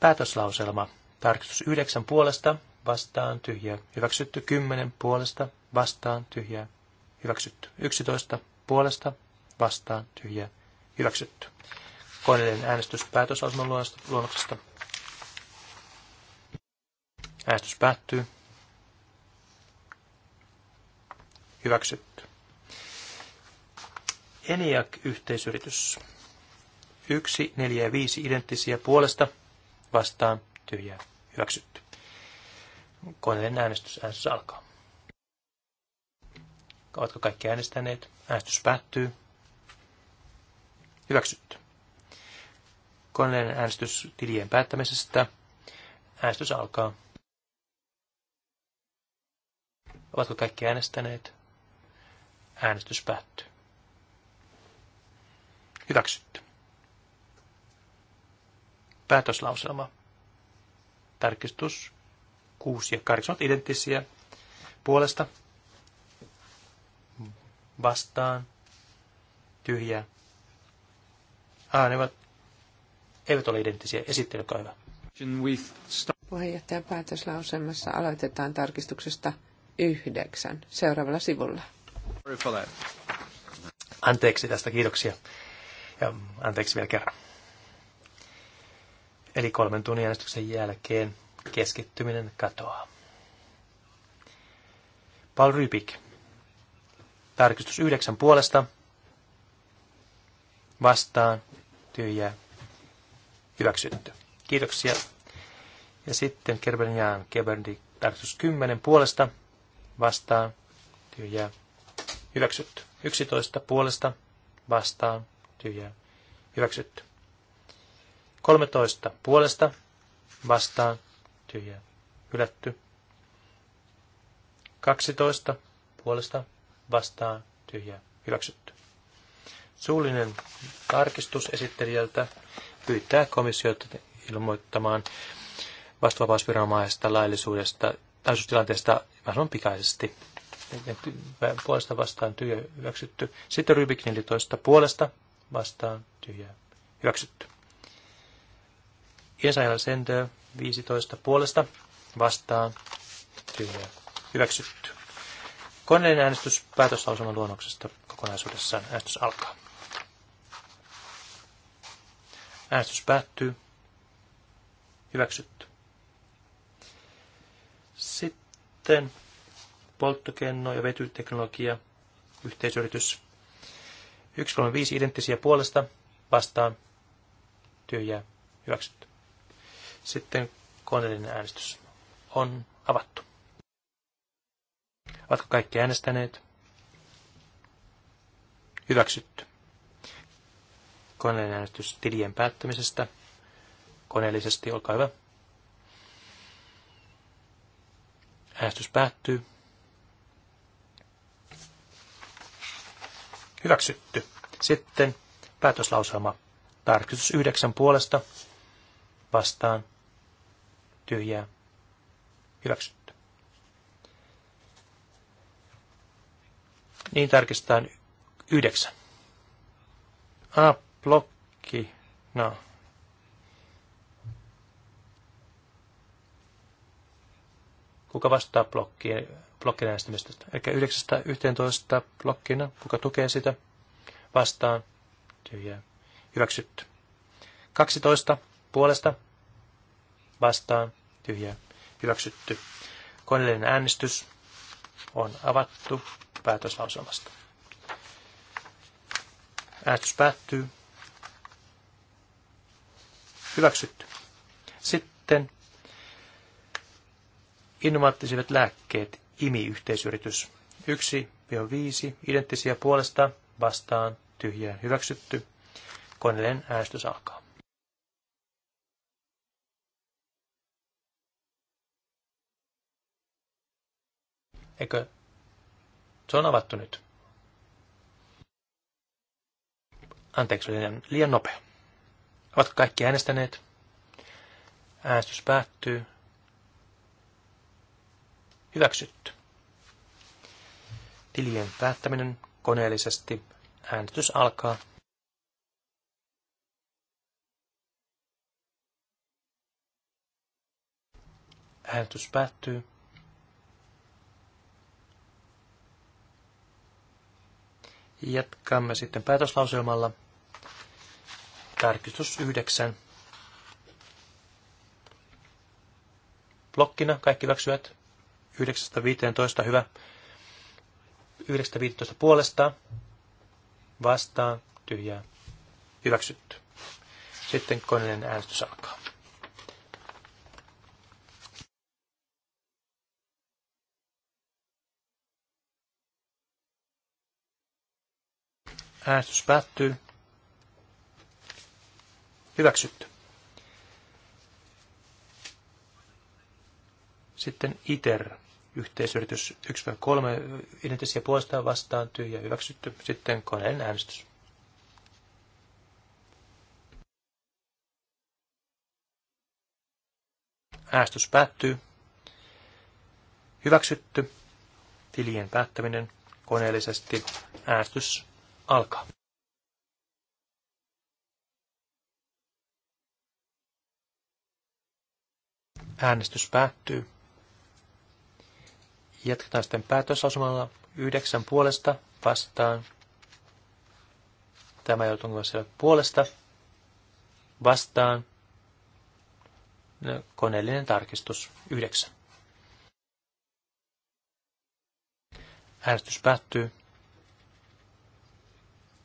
Päätöslauselma. Tarkistus 9 puolesta, vastaan, tyhjä. Hyväksytty 10 puolesta, vastaan, tyhjä. Hyväksytty 11 puolesta, vastaan, tyhjä. Hyväksytty koneiden äänestys päätösasman luonnoksesta. Äänestys päättyy. Hyväksytty. ENIAC-yhteisyritys. 1, 4 ja 5 identtisiä puolesta vastaan tyhjää hyväksytty. Koneiden äänestys, äänestys alkaa. Ovatko kaikki äänestäneet? Äänestys päättyy. Hyväksytty koneen äänestys tilien päättämisestä. Äänestys alkaa. Ovatko kaikki äänestäneet? Äänestys päättyy. Hyväksytty. Päätöslauselma. Tarkistus 6 ja 8 ovat identtisiä. Puolesta vastaan Tyhjä. Ah, eivät ole identtisiä. Esittely, olkaa hyvä. Puheenjohtajan päätöslauselmassa aloitetaan tarkistuksesta yhdeksän seuraavalla sivulla. Anteeksi tästä, kiitoksia. Ja anteeksi vielä kerran. Eli kolmen tunnin äänestyksen jälkeen keskittyminen katoaa. Paul Rybik. Tarkistus yhdeksän puolesta. Vastaan. Tyhjää hyväksytty. Kiitoksia. Ja sitten Kerberin jään Keberdi tarkistus 10 puolesta vastaan tyhjä. hyväksytty. 11 puolesta vastaan tyhjä. hyväksytty. 13 puolesta vastaan tyhjä hylätty. 12 puolesta vastaan tyhjä. hyväksytty. Suullinen tarkistus esittelijältä pyytää komissiota ilmoittamaan vastuvapausviranomaisesta laillisuudesta taisuustilanteesta mahdollisimman pikaisesti. Puolesta vastaan tyhjä hyväksytty. Sitten Rybik 14 puolesta vastaan tyhjä hyväksytty. Jesaja Sendö 15 puolesta vastaan tyhjä hyväksytty. Koneellinen äänestys päätöslauselman luonnoksesta kokonaisuudessaan. Äänestys alkaa. Äänestys päättyy. Hyväksytty. Sitten polttokenno ja vetyteknologia, yhteisyritys. 135 identtisiä puolesta vastaan jää hyväksytty. Sitten koneellinen äänestys on avattu. Ovatko kaikki äänestäneet? Hyväksytty koneellinen äänestys tilien päättämisestä. Koneellisesti, olkaa hyvä. Äänestys päättyy. Hyväksytty. Sitten päätöslauselma. Tarkistus yhdeksän puolesta. Vastaan. Tyhjää. Hyväksytty. Niin tarkistetaan yhdeksän. Ah, blokki, no. Kuka vastaa blokkiin, blokkin äänestämisestä? Eli 911 blokkina, kuka tukee sitä? Vastaan, tyhjää, hyväksytty. 12 puolesta, vastaan, tyhjää, hyväksytty. Koneellinen äänestys on avattu päätöslauselmasta. Äänestys päättyy. Hyväksytty. Sitten innovaattiset lääkkeet, IMI-yhteisyritys. 1-5, identtisiä puolesta, vastaan, tyhjään, hyväksytty. Koneellinen äänestys alkaa. Eikö? Se on avattu nyt. Anteeksi, liian nopea. Ovatko kaikki äänestäneet? Äänestys päättyy. Hyväksytty. Tilien päättäminen koneellisesti. Äänestys alkaa. Äänestys päättyy. Jatkamme sitten päätöslauselmalla. Tarkistus 9. Blokkina kaikki hyväksyvät. 9.15 hyvä. 9.15 puolesta vastaan tyhjää hyväksytty. Sitten koneen äänestys alkaa. Äänestys päättyy. Hyväksytty. Sitten ITER, yhteisyritys 1-3, identtisiä puolestaan vastaan, tyhjä hyväksytty. Sitten koneen äänestys. Äänestys päättyy. Hyväksytty. Tilien päättäminen koneellisesti. Äänestys alkaa. Äänestys päättyy. Jatketaan sitten päätösasumalla yhdeksän puolesta vastaan. Tämä joutuu siellä puolesta vastaan. No, koneellinen tarkistus yhdeksän. Äänestys päättyy.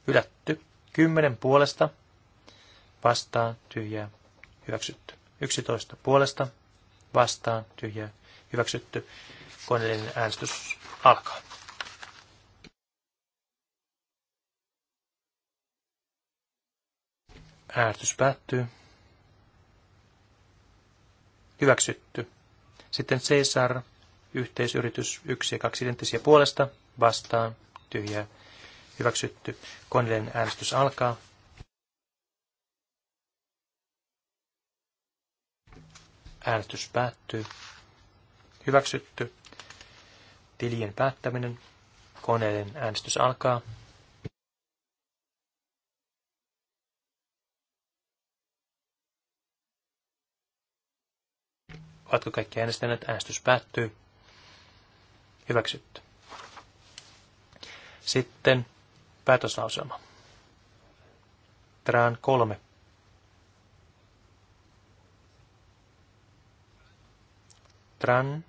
Hylätty. Kymmenen puolesta vastaan tyhjää hyväksytty. Yksitoista puolesta vastaan, tyhjä hyväksytty. Koneellinen äänestys alkaa. Äänestys päättyy. Hyväksytty. Sitten Cesar, yhteisyritys 1 ja 2 identtisiä puolesta, vastaan, tyhjää, hyväksytty. Koneellinen äänestys alkaa. Äänestys päättyy. Hyväksytty. Tilien päättäminen. Koneiden äänestys alkaa. Ovatko kaikki äänestäneet? Äänestys päättyy. Hyväksytty. Sitten päätöslauselma. Traan kolme tran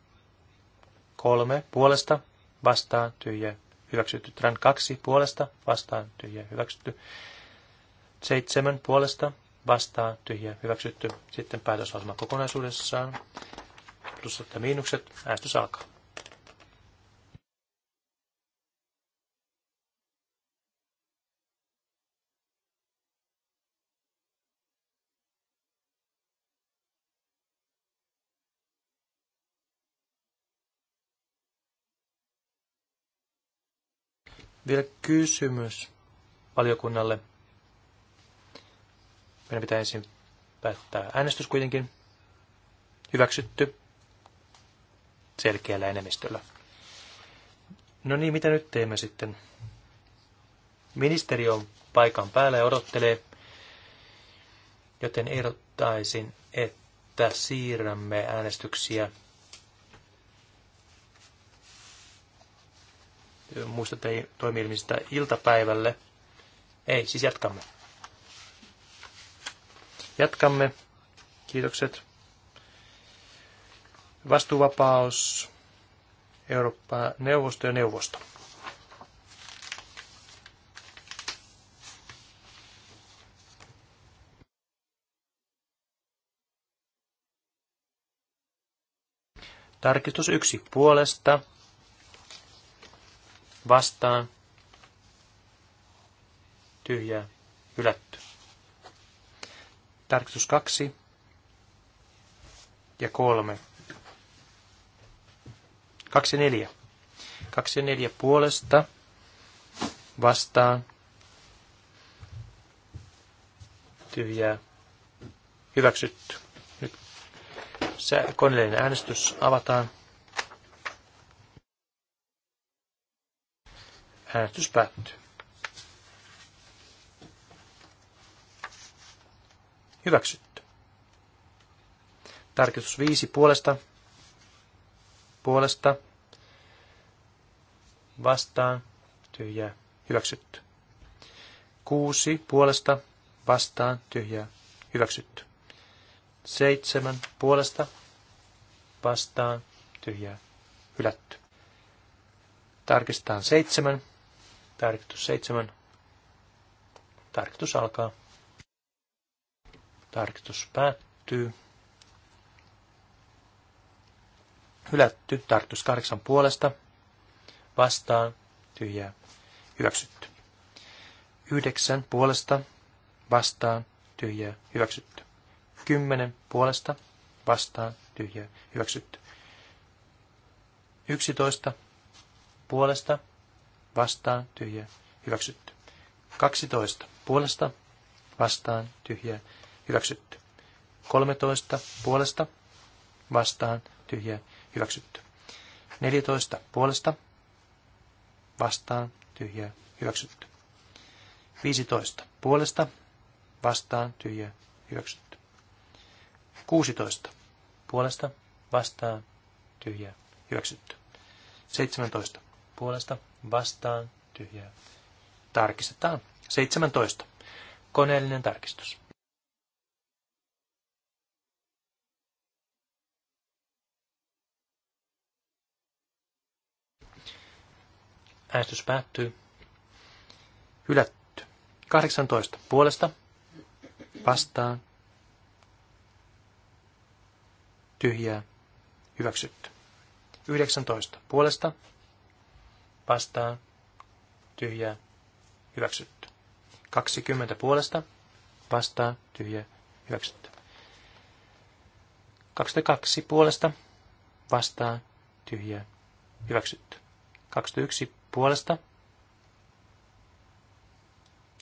kolme puolesta vastaan tyhjä hyväksytty. Tran kaksi puolesta vastaan tyhjä hyväksytty. Seitsemän puolesta vastaan tyhjä hyväksytty. Sitten päätösasema kokonaisuudessaan. Plus ja miinukset. Äänestys alkaa. vielä kysymys valiokunnalle. Meidän pitää ensin päättää äänestys kuitenkin. Hyväksytty selkeällä enemmistöllä. No niin, mitä nyt teemme sitten? Ministeri on paikan päällä ja odottelee, joten ehdottaisin, että siirrämme äänestyksiä muista toimielimistä iltapäivälle. Ei, siis jatkamme. Jatkamme. Kiitokset. Vastuuvapaus, Eurooppa-neuvosto ja neuvosto. Tarkistus yksi puolesta vastaan, tyhjää, hylätty. Tarkoitus kaksi ja kolme. Kaksi ja neljä. Kaksi ja neljä puolesta vastaan, tyhjää, hyväksytty. Nyt koneellinen äänestys avataan. Äänestys päättyy. Hyväksytty. Tarkistus 5 puolesta. Puolesta. Vastaan. Tyhjää. Hyväksytty. 6 puolesta. Vastaan. Tyhjää. Hyväksytty. 7 puolesta. Vastaan. Tyhjää. Hylätty. Tarkistetaan seitsemän. Tarkoitus 7. Tarkoitus alkaa. Tarkoitus päättyy. Hylätty. Tarkoitus 8 puolesta. Vastaan. Tyhjää. Hyväksytty. 9 puolesta. Vastaan. Tyhjää. Hyväksytty. 10 puolesta. Vastaan. Tyhjää. Hyväksytty. 11 puolesta vastaan, tyhjä, hyväksytty. 12 puolesta, vastaan, tyhjä, hyväksytty. 13 puolesta, vastaan, tyhjä, hyväksytty. 14 puolesta, vastaan, tyhjä, hyväksytty. 15 puolesta, vastaan, tyhjä, hyväksytty. 16 puolesta, vastaan, tyhjä, hyväksytty. 17 puolesta vastaan tyhjää. Tarkistetaan. 17. Koneellinen tarkistus. Äänestys päättyy. Hylätty. 18. Puolesta. Vastaan. Tyhjää. Hyväksytty. 19. Puolesta vastaan, tyhjää, hyväksytty. 20 puolesta, vastaan, tyhjää, hyväksytty. 22 puolesta, vastaan, tyhjää, hyväksytty. 21 puolesta,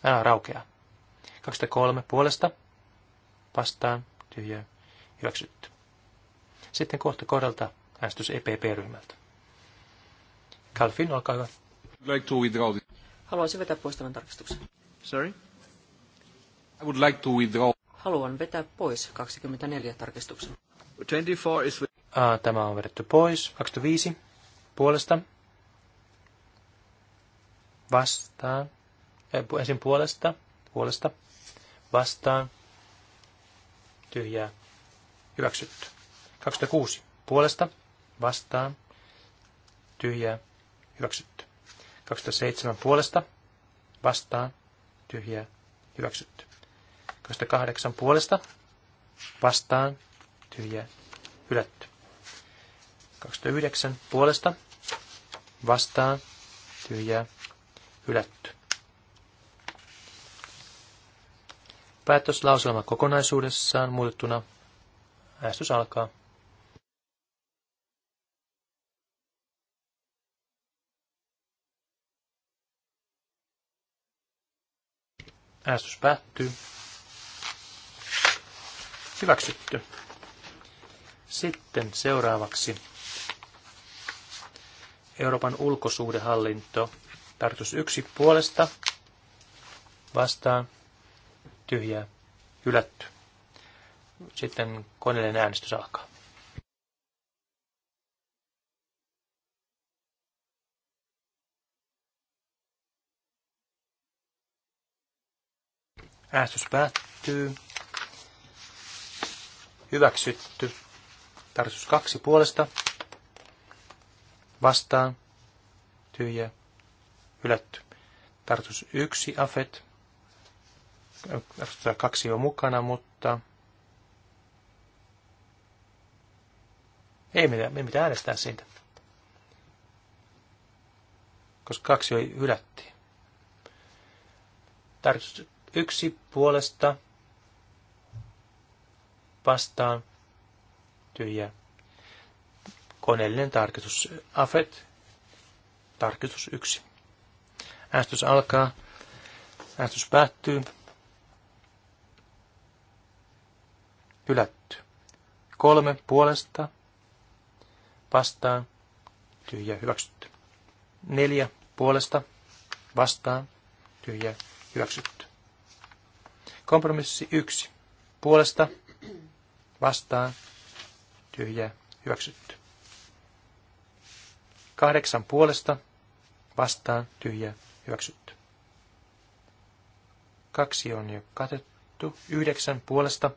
ää, raukeaa. 23 puolesta, vastaan, tyhjää, hyväksytty. Sitten kohta kohdalta äänestys EPP-ryhmältä. Kalfin, olkaa hyvä. Like to withdraw this. Haluaisin vetää pois tämän tarkistuksen. Sorry? I would like to withdraw. Haluan vetää pois 24 tarkistuksen. 24 is... Ah, tämä on vedetty pois. 25 puolesta. Vastaan. Ensin puolesta. Puolesta. Vastaan. Tyhjää. Hyväksytty. 26 puolesta. Vastaan. Tyhjää hyväksytty. 27 puolesta vastaan tyhjää hyväksytty. 28 puolesta vastaan tyhjää hylätty. 29 puolesta vastaan tyhjää hylätty. Päätöslauselma kokonaisuudessaan muutettuna. Äästys alkaa. Äänestys päättyy. Hyväksytty. Sitten seuraavaksi Euroopan ulkosuhdehallinto. Tarkoitus yksi puolesta vastaan tyhjää hylätty. Sitten koneellinen äänestys alkaa. Äänestys päättyy. Hyväksytty. Tarkistus kaksi puolesta. Vastaan. Tyhjä. Hylätty. Tarkistus yksi afet. Tarkistus kaksi on mukana, mutta... Ei mitään, ei mitään äänestää siitä. Koska kaksi jo hylättiin. Tarkistus Yksi puolesta vastaan tyhjä. Koneellinen tarkistus. Afet. Tarkistus yksi. Äänestys alkaa. Äänestys päättyy. Hylätty. Kolme puolesta vastaan tyhjä hyväksytty. Neljä puolesta vastaan tyhjä hyväksytty. Kompromissi yksi. Puolesta vastaan tyhjä hyväksytty. Kahdeksan puolesta vastaan tyhjä hyväksytty. Kaksi on jo katettu. Yhdeksän puolesta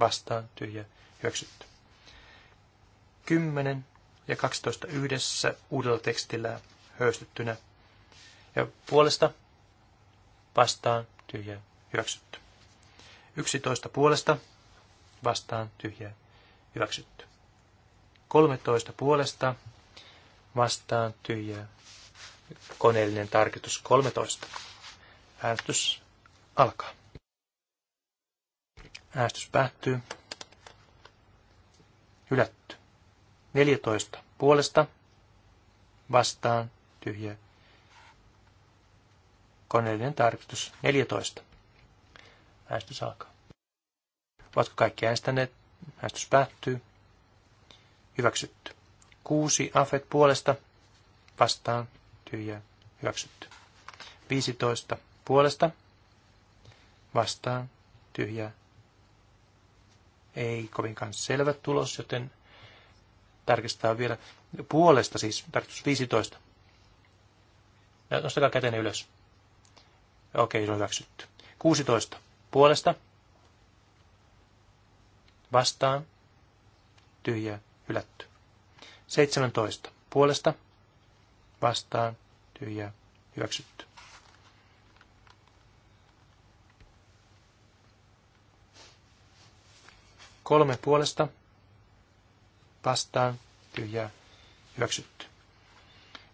vastaan tyhjä hyväksytty. Kymmenen ja kaksitoista yhdessä uudella tekstillä höystettynä. Ja puolesta vastaan tyhjä hyväksytty. 11 puolesta vastaan tyhjä hyväksytty. 13 puolesta vastaan tyhjä koneellinen tarkistus 13. Äänestys alkaa. Äänestys päättyy. Hylätty. 14 puolesta vastaan tyhjä. Koneellinen tarkistus 14. Äänestys alkaa. Ovatko kaikki äänestäneet? Äänestys päättyy. Hyväksytty. Kuusi afet puolesta vastaan tyhjää. Hyväksytty. 15 puolesta vastaan tyhjää. Ei kovinkaan selvä tulos, joten tarkistaa vielä. Puolesta siis, tarkistus 15. No, nostakaa käteen ylös. Okei, se on hyväksytty. 16 Puolesta. Vastaan. Tyhjä. Hylätty. 17. Puolesta. Vastaan. Tyhjä. Hyväksytty. Kolme puolesta. Vastaan. tyhjä Hyväksytty.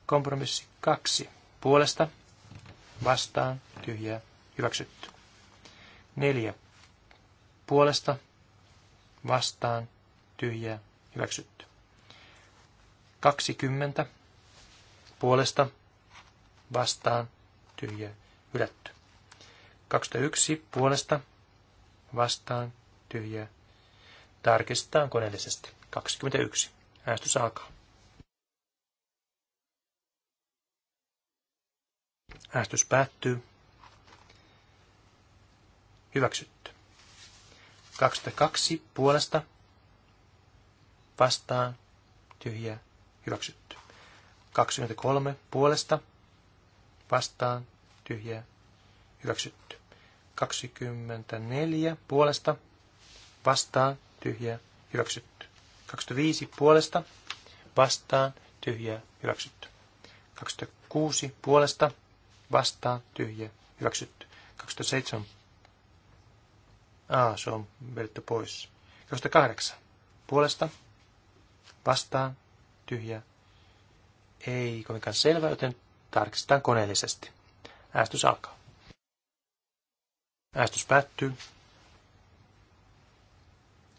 Kompromissi kaksi. Puolesta. Vastaan. tyhjä Hyväksytty. Neljä puolesta vastaan tyhjää hyväksytty. 20 puolesta vastaan tyhjää hylätty. 21 puolesta vastaan tyhjää. Tarkistetaan koneellisesti. 21. Äänestys alkaa. Äänestys päättyy. Hyväksytty. 22 puolesta vastaan tyhjä hyväksytty. 23 puolesta vastaan tyhjä hyväksytty. 24 puolesta vastaan tyhjä hyväksytty. 25 puolesta vastaan tyhjä hyväksytty. 26 puolesta vastaan tyhjä hyväksytty. 27 A, se on vedetty pois. 28. Puolesta, vastaan, tyhjä, ei kovinkaan selvä, joten tarkistetaan koneellisesti. Äästys alkaa. Äästys päättyy.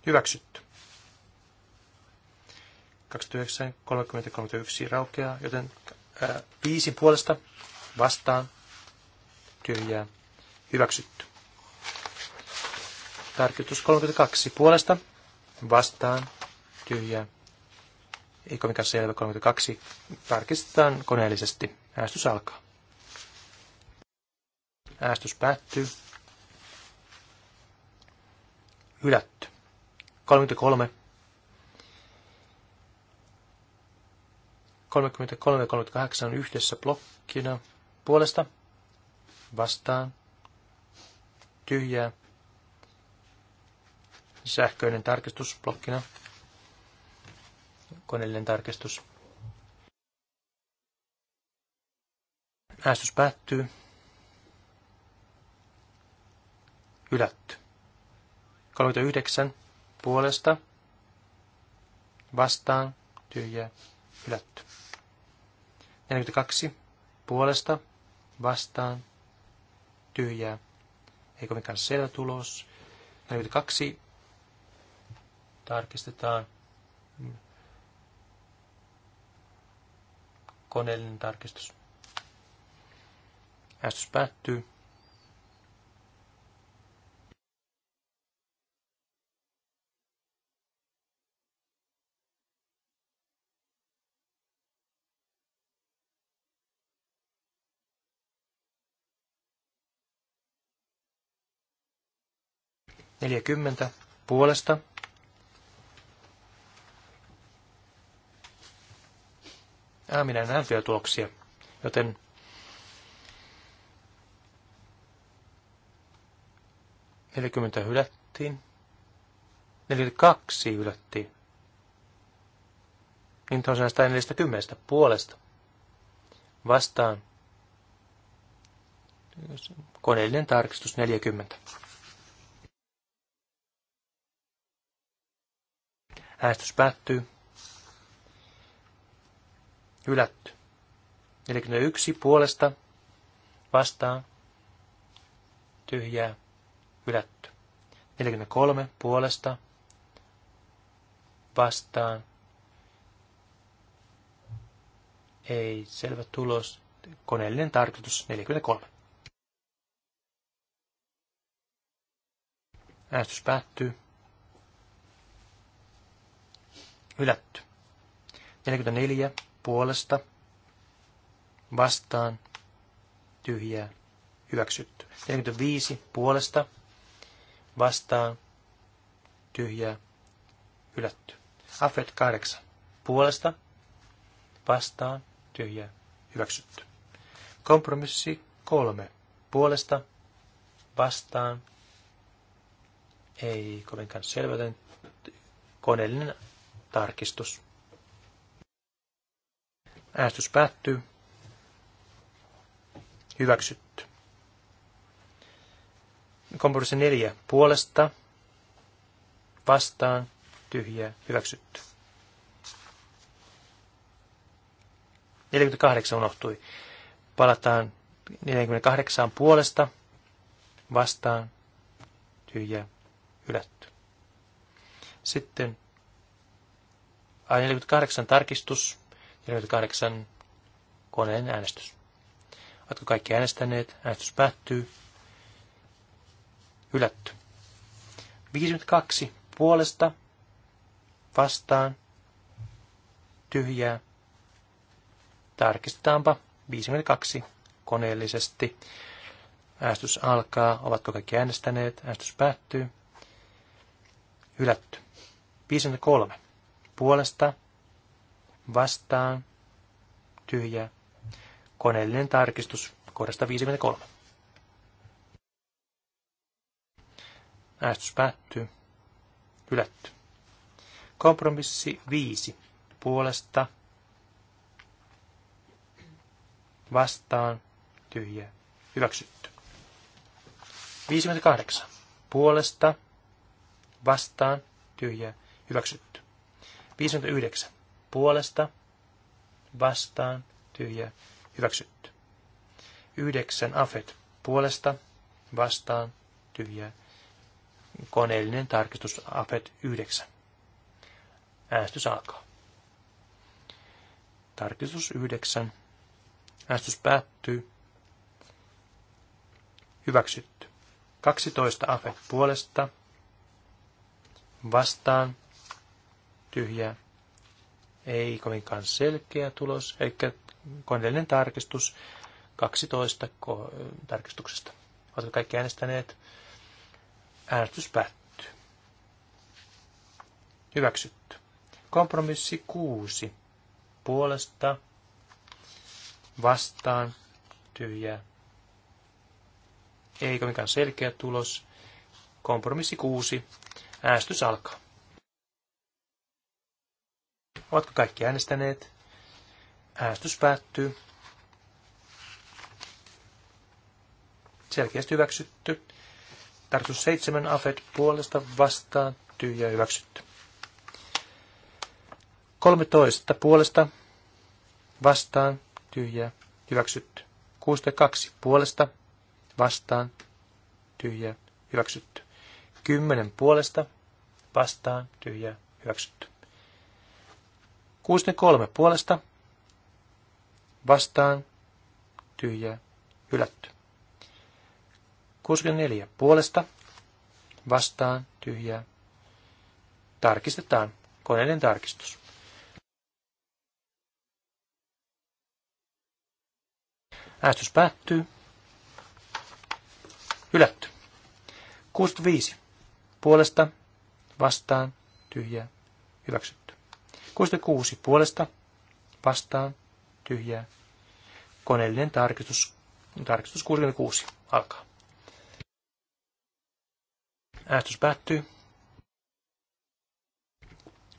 Hyväksytty. 29, 30, 31 raukeaa, joten ää, puolesta vastaan tyhjää hyväksytty. Tarkistus 32 puolesta vastaan tyhjä, Ei mikä selvä 32. Tarkistetaan koneellisesti. äästys alkaa. Äästys päättyy. Hylätty. 33. 33 ja 38 on yhdessä blokkina. Puolesta vastaan tyhjää sähköinen tarkistus blokkina, koneellinen tarkistus. Äänestys päättyy. Ylätty. 39 puolesta vastaan tyhjä ylätty. 42 puolesta vastaan tyhjää, Eikö mikään selvä tulos. 42 tarkistetaan. Koneellinen tarkistus. äästys päättyy. Neljäkymmentä puolesta Ää, minä en vielä tuloksia, joten Neljäkymmentä hylättiin. 42 hylättiin. Niin tosiaan 140 puolesta. Vastaan koneellinen tarkistus 40. Äänestys päättyy hylätty. 41 puolesta vastaan tyhjää hylätty. 43 puolesta vastaan ei selvä tulos. Koneellinen tarkoitus 43. Äänestys päättyy. Hylätty. 44 puolesta vastaan tyhjää hyväksytty. 45 puolesta vastaan tyhjää hylätty. Afet 8 puolesta vastaan tyhjää hyväksytty. Kompromissi 3 puolesta vastaan ei kovinkaan selvä, koneellinen tarkistus. Äänestys päättyy. Hyväksytty. Kompromissi neljä puolesta. Vastaan. Tyhjää. Hyväksytty. 48 unohtui. Palataan 48 puolesta. Vastaan. Tyhjää. Hylätty. Sitten A48 tarkistus 48 koneen äänestys. Oletko kaikki äänestäneet? Äänestys päättyy. Hylätty. 52 puolesta vastaan tyhjää. Tarkistetaanpa 52 koneellisesti. Äänestys alkaa. Ovatko kaikki äänestäneet? Äänestys päättyy. Hylätty. 53 puolesta vastaan, tyhjä koneellinen tarkistus kohdasta 53. Äästys päättyy. Hylätty. Kompromissi 5. Puolesta. Vastaan. Tyhjä. Hyväksytty. 58. Puolesta. Vastaan. Tyhjä. Hyväksytty. 59 puolesta, vastaan, tyhjä, hyväksytty. Yhdeksän afet puolesta, vastaan, tyhjä, koneellinen tarkistus afet yhdeksän. Äänestys alkaa. Tarkistus yhdeksän. Äänestys päättyy. Hyväksytty. 12 afet puolesta, vastaan, tyhjä ei kovinkaan selkeä tulos, eli koneellinen tarkistus 12 tarkistuksesta. Oletko kaikki äänestäneet? Äänestys päättyy. Hyväksytty. Kompromissi 6. Puolesta, vastaan, tyhjää. Ei kovinkaan selkeä tulos. Kompromissi 6. Äänestys alkaa. Ovatko kaikki äänestäneet? Äänestys päättyy. Selkeästi hyväksytty. Tarkoitus 7 AFED puolesta vastaan tyhjä hyväksytty. 13 puolesta vastaan tyhjä hyväksytty. 62 puolesta vastaan tyhjä hyväksytty. 10 puolesta vastaan tyhjä hyväksytty. 63 puolesta vastaan tyhjä hylätty. 64 puolesta vastaan tyhjä Tarkistetaan koneiden tarkistus. Äänestys päättyy. Hylätty. 65 puolesta vastaan tyhjä hyväksytty. 66 puolesta vastaan tyhjää. Koneellinen tarkistus, tarkistus 66 alkaa. Äänestys päättyy.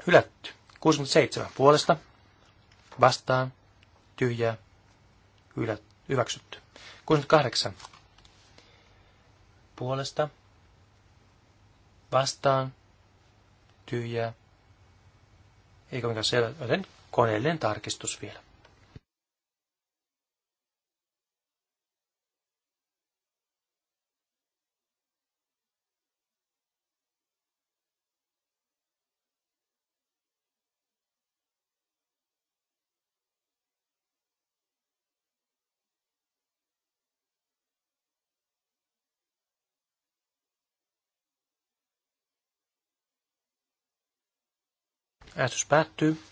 Hylätty. 67 puolesta vastaan tyhjää. hyväksytty. 68 puolesta vastaan tyhjää eikä mikään selvä, joten koneellinen tarkistus vielä. Äänestys päättyy.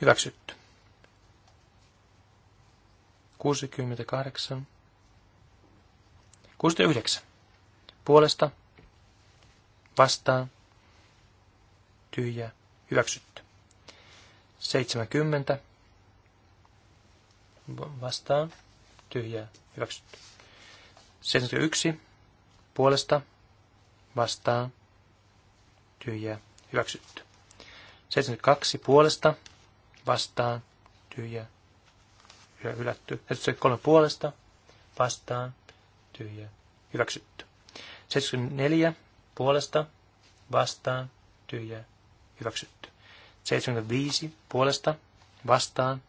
Hyväksytty. 68. 69. Puolesta. Vastaan. Tyhjä. Hyväksytty. 70. Vastaan. Tyhjä. Hyväksytty. 71. Puolesta. Vastaan tyhjää, hyväksytty. 72 puolesta vastaan, tyhjää, hylätty. 73 puolesta vastaan, tyhjää, hyväksytty. 74 puolesta vastaan, tyhjää, hyväksytty. 75 puolesta vastaan,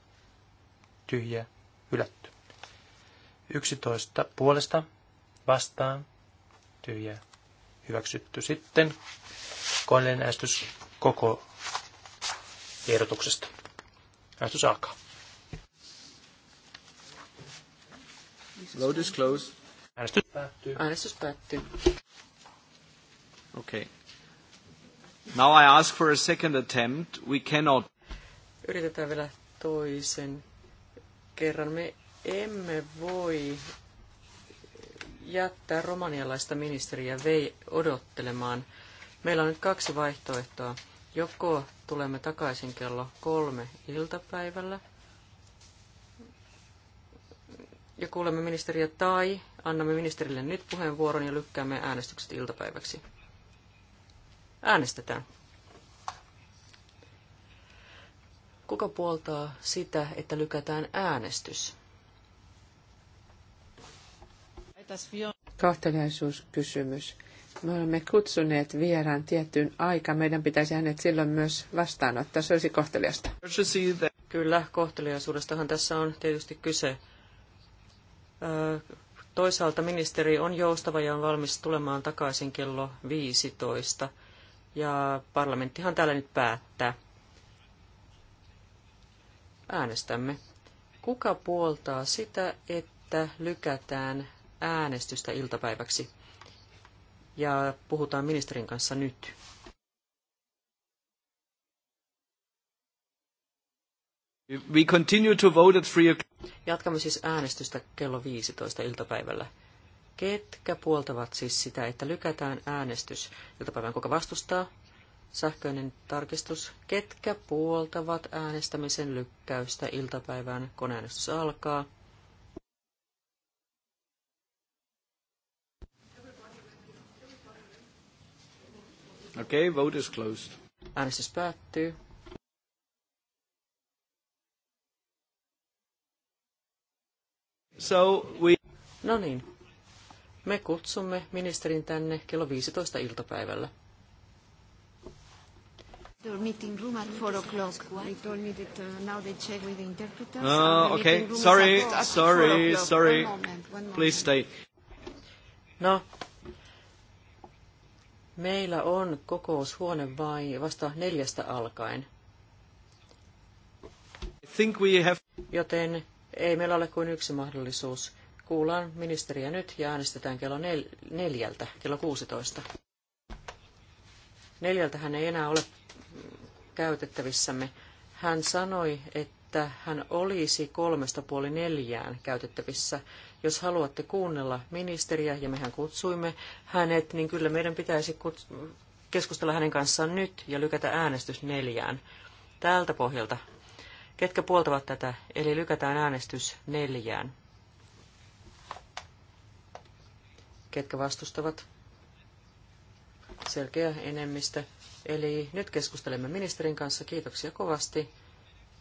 tyhjää, hylätty. 11 puolesta vastaan, tyhjää, hyväksytty. Sitten Koneellinen äästys koko ehdotuksesta. Äästys alkaa. Vote is closed. Äänestys päättyy. Äänestys päättyy. Okay. Now I ask for a second attempt. We cannot. Yritetään vielä toisen kerran. Me emme voi jättää romanialaista ministeriä vei odottelemaan. Meillä on nyt kaksi vaihtoehtoa. Joko tulemme takaisin kello kolme iltapäivällä ja kuulemme ministeriä tai annamme ministerille nyt puheenvuoron ja lykkäämme äänestykset iltapäiväksi. Äänestetään. Kuka puoltaa sitä, että lykätään äänestys? Kahteliaisuuskysymys me olemme kutsuneet vieraan tiettyyn aikaan, meidän pitäisi hänet silloin myös vastaanottaa. Se olisi kohteliasta. Kyllä, kohteliaisuudestahan tässä on tietysti kyse. Toisaalta ministeri on joustava ja on valmis tulemaan takaisin kello 15. Ja parlamenttihan täällä nyt päättää. Äänestämme. Kuka puoltaa sitä, että lykätään äänestystä iltapäiväksi? ja puhutaan ministerin kanssa nyt. We continue to vote at three Jatkamme siis äänestystä kello 15 iltapäivällä. Ketkä puoltavat siis sitä, että lykätään äänestys iltapäivän, kuka vastustaa? Sähköinen tarkistus. Ketkä puoltavat äänestämisen lykkäystä iltapäivään, kun äänestys alkaa? Okay, vote is closed. Äänestys päättyy. So we... No niin. Me kutsumme ministerin tänne kello 15 iltapäivällä. Uh, the ah, sorry, sorry, sorry. Please stay. No, Meillä on kokoushuone vain vasta neljästä alkaen. Joten ei meillä ole kuin yksi mahdollisuus. Kuullaan ministeriä nyt ja äänestetään kello nel- neljältä, kello 16. Neljältä hän ei enää ole käytettävissämme. Hän sanoi, että hän olisi kolmesta puoli neljään käytettävissä jos haluatte kuunnella ministeriä, ja mehän kutsuimme hänet, niin kyllä meidän pitäisi keskustella hänen kanssaan nyt ja lykätä äänestys neljään. Tältä pohjalta. Ketkä puoltavat tätä? Eli lykätään äänestys neljään. Ketkä vastustavat? Selkeä enemmistö. Eli nyt keskustelemme ministerin kanssa. Kiitoksia kovasti.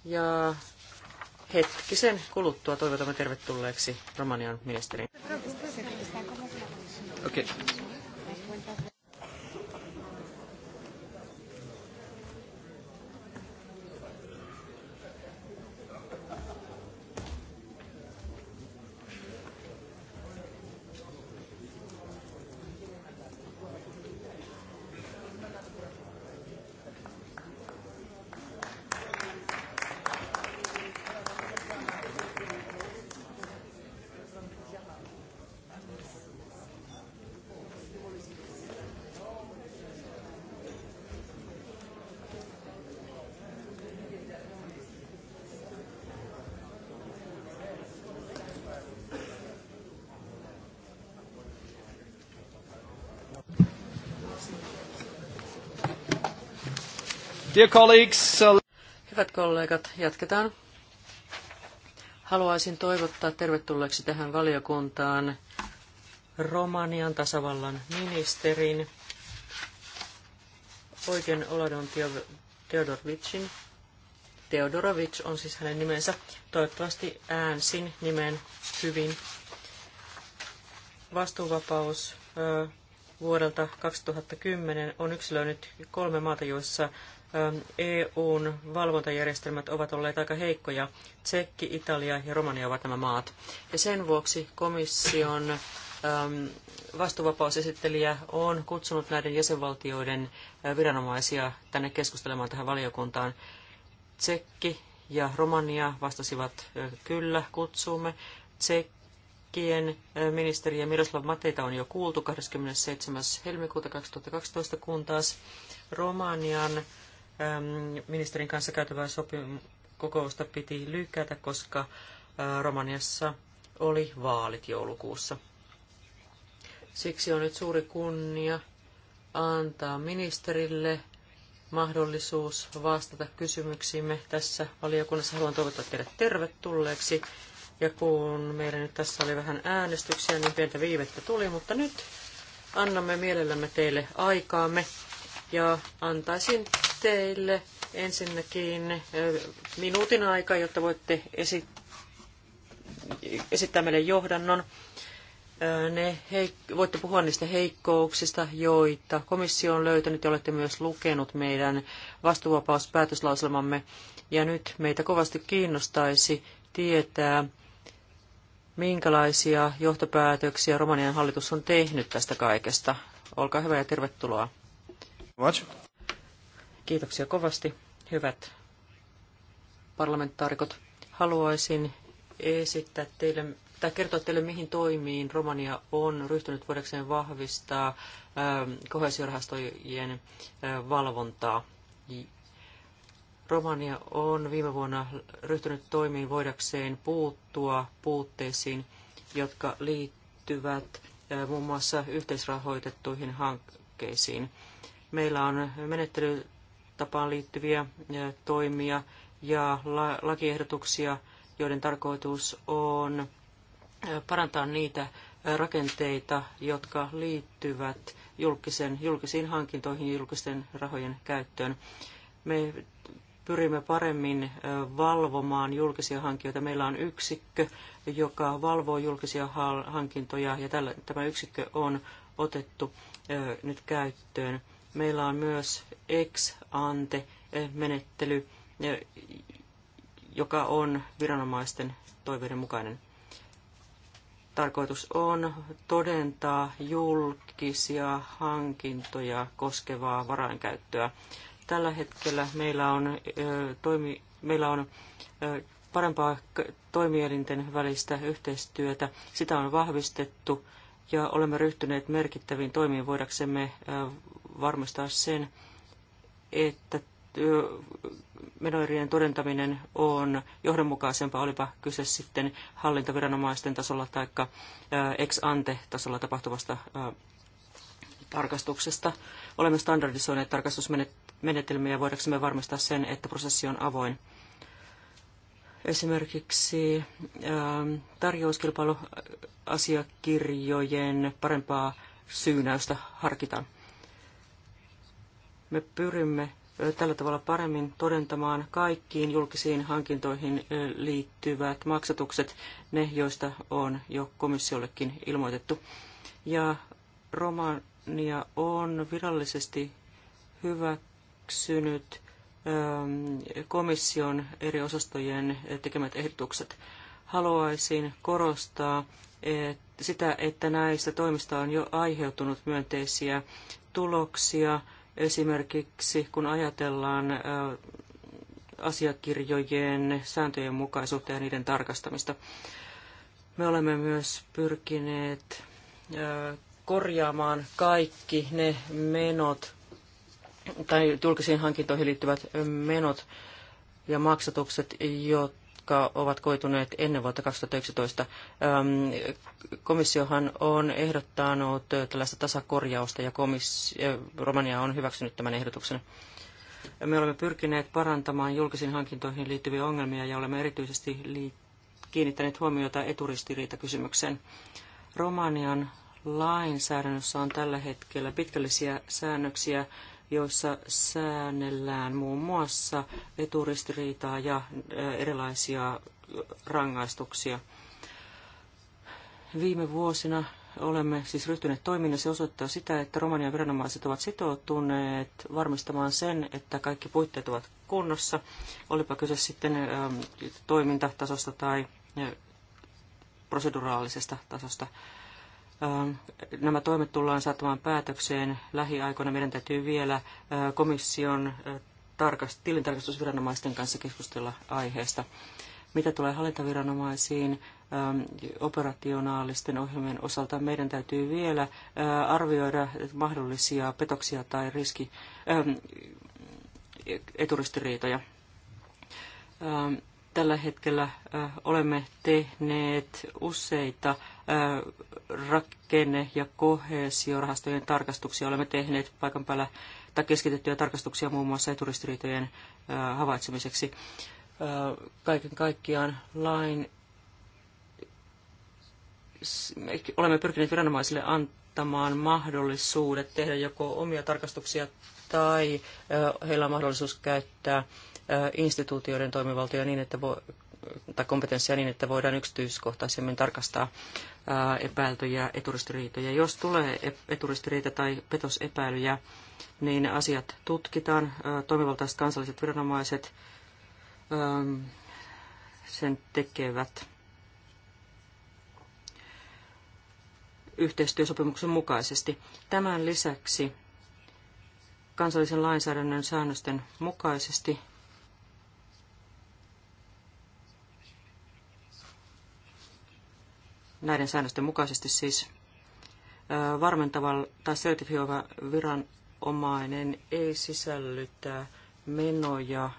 Ja Hetkisen kuluttua toivotamme tervetulleeksi Romanian ministerin. Okay. Dear colleagues, uh, Hyvät kollegat, jatketaan. Haluaisin toivottaa tervetulleeksi tähän valiokuntaan Romanian tasavallan ministerin oikein Oladon Teodorovicin. Teodorovic on siis hänen nimensä. Toivottavasti äänsin nimen hyvin. Vastuuvapaus vuodelta 2010 on yksilöinyt kolme maata, joissa Ähm, EUn valvontajärjestelmät ovat olleet aika heikkoja. Tsekki, Italia ja Romania ovat nämä maat. Ja sen vuoksi komission ähm, vastuuvapausesittelijä on kutsunut näiden jäsenvaltioiden äh, viranomaisia tänne keskustelemaan tähän valiokuntaan. Tsekki ja Romania vastasivat äh, kyllä kutsumme. Tsekkien äh, ministeri ja Miroslav Mateita on jo kuultu 27. helmikuuta 2012, kun taas Romanian Ähm, ministerin kanssa käytävää sopim- kokousta piti lykätä, koska äh, Romaniassa oli vaalit joulukuussa. Siksi on nyt suuri kunnia antaa ministerille mahdollisuus vastata kysymyksiimme tässä valiokunnassa. Haluan toivottaa teidät tervetulleeksi. Ja kun meillä nyt tässä oli vähän äänestyksiä, niin pientä viivettä tuli, mutta nyt annamme mielellämme teille aikaamme ja antaisin teille ensinnäkin eh, minuutin aika, jotta voitte esittää meille johdannon. Eh, ne heik- voitte puhua niistä heikkouksista, joita komissio on löytänyt ja olette myös lukenut meidän vastuuvapauspäätöslauselmamme. Ja nyt meitä kovasti kiinnostaisi tietää, minkälaisia johtopäätöksiä Romanian hallitus on tehnyt tästä kaikesta. Olkaa hyvä ja tervetuloa. Much. Kiitoksia kovasti, hyvät parlamentaarikot. Haluaisin esittää teille tai kertoa teille, mihin toimiin Romania on ryhtynyt voidakseen vahvistaa ähm, kohesiorahastojen äh, valvontaa. Romania on viime vuonna ryhtynyt toimiin voidakseen puuttua puutteisiin, jotka liittyvät äh, muun muassa yhteisrahoitettuihin hankkeisiin. Meillä on menettely tapaan liittyviä eh, toimia ja lakiehdotuksia, joiden tarkoitus on eh, parantaa niitä eh, rakenteita, jotka liittyvät julkisen, julkisiin hankintoihin ja julkisten rahojen käyttöön. Me pyrimme paremmin valvomaan julkisia hankintoja. Meillä on yksikkö, joka valvoo julkisia hankintoja ja tämä yksikkö on otettu nyt käyttöön. Meillä on myös ex ante menettely, joka on viranomaisten toiveiden mukainen. Tarkoitus on todentaa julkisia hankintoja koskevaa varainkäyttöä. Tällä hetkellä meillä on, ö, toimi, meillä on ö, parempaa toimielinten välistä yhteistyötä. Sitä on vahvistettu ja olemme ryhtyneet merkittäviin toimiin voidaksemme varmistaa sen, että menoerien todentaminen on johdonmukaisempaa, olipa kyse sitten hallintoviranomaisten tasolla tai ex ante tasolla tapahtuvasta tarkastuksesta. Olemme standardisoineet tarkastusmenetelmiä voidaksemme varmistaa sen, että prosessi on avoin. Esimerkiksi tarjouskilpailuasiakirjojen parempaa syynäystä harkitaan. Me pyrimme tällä tavalla paremmin todentamaan kaikkiin julkisiin hankintoihin liittyvät maksatukset, ne joista on jo komissiollekin ilmoitettu. Ja Romania on virallisesti hyväksynyt komission eri osastojen tekemät ehdotukset. Haluaisin korostaa sitä, että näistä toimista on jo aiheutunut myönteisiä tuloksia Esimerkiksi kun ajatellaan asiakirjojen sääntöjen mukaisuutta ja niiden tarkastamista. Me olemme myös pyrkineet korjaamaan kaikki ne menot tai julkisiin hankintoihin liittyvät menot ja maksatukset, jotka jotka ovat koituneet ennen vuotta 2011. Ähm, komissiohan on ehdottanut äh, tällaista tasakorjausta ja äh, Romania on hyväksynyt tämän ehdotuksen. Me olemme pyrkineet parantamaan julkisiin hankintoihin liittyviä ongelmia ja olemme erityisesti kiinnittäneet huomiota eturistiriitakysymykseen. Romanian lainsäädännössä on tällä hetkellä pitkällisiä säännöksiä joissa säännellään muun muassa eturistiriitaa ja erilaisia rangaistuksia. Viime vuosina olemme siis ryhtyneet toimiin ja se osoittaa sitä, että Romanian viranomaiset ovat sitoutuneet varmistamaan sen, että kaikki puitteet ovat kunnossa, olipa kyse sitten toimintatasosta tai proseduraalisesta tasosta. Nämä toimet tullaan saattamaan päätökseen lähiaikoina. Meidän täytyy vielä komission tilintarkastusviranomaisten kanssa keskustella aiheesta. Mitä tulee hallintaviranomaisiin, operationaalisten ohjelmien osalta meidän täytyy vielä arvioida mahdollisia petoksia tai riski, eturistiriitoja. Tällä hetkellä olemme tehneet useita rakenne- ja kohesiorahastojen tarkastuksia olemme tehneet paikan päällä tai keskitettyjä tarkastuksia muun muassa eturistiriitojen havaitsemiseksi. Kaiken kaikkiaan lain olemme pyrkineet viranomaisille antamaan mahdollisuudet tehdä joko omia tarkastuksia tai heillä on mahdollisuus käyttää instituutioiden toimivaltoja niin, että tai kompetenssia niin, että voidaan yksityiskohtaisemmin tarkastaa epäiltyjä eturistiriitoja. Jos tulee e-, eturistiriita tai petosepäilyjä, niin asiat tutkitaan. Toimivaltaiset kansalliset viranomaiset sen tekevät yhteistyösopimuksen mukaisesti. Tämän lisäksi kansallisen lainsäädännön säännösten mukaisesti näiden säännösten mukaisesti siis varmentava tai sertifioiva viranomainen ei sisällytä menoja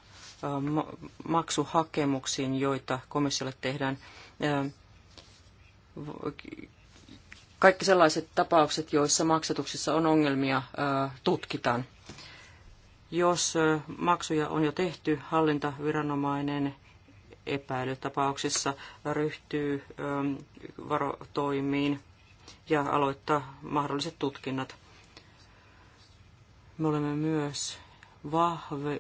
maksuhakemuksiin, joita komissiolle tehdään. Kaikki sellaiset tapaukset, joissa maksatuksissa on ongelmia, tutkitaan. Jos maksuja on jo tehty, hallintaviranomainen epäilytapauksissa ryhtyy ähm, varotoimiin ja aloittaa mahdolliset tutkinnat. Me olemme myös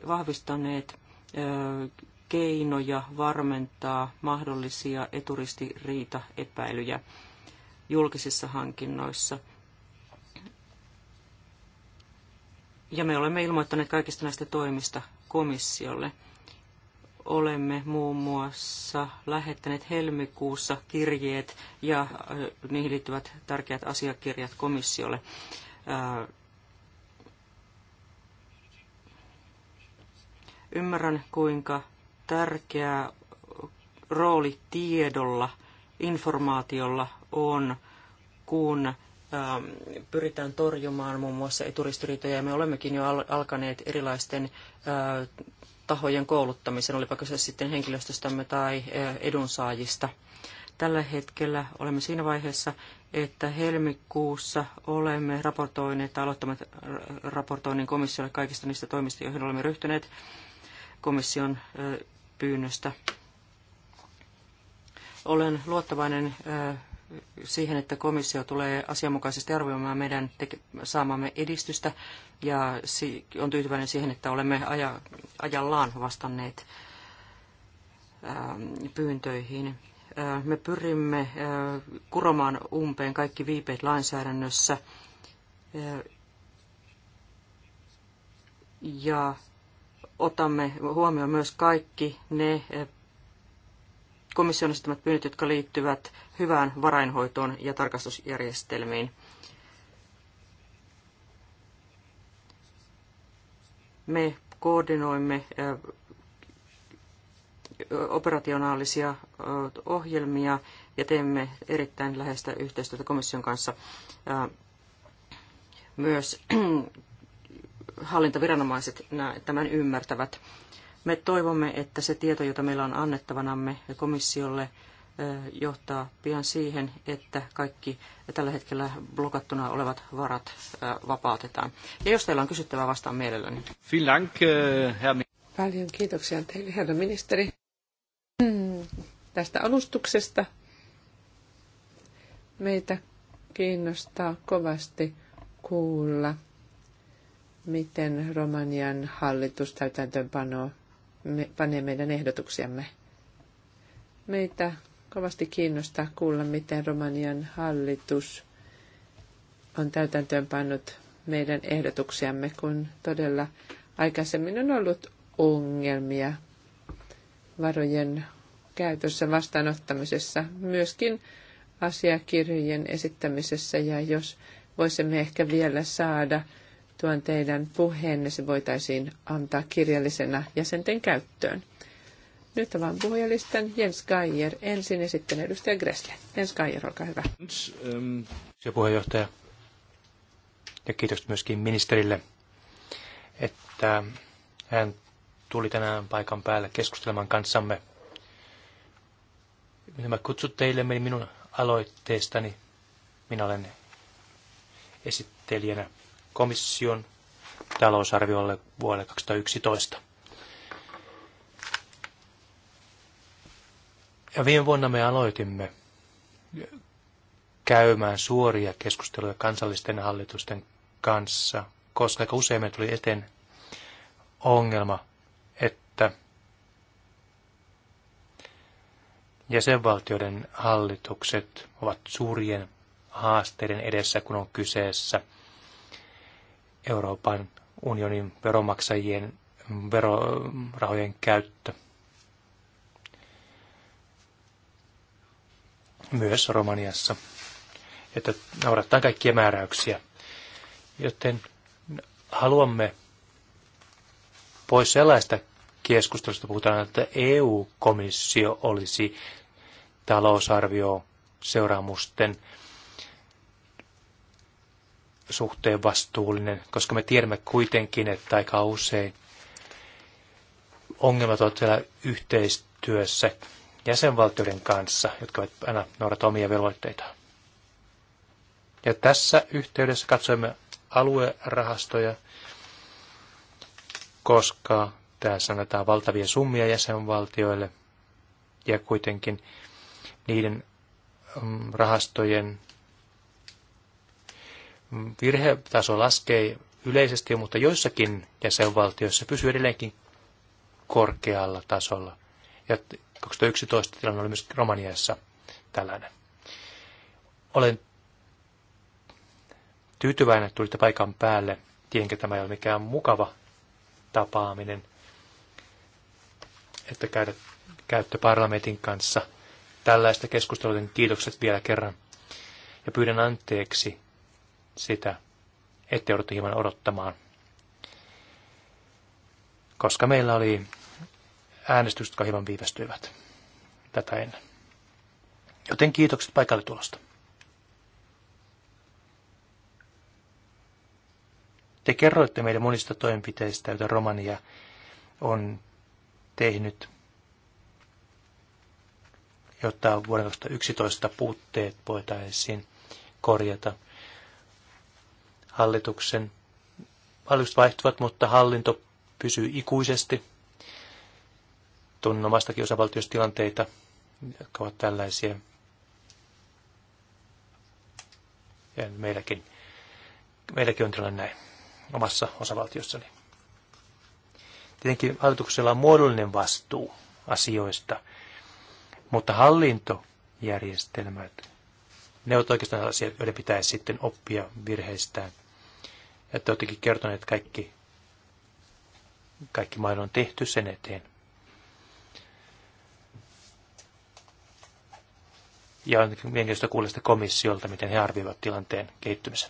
vahvistaneet äh, keinoja varmentaa mahdollisia eturistiriitaepäilyjä julkisissa hankinnoissa. Ja me olemme ilmoittaneet kaikista näistä toimista komissiolle olemme muun muassa lähettäneet helmikuussa kirjeet ja äh, niihin liittyvät tärkeät asiakirjat komissiolle. Äh, ymmärrän, kuinka tärkeä rooli tiedolla, informaatiolla on, kun ähm, pyritään torjumaan muun muassa eturistiriitoja. Me olemmekin jo alkaneet erilaisten äh, tahojen kouluttamisen, olipa kyse sitten henkilöstöstämme tai edunsaajista. Tällä hetkellä olemme siinä vaiheessa, että helmikuussa olemme raportoineet tai aloittaneet raportoinnin komissiolle kaikista niistä toimista, joihin olemme ryhtyneet komission pyynnöstä. Olen luottavainen siihen, että komissio tulee asianmukaisesti arvioimaan meidän teke- saamamme edistystä ja si- on tyytyväinen siihen, että olemme aja- ajallaan vastanneet ähm, pyyntöihin. Äh, me pyrimme äh, kuromaan umpeen kaikki viipeet lainsäädännössä äh, ja otamme huomioon myös kaikki ne komission esittämät pyynnöt, jotka liittyvät hyvään varainhoitoon ja tarkastusjärjestelmiin. Me koordinoimme operationaalisia ohjelmia ja teemme erittäin läheistä yhteistyötä komission kanssa myös hallintaviranomaiset tämän ymmärtävät. Me toivomme, että se tieto, jota meillä on annettavanamme komissiolle, johtaa pian siihen, että kaikki tällä hetkellä blokattuna olevat varat vapautetaan. Ja jos teillä on kysyttävää, vastaan mielelläni. Äh, Paljon kiitoksia teille, herra ministeri, mm, tästä alustuksesta. Meitä kiinnostaa kovasti kuulla, miten Romanian hallitus täytäntöönpanoo me panee meidän ehdotuksiamme. Meitä kovasti kiinnostaa kuulla, miten Romanian hallitus on täytäntöönpannut meidän ehdotuksiamme, kun todella aikaisemmin on ollut ongelmia varojen käytössä vastaanottamisessa, myöskin asiakirjojen esittämisessä ja jos voisimme ehkä vielä saada tuon teidän puheenne, se voitaisiin antaa kirjallisena jäsenten käyttöön. Nyt avaan puhujalistan Jens Geier ensin ja sitten edustaja Gressle. Jens Geier, olkaa hyvä. Se puheenjohtaja. Ja kiitos myöskin ministerille, että hän tuli tänään paikan päälle keskustelemaan kanssamme. Nämä kutsun teille meni minun aloitteestani. Minä olen esittelijänä komission talousarviolle vuodelle 2011. Ja viime vuonna me aloitimme käymään suoria keskusteluja kansallisten hallitusten kanssa, koska aika usein me tuli eteen ongelma, että jäsenvaltioiden hallitukset ovat suurien haasteiden edessä, kun on kyseessä – Euroopan unionin veromaksajien verorahojen käyttö. Myös Romaniassa. Että noudattaa kaikkia määräyksiä. Joten haluamme pois sellaista keskustelusta, puhutaan, että EU-komissio olisi talousarvio seuraamusten suhteen vastuullinen, koska me tiedämme kuitenkin, että aika usein ongelmat ovat siellä yhteistyössä jäsenvaltioiden kanssa, jotka ovat aina noudat omia velvoitteitaan. Ja tässä yhteydessä katsoimme aluerahastoja, koska tässä annetaan valtavia summia jäsenvaltioille ja kuitenkin niiden mm, rahastojen Mm, virhetaso laskee yleisesti, mutta joissakin jäsenvaltioissa pysyy edelleenkin korkealla tasolla. Ja 2011 tilanne oli myös Romaniassa tällainen. Olen tyytyväinen, että tulitte paikan päälle. Tienkä tämä ei ole mikään mukava tapaaminen, että käydä, käyttö parlamentin kanssa tällaista keskustelua, kiitokset vielä kerran. Ja pyydän anteeksi sitä, että joudutte hieman odottamaan. Koska meillä oli äänestykset, jotka hieman viivästyivät tätä ennen. Joten kiitokset paikalle tulosta. Te kerroitte meille monista toimenpiteistä, joita Romania on tehnyt, jotta vuoden 2011 puutteet voitaisiin korjata hallituksen. Hallitukset vaihtuvat, mutta hallinto pysyy ikuisesti. Tunnen omastakin osavaltiosta jotka ovat tällaisia. Ja meilläkin, meilläkin on tilanne näin omassa osavaltiossani. Tietenkin hallituksella on muodollinen vastuu asioista, mutta hallintojärjestelmät, ne ovat oikeastaan sellaisia, joiden pitäisi sitten oppia virheistään että olettekin kertoneet, kaikki, kaikki maailma on tehty sen eteen. Ja on mielenkiintoista kuulla sitä komissiolta, miten he arvioivat tilanteen kehittymisen.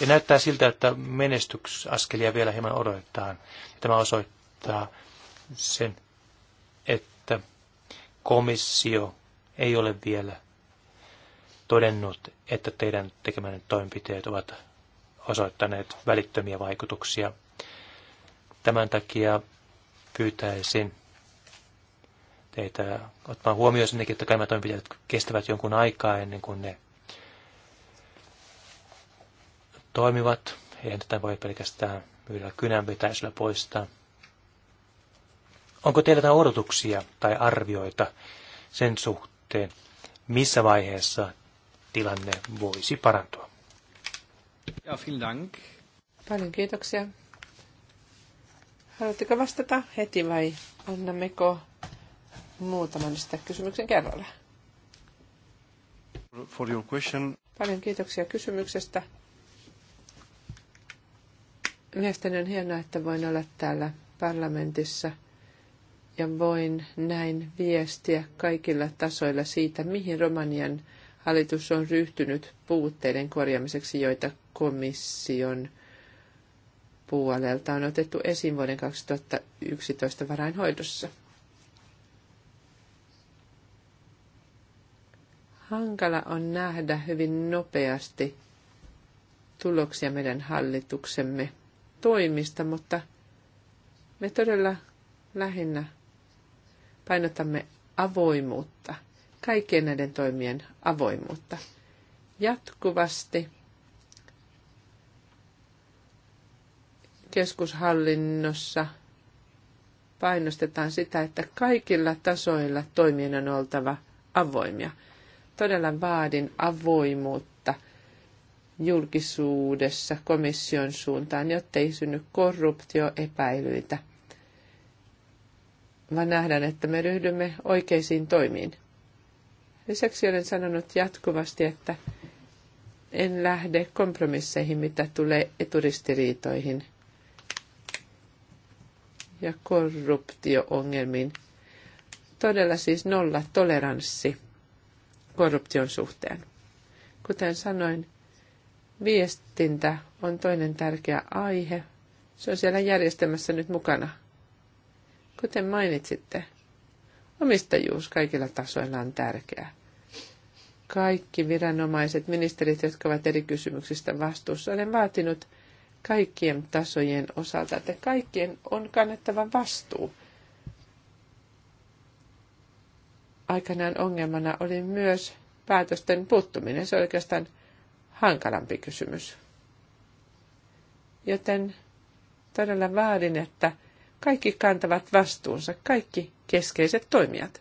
Ja näyttää siltä, että menestyksaskelia vielä hieman odotetaan. Ja tämä osoittaa sen, että komissio ei ole vielä todennut, että teidän tekemänne toimenpiteet ovat osoittaneet välittömiä vaikutuksia. Tämän takia pyytäisin teitä ottamaan huomioon sinnekin, että nämä toimenpiteet kestävät jonkun aikaa ennen kuin ne toimivat. Eihän tätä voi pelkästään kynän kynänvetäisellä poistaa. Onko teillä jotain odotuksia tai arvioita sen suhteen, missä vaiheessa tilanne voisi parantua. Ja, dank. Paljon kiitoksia. Haluatteko vastata heti vai annammeko muutaman sitä kysymyksen kerralla? For your question. Paljon kiitoksia kysymyksestä. Mielestäni on hienoa, että voin olla täällä parlamentissa ja voin näin viestiä kaikilla tasoilla siitä, mihin Romanian hallitus on ryhtynyt puutteiden korjaamiseksi, joita komission puolelta on otettu esiin vuoden 2011 varainhoidossa. Hankala on nähdä hyvin nopeasti tuloksia meidän hallituksemme toimista, mutta me todella lähinnä painotamme avoimuutta – kaikkien näiden toimien avoimuutta jatkuvasti. Keskushallinnossa painostetaan sitä, että kaikilla tasoilla toimien on oltava avoimia. Todella vaadin avoimuutta julkisuudessa komission suuntaan, jotta ei synny korruptioepäilyitä, vaan nähdään, että me ryhdymme oikeisiin toimiin. Lisäksi olen sanonut jatkuvasti, että en lähde kompromisseihin, mitä tulee eturistiriitoihin ja korruptioongelmiin. Todella siis nolla toleranssi korruption suhteen. Kuten sanoin, viestintä on toinen tärkeä aihe. Se on siellä järjestelmässä nyt mukana. Kuten mainitsitte, omistajuus kaikilla tasoilla on tärkeää kaikki viranomaiset, ministerit, jotka ovat eri kysymyksistä vastuussa. Olen vaatinut kaikkien tasojen osalta, että kaikkien on kannettava vastuu. Aikanaan ongelmana oli myös päätösten puuttuminen. Se on oikeastaan hankalampi kysymys. Joten todella vaadin, että kaikki kantavat vastuunsa, kaikki keskeiset toimijat.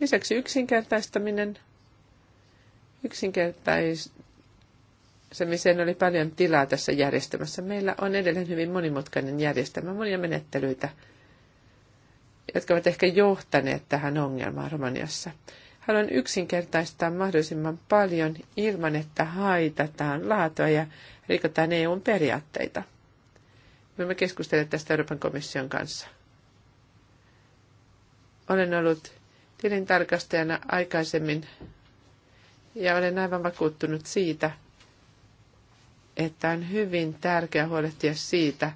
Lisäksi yksinkertaistaminen Yksinkertaisemiseen oli paljon tilaa tässä järjestelmässä. Meillä on edelleen hyvin monimutkainen järjestelmä, monia menettelyitä, jotka ovat ehkä johtaneet tähän ongelmaan Romaniassa. Haluan yksinkertaistaa mahdollisimman paljon ilman, että haitataan laatua ja rikotaan EUn periaatteita. Me keskustelemme tästä Euroopan komission kanssa. Olen ollut tilintarkastajana aikaisemmin ja olen aivan vakuuttunut siitä, että on hyvin tärkeää huolehtia siitä,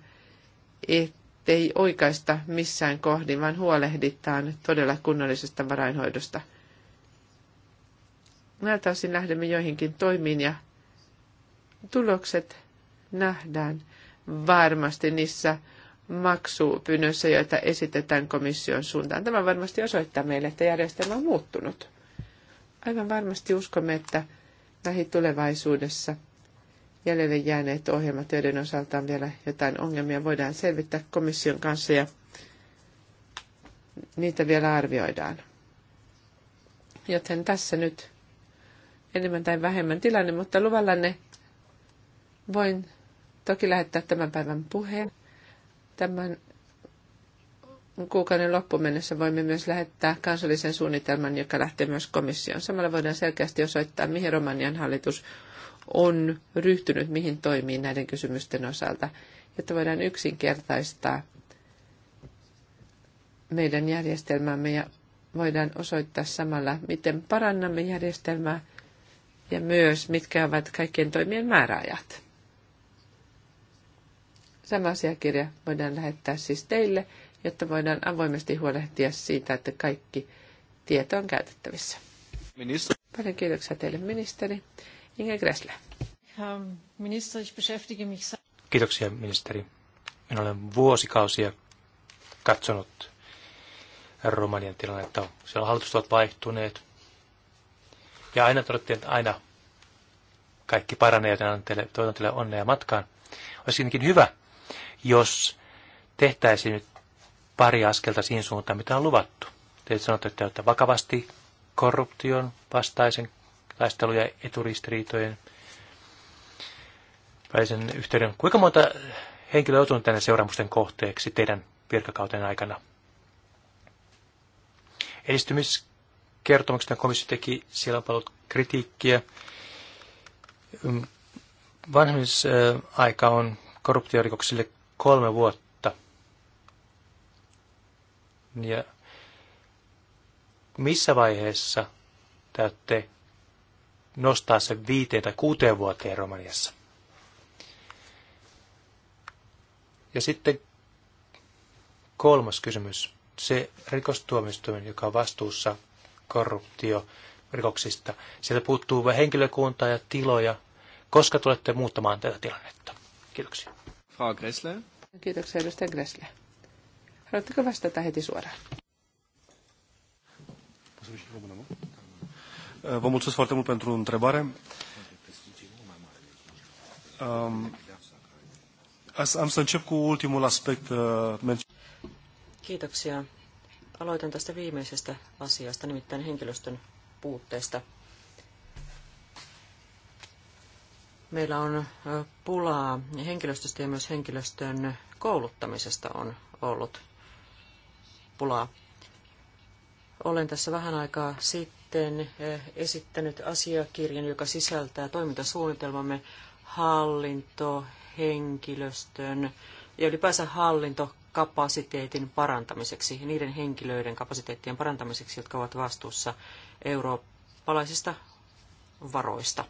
ettei oikaista missään kohdin, vaan huolehditaan todella kunnollisesta varainhoidosta. Näiltä osin lähdemme joihinkin toimiin ja tulokset nähdään varmasti niissä maksupynnöissä, joita esitetään komission suuntaan. Tämä varmasti osoittaa meille, että järjestelmä on muuttunut. Aivan varmasti uskomme, että lähitulevaisuudessa jäljelle jääneet ohjelmat, joiden osalta on vielä jotain ongelmia, voidaan selvittää komission kanssa ja niitä vielä arvioidaan. Joten tässä nyt enemmän tai vähemmän tilanne, mutta luvallanne voin toki lähettää tämän päivän puheen. Tämän kuukauden loppuun mennessä voimme myös lähettää kansallisen suunnitelman, joka lähtee myös komissioon. Samalla voidaan selkeästi osoittaa, mihin Romanian hallitus on ryhtynyt, mihin toimiin näiden kysymysten osalta, jotta voidaan yksinkertaistaa meidän järjestelmämme ja voidaan osoittaa samalla, miten parannamme järjestelmää ja myös mitkä ovat kaikkien toimien määräajat. Sama asiakirja voidaan lähettää siis teille jotta voidaan avoimesti huolehtia siitä, että kaikki tieto on käytettävissä. Minister. Paljon kiitoksia teille ministeri. Inge Gressle. Minister, ich beschäftige mich... Kiitoksia ministeri. Minä olen vuosikausia katsonut Romanian tilannetta. Siellä hallitus ovat vaihtuneet. Ja aina todettiin, että aina kaikki paranee, joten teille, toivon teille onnea matkaan. Olisi hyvä, jos tehtäisiin nyt pari askelta siihen suuntaan, mitä on luvattu. Te sanotte, että olette vakavasti korruption vastaisen taistelu- ja eturistiriitojen välisen yhteyden. Kuinka monta henkilöä on joutunut tänne seuraamusten kohteeksi teidän virkakauten aikana? Edistymiskertomuksesta komissio teki, siellä on paljon kritiikkiä. Vanhemmisaika on korruptiorikoksille kolme vuotta ja missä vaiheessa täytte nostaa sen viiteen tai kuuteen vuoteen Romaniassa? Ja sitten kolmas kysymys. Se rikostuomistuin, joka on vastuussa rikoksista, Sieltä puuttuu henkilökuntaa ja tiloja. Koska tulette muuttamaan tätä tilannetta? Kiitoksia. Frau Gressler. Kiitoksia edustaja Gressler. Haluatteko vastata heti suoraan? Vă mulțumesc foarte mult pentru întrebare. am să încep cu ultimul aspect uh, Kiitoksia. Aloitan tästä viimeisestä asiasta, nimittäin henkilöstön puutteesta. Meillä on uh, pulaa henkilöstöstä ja myös henkilöstön kouluttamisesta on ollut nappulaa. Olen tässä vähän aikaa sitten eh, esittänyt asiakirjan, joka sisältää toimintasuunnitelmamme hallintohenkilöstön ja ylipäänsä hallintokapasiteetin parantamiseksi, niiden henkilöiden kapasiteettien parantamiseksi, jotka ovat vastuussa eurooppalaisista varoista.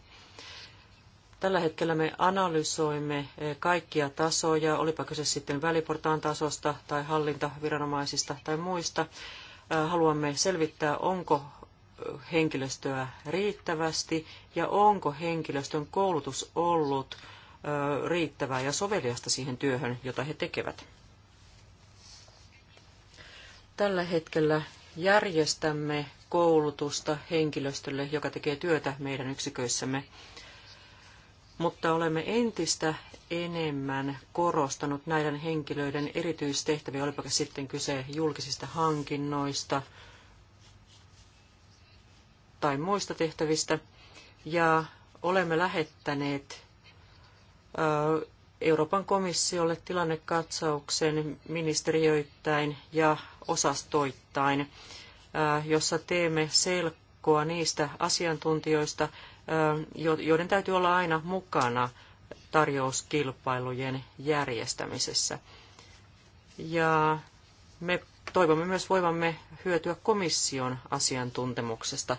Tällä hetkellä me analysoimme eh, kaikkia tasoja, olipa kyse sitten väliportaan tasosta tai hallintaviranomaisista tai muista. Eh, haluamme selvittää, onko eh, henkilöstöä riittävästi ja onko henkilöstön koulutus ollut riittävää ja soveliasta siihen työhön, jota he tekevät. Tällä hetkellä järjestämme koulutusta henkilöstölle, joka tekee työtä meidän yksiköissämme mutta olemme entistä enemmän korostanut näiden henkilöiden erityistehtäviä, olipa sitten kyse julkisista hankinnoista tai muista tehtävistä. Ja olemme lähettäneet Euroopan komissiolle tilannekatsauksen ministeriöittäin ja osastoittain, jossa teemme selkoa niistä asiantuntijoista, joiden täytyy olla aina mukana tarjouskilpailujen järjestämisessä. Ja me toivomme myös voivamme hyötyä komission asiantuntemuksesta.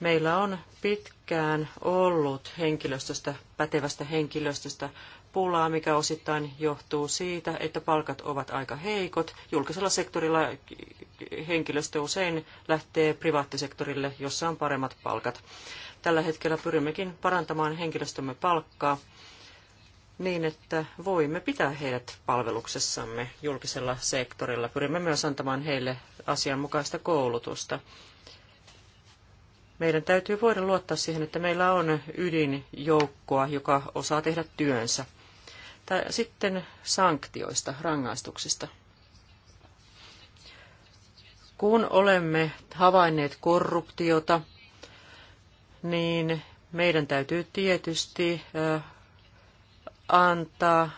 Meillä on pitkään ollut henkilöstöstä, pätevästä henkilöstöstä pulaa, mikä osittain johtuu siitä, että palkat ovat aika heikot. Julkisella sektorilla henkilöstö usein lähtee privaattisektorille, jossa on paremmat palkat. Tällä hetkellä pyrimmekin parantamaan henkilöstömme palkkaa niin, että voimme pitää heidät palveluksessamme julkisella sektorilla. Pyrimme myös antamaan heille asianmukaista koulutusta. Meidän täytyy voida luottaa siihen, että meillä on ydinjoukkoa, joka osaa tehdä työnsä. Tai sitten sanktioista, rangaistuksista. Kun olemme havainneet korruptiota, niin meidän täytyy tietysti antaa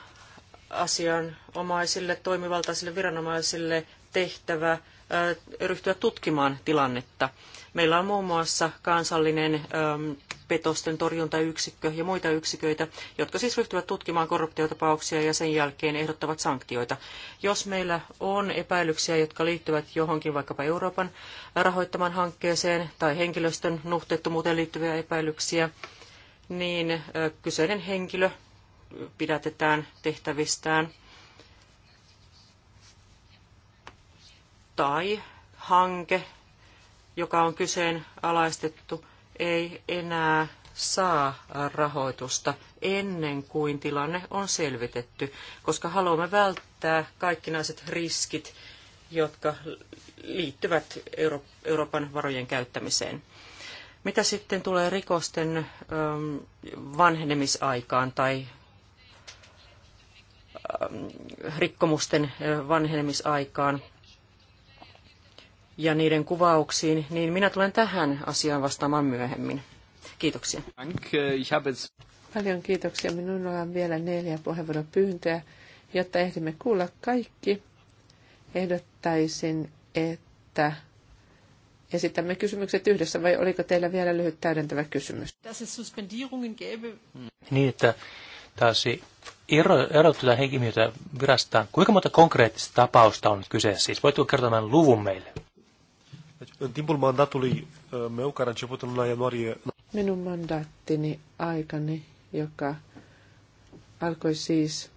asianomaisille, toimivaltaisille viranomaisille tehtävä ryhtyä tutkimaan tilannetta. Meillä on muun muassa kansallinen petosten torjuntayksikkö ja muita yksiköitä, jotka siis ryhtyvät tutkimaan korruptiotapauksia ja sen jälkeen ehdottavat sanktioita. Jos meillä on epäilyksiä, jotka liittyvät johonkin vaikkapa Euroopan rahoittamaan hankkeeseen tai henkilöstön nuhteettomuuteen liittyviä epäilyksiä, niin kyseinen henkilö pidätetään tehtävistään – tai hanke, joka on kyseenalaistettu, ei enää saa rahoitusta ennen kuin tilanne on selvitetty, koska haluamme välttää kaikkinaiset riskit, jotka liittyvät Euro- Euroopan varojen käyttämiseen. Mitä sitten tulee rikosten ähm, vanhenemisaikaan tai ähm, rikkomusten äh, vanhenemisaikaan? ja niiden kuvauksiin, niin minä tulen tähän asiaan vastaamaan myöhemmin. Kiitoksia. Äh, Paljon kiitoksia. Minulla on vielä neljä pyyntöä, Jotta ehdimme kuulla kaikki, ehdottaisin, että esitämme kysymykset yhdessä, vai oliko teillä vielä lyhyt täydentävä kysymys? Hmm. Niin, että taas ero, erotetaan tuota henkilöitä virastaan. Kuinka monta konkreettista tapausta on kyseessä? Siis voitko kertoa tämän luvun meille? Deci, în timpul mandatului uh, meu, care a început în luna ianuarie... Minun mandattini aikani, joka alkoi siis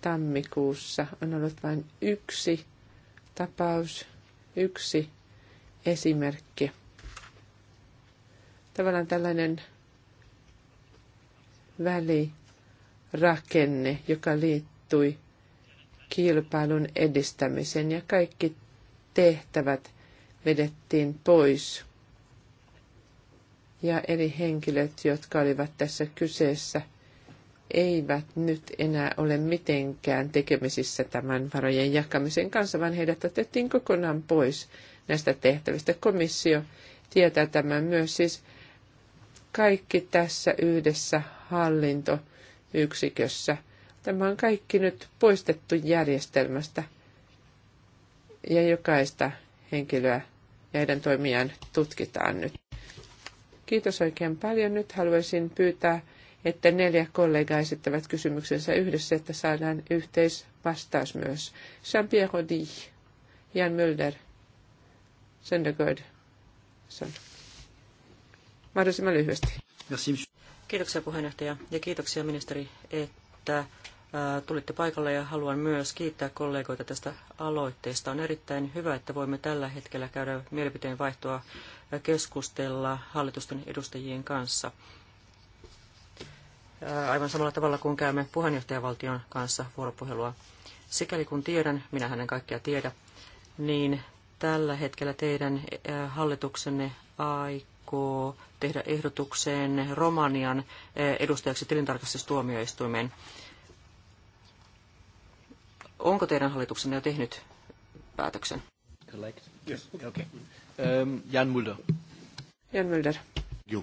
tammikuussa, on ollut vain yksi tapaus, yksi esimerkki. Tavallaan tällainen välirakenne, joka liittyi kilpailun edistämiseen ja kaikki tehtävät – vedettiin pois. Ja eri henkilöt, jotka olivat tässä kyseessä, eivät nyt enää ole mitenkään tekemisissä tämän varojen jakamisen kanssa, vaan heidät otettiin kokonaan pois näistä tehtävistä. Komissio tietää tämän myös siis kaikki tässä yhdessä hallintoyksikössä. Tämä on kaikki nyt poistettu järjestelmästä ja jokaista henkilöä ja heidän toimiaan tutkitaan nyt. Kiitos oikein paljon. Nyt haluaisin pyytää, että neljä kollegaa esittävät kysymyksensä yhdessä, että saadaan yhteisvastaus myös. Jean-Pierre Rodi, Jan Mulder, Sendergaard, Mahdollisimman lyhyesti. Kiitoksia puheenjohtaja ja kiitoksia ministeri, että tulitte paikalle ja haluan myös kiittää kollegoita tästä aloitteesta. On erittäin hyvä, että voimme tällä hetkellä käydä mielipiteen vaihtoa ja keskustella hallitusten edustajien kanssa. Aivan samalla tavalla kuin käymme puheenjohtajavaltion kanssa vuoropuhelua. Sikäli kun tiedän, minä hänen kaikkia tiedä, niin tällä hetkellä teidän hallituksenne aikoo tehdä ehdotukseen Romanian edustajaksi tilintarkastustuomioistuimeen. Onko teidän hallituksenne jo tehnyt päätöksen? Collect. Yes. Okay. Um, Jan Mulder. Jan Mulder. Uh,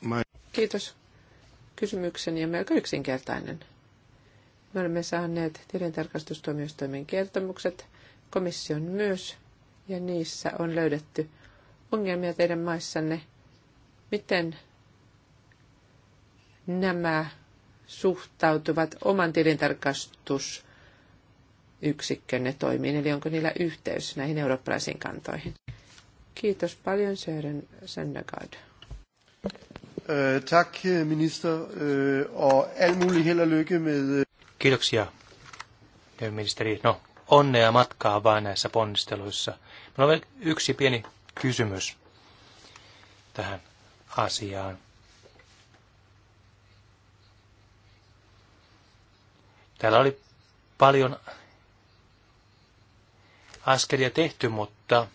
my... Kiitos. Kysymykseni ja melko yksinkertainen. Me olemme saaneet tilintarkastustuomioistuimen kertomukset, komission myös, ja niissä on löydetty ongelmia teidän maissanne. Miten nämä suhtautuvat oman tilintarkastusyksikkönne toimiin, eli onko niillä yhteys näihin eurooppalaisiin kantoihin? Kiitos paljon, Sören Söndergaard. Eh, minister, eh, og al mulig held med... Eh. Kiitoksia, ministeri. No, onnea matkaa vaan näissä ponnisteluissa. Minulla on yksi pieni kysymys tähän asiaan. Täällä oli paljon askelia tehty, mutta,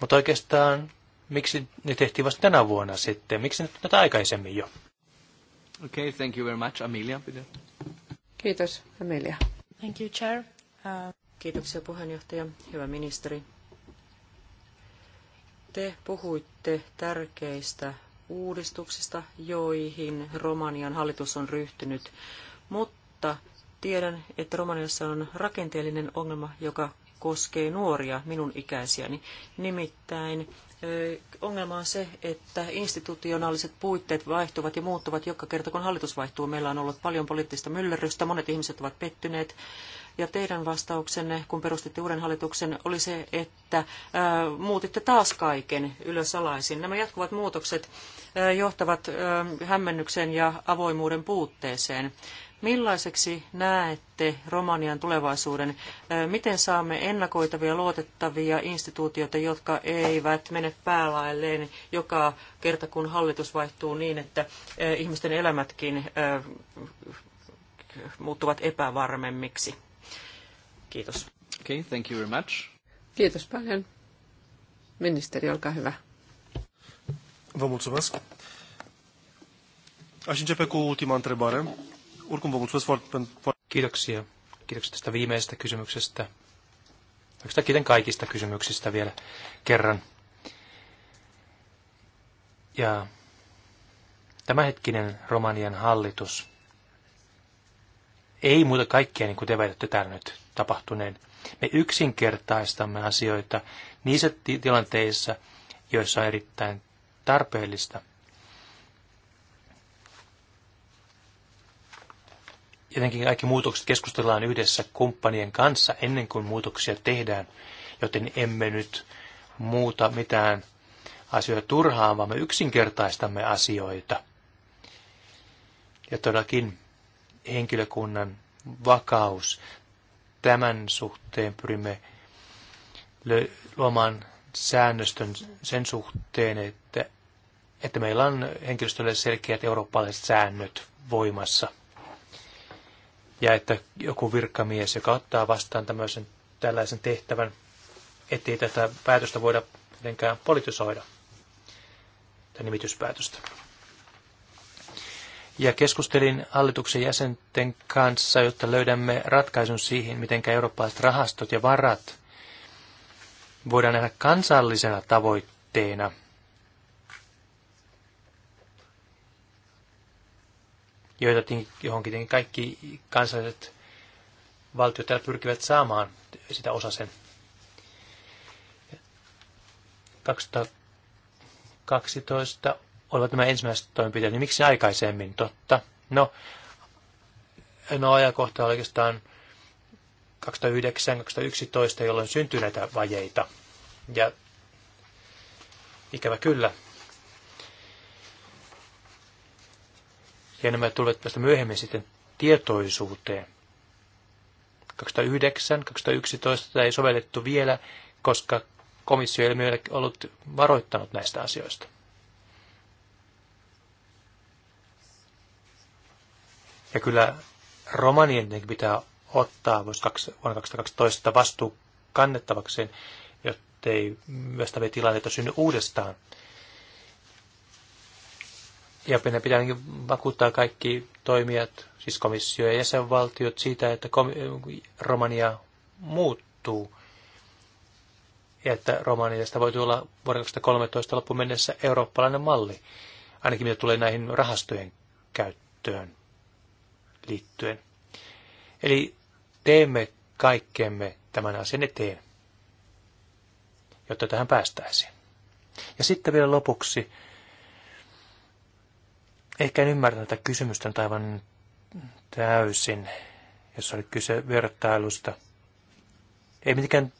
mutta oikeastaan miksi ne tehtiin vasta tänä vuonna sitten? Miksi ne tätä aikaisemmin jo? Okay, thank you very much. Amelia, Kiitos, Amelia. Thank you, Chair. Uh... Kiitoksia puheenjohtaja. Hyvä ministeri. Te puhuitte tärkeistä uudistuksista, joihin Romanian hallitus on ryhtynyt, mutta mutta tiedän, että Romaniassa on rakenteellinen ongelma, joka koskee nuoria minun ikäisiäni. Nimittäin ongelma on se, että institutionaaliset puitteet vaihtuvat ja muuttuvat joka kerta, kun hallitus vaihtuu. Meillä on ollut paljon poliittista myllerrystä, monet ihmiset ovat pettyneet. Ja teidän vastauksenne, kun perustitte uuden hallituksen, oli se, että ää, muutitte taas kaiken ylös alaisin. Nämä jatkuvat muutokset ää, johtavat ää, hämmennykseen ja avoimuuden puutteeseen. Millaiseksi näette Romanian tulevaisuuden? Miten saamme ennakoitavia, luotettavia instituutioita, jotka eivät mene päälailleen joka kerta, kun hallitus vaihtuu niin, että ihmisten elämätkin muuttuvat epävarmemmiksi? Kiitos. Okay, thank you very much. Kiitos paljon. Ministeri, olkaa hyvä. Vă mulțumesc. Aș începe cu ultima întrebare. Kiitoksia. Kiitoksia tästä viimeisestä kysymyksestä. Oikeastaan kiitän kaikista kysymyksistä vielä kerran. Ja tämänhetkinen Romanian hallitus ei muuta kaikkea, niin kuin te väitätte täällä nyt tapahtuneen. Me yksinkertaistamme asioita niissä tilanteissa, joissa on erittäin tarpeellista – jotenkin kaikki muutokset keskustellaan yhdessä kumppanien kanssa ennen kuin muutoksia tehdään, joten emme nyt muuta mitään asioita turhaan, vaan me yksinkertaistamme asioita. Ja todellakin henkilökunnan vakaus. Tämän suhteen pyrimme luomaan säännöstön sen suhteen, että, että meillä on henkilöstölle selkeät eurooppalaiset säännöt voimassa – ja että joku virkamies, joka ottaa vastaan tämmöisen, tällaisen tehtävän, ettei tätä päätöstä voida mitenkään politisoida, tai nimityspäätöstä. Ja keskustelin hallituksen jäsenten kanssa, jotta löydämme ratkaisun siihen, miten eurooppalaiset rahastot ja varat voidaan nähdä kansallisena tavoitteena – joita johonkin kaikki kansalliset valtiot täällä pyrkivät saamaan sitä osa sen 2012 olivat nämä ensimmäiset toimenpiteet, niin miksi aikaisemmin? Totta. No, no ajankohta oli oikeastaan 2009-2011, jolloin syntyi näitä vajeita. Ja ikävä kyllä, ja nämä tulevat vasta myöhemmin sitten tietoisuuteen. 2009, 2011 tätä ei sovellettu vielä, koska komissio ei ole ollut varoittanut näistä asioista. Ja kyllä romanienkin pitää ottaa vuonna 2012 vastuu kannettavakseen, jottei tämä tilanteita synny uudestaan. Ja meidän pitää ainakin vakuuttaa kaikki toimijat, siis komissio ja jäsenvaltiot siitä, että Romania muuttuu. Ja että Romaniasta voi tulla vuoden 2013 loppuun mennessä eurooppalainen malli, ainakin mitä tulee näihin rahastojen käyttöön liittyen. Eli teemme kaikkemme tämän asian eteen, jotta tähän päästäisiin. Ja sitten vielä lopuksi ehkä en ymmärtänyt tätä kysymystä nyt aivan täysin, jos oli kyse vertailusta. Ei mitenkään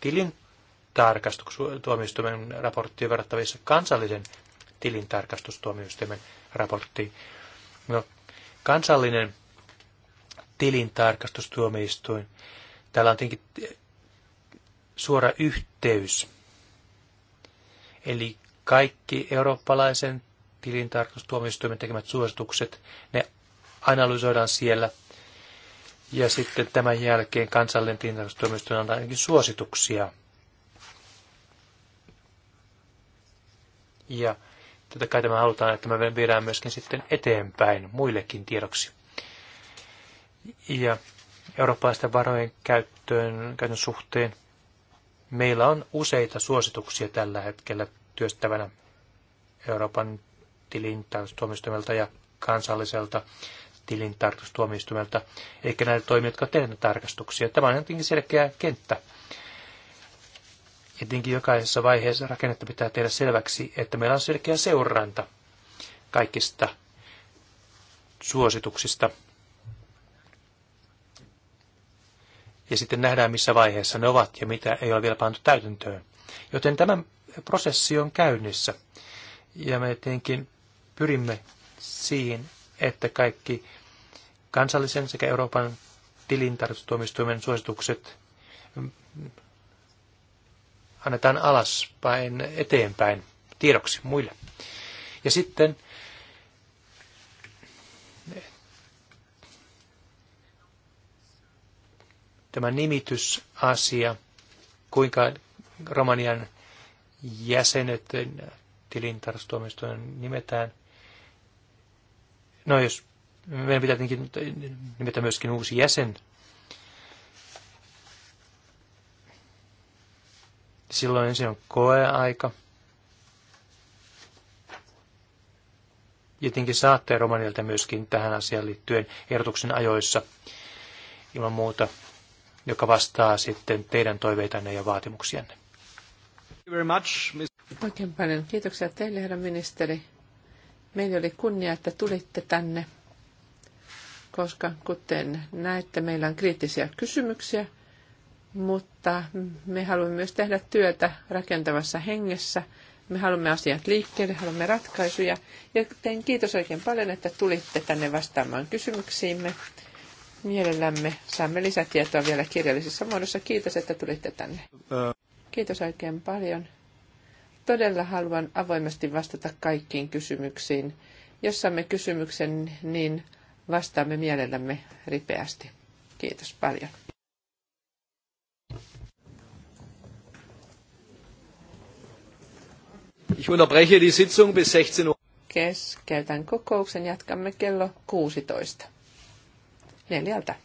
tilin tarkastustuomioistuimen raporttiin verrattavissa kansallisen tilintarkastustuomioistuimen raporttiin. No, kansallinen tilintarkastustuomioistuin, täällä on tietenkin suora yhteys. Eli kaikki eurooppalaisen tilintarkastustuomioistuimen tekemät suositukset, ne analysoidaan siellä. Ja sitten tämän jälkeen kansallinen tilintarkastustuomioistuin antaa ainakin suosituksia. Ja tätä kai tämä halutaan, että me viedään myöskin sitten eteenpäin muillekin tiedoksi. Ja eurooppalaisten varojen käyttöön, käytön suhteen meillä on useita suosituksia tällä hetkellä työstävänä Euroopan tilintarkastustuomioistuimelta ja kansalliselta tilintarkastustuomioistuimelta, eli näitä toimia, jotka ovat tarkastuksia. Tämä on jotenkin selkeä kenttä. Jotenkin jokaisessa vaiheessa rakennetta pitää tehdä selväksi, että meillä on selkeä seuranta kaikista suosituksista. Ja sitten nähdään, missä vaiheessa ne ovat ja mitä ei ole vielä pantu täytäntöön. Joten tämä prosessi on käynnissä. Ja me tietenkin pyrimme siihen, että kaikki kansallisen sekä Euroopan tilintarkastustuomioistuimen suositukset annetaan alaspäin eteenpäin tiedoksi muille. Ja sitten tämä nimitysasia, kuinka Romanian jäsenet tilintarkastustuomioistuimen nimetään – No jos meidän pitää tietenkin nimetä myöskin uusi jäsen. Silloin ensin on koeaika. Jotenkin saatte Romanilta myöskin tähän asiaan liittyen ehdotuksen ajoissa ilman muuta, joka vastaa sitten teidän toiveitanne ja vaatimuksianne. Oikein paljon kiitoksia teille, herra ministeri. Meillä oli kunnia, että tulitte tänne, koska kuten näette, meillä on kriittisiä kysymyksiä, mutta me haluamme myös tehdä työtä rakentavassa hengessä. Me haluamme asiat liikkeelle, haluamme ratkaisuja. Ja tein kiitos oikein paljon, että tulitte tänne vastaamaan kysymyksiimme. Mielellämme saamme lisätietoa vielä kirjallisessa muodossa. Kiitos, että tulitte tänne. Kiitos oikein paljon todella haluan avoimesti vastata kaikkiin kysymyksiin. Jos saamme kysymyksen, niin vastaamme mielellämme ripeästi. Kiitos paljon. Ich unterbreche die Sitzung bis 16 Uhr. Keskeytän kokouksen, jatkamme kello 16. Neljältä.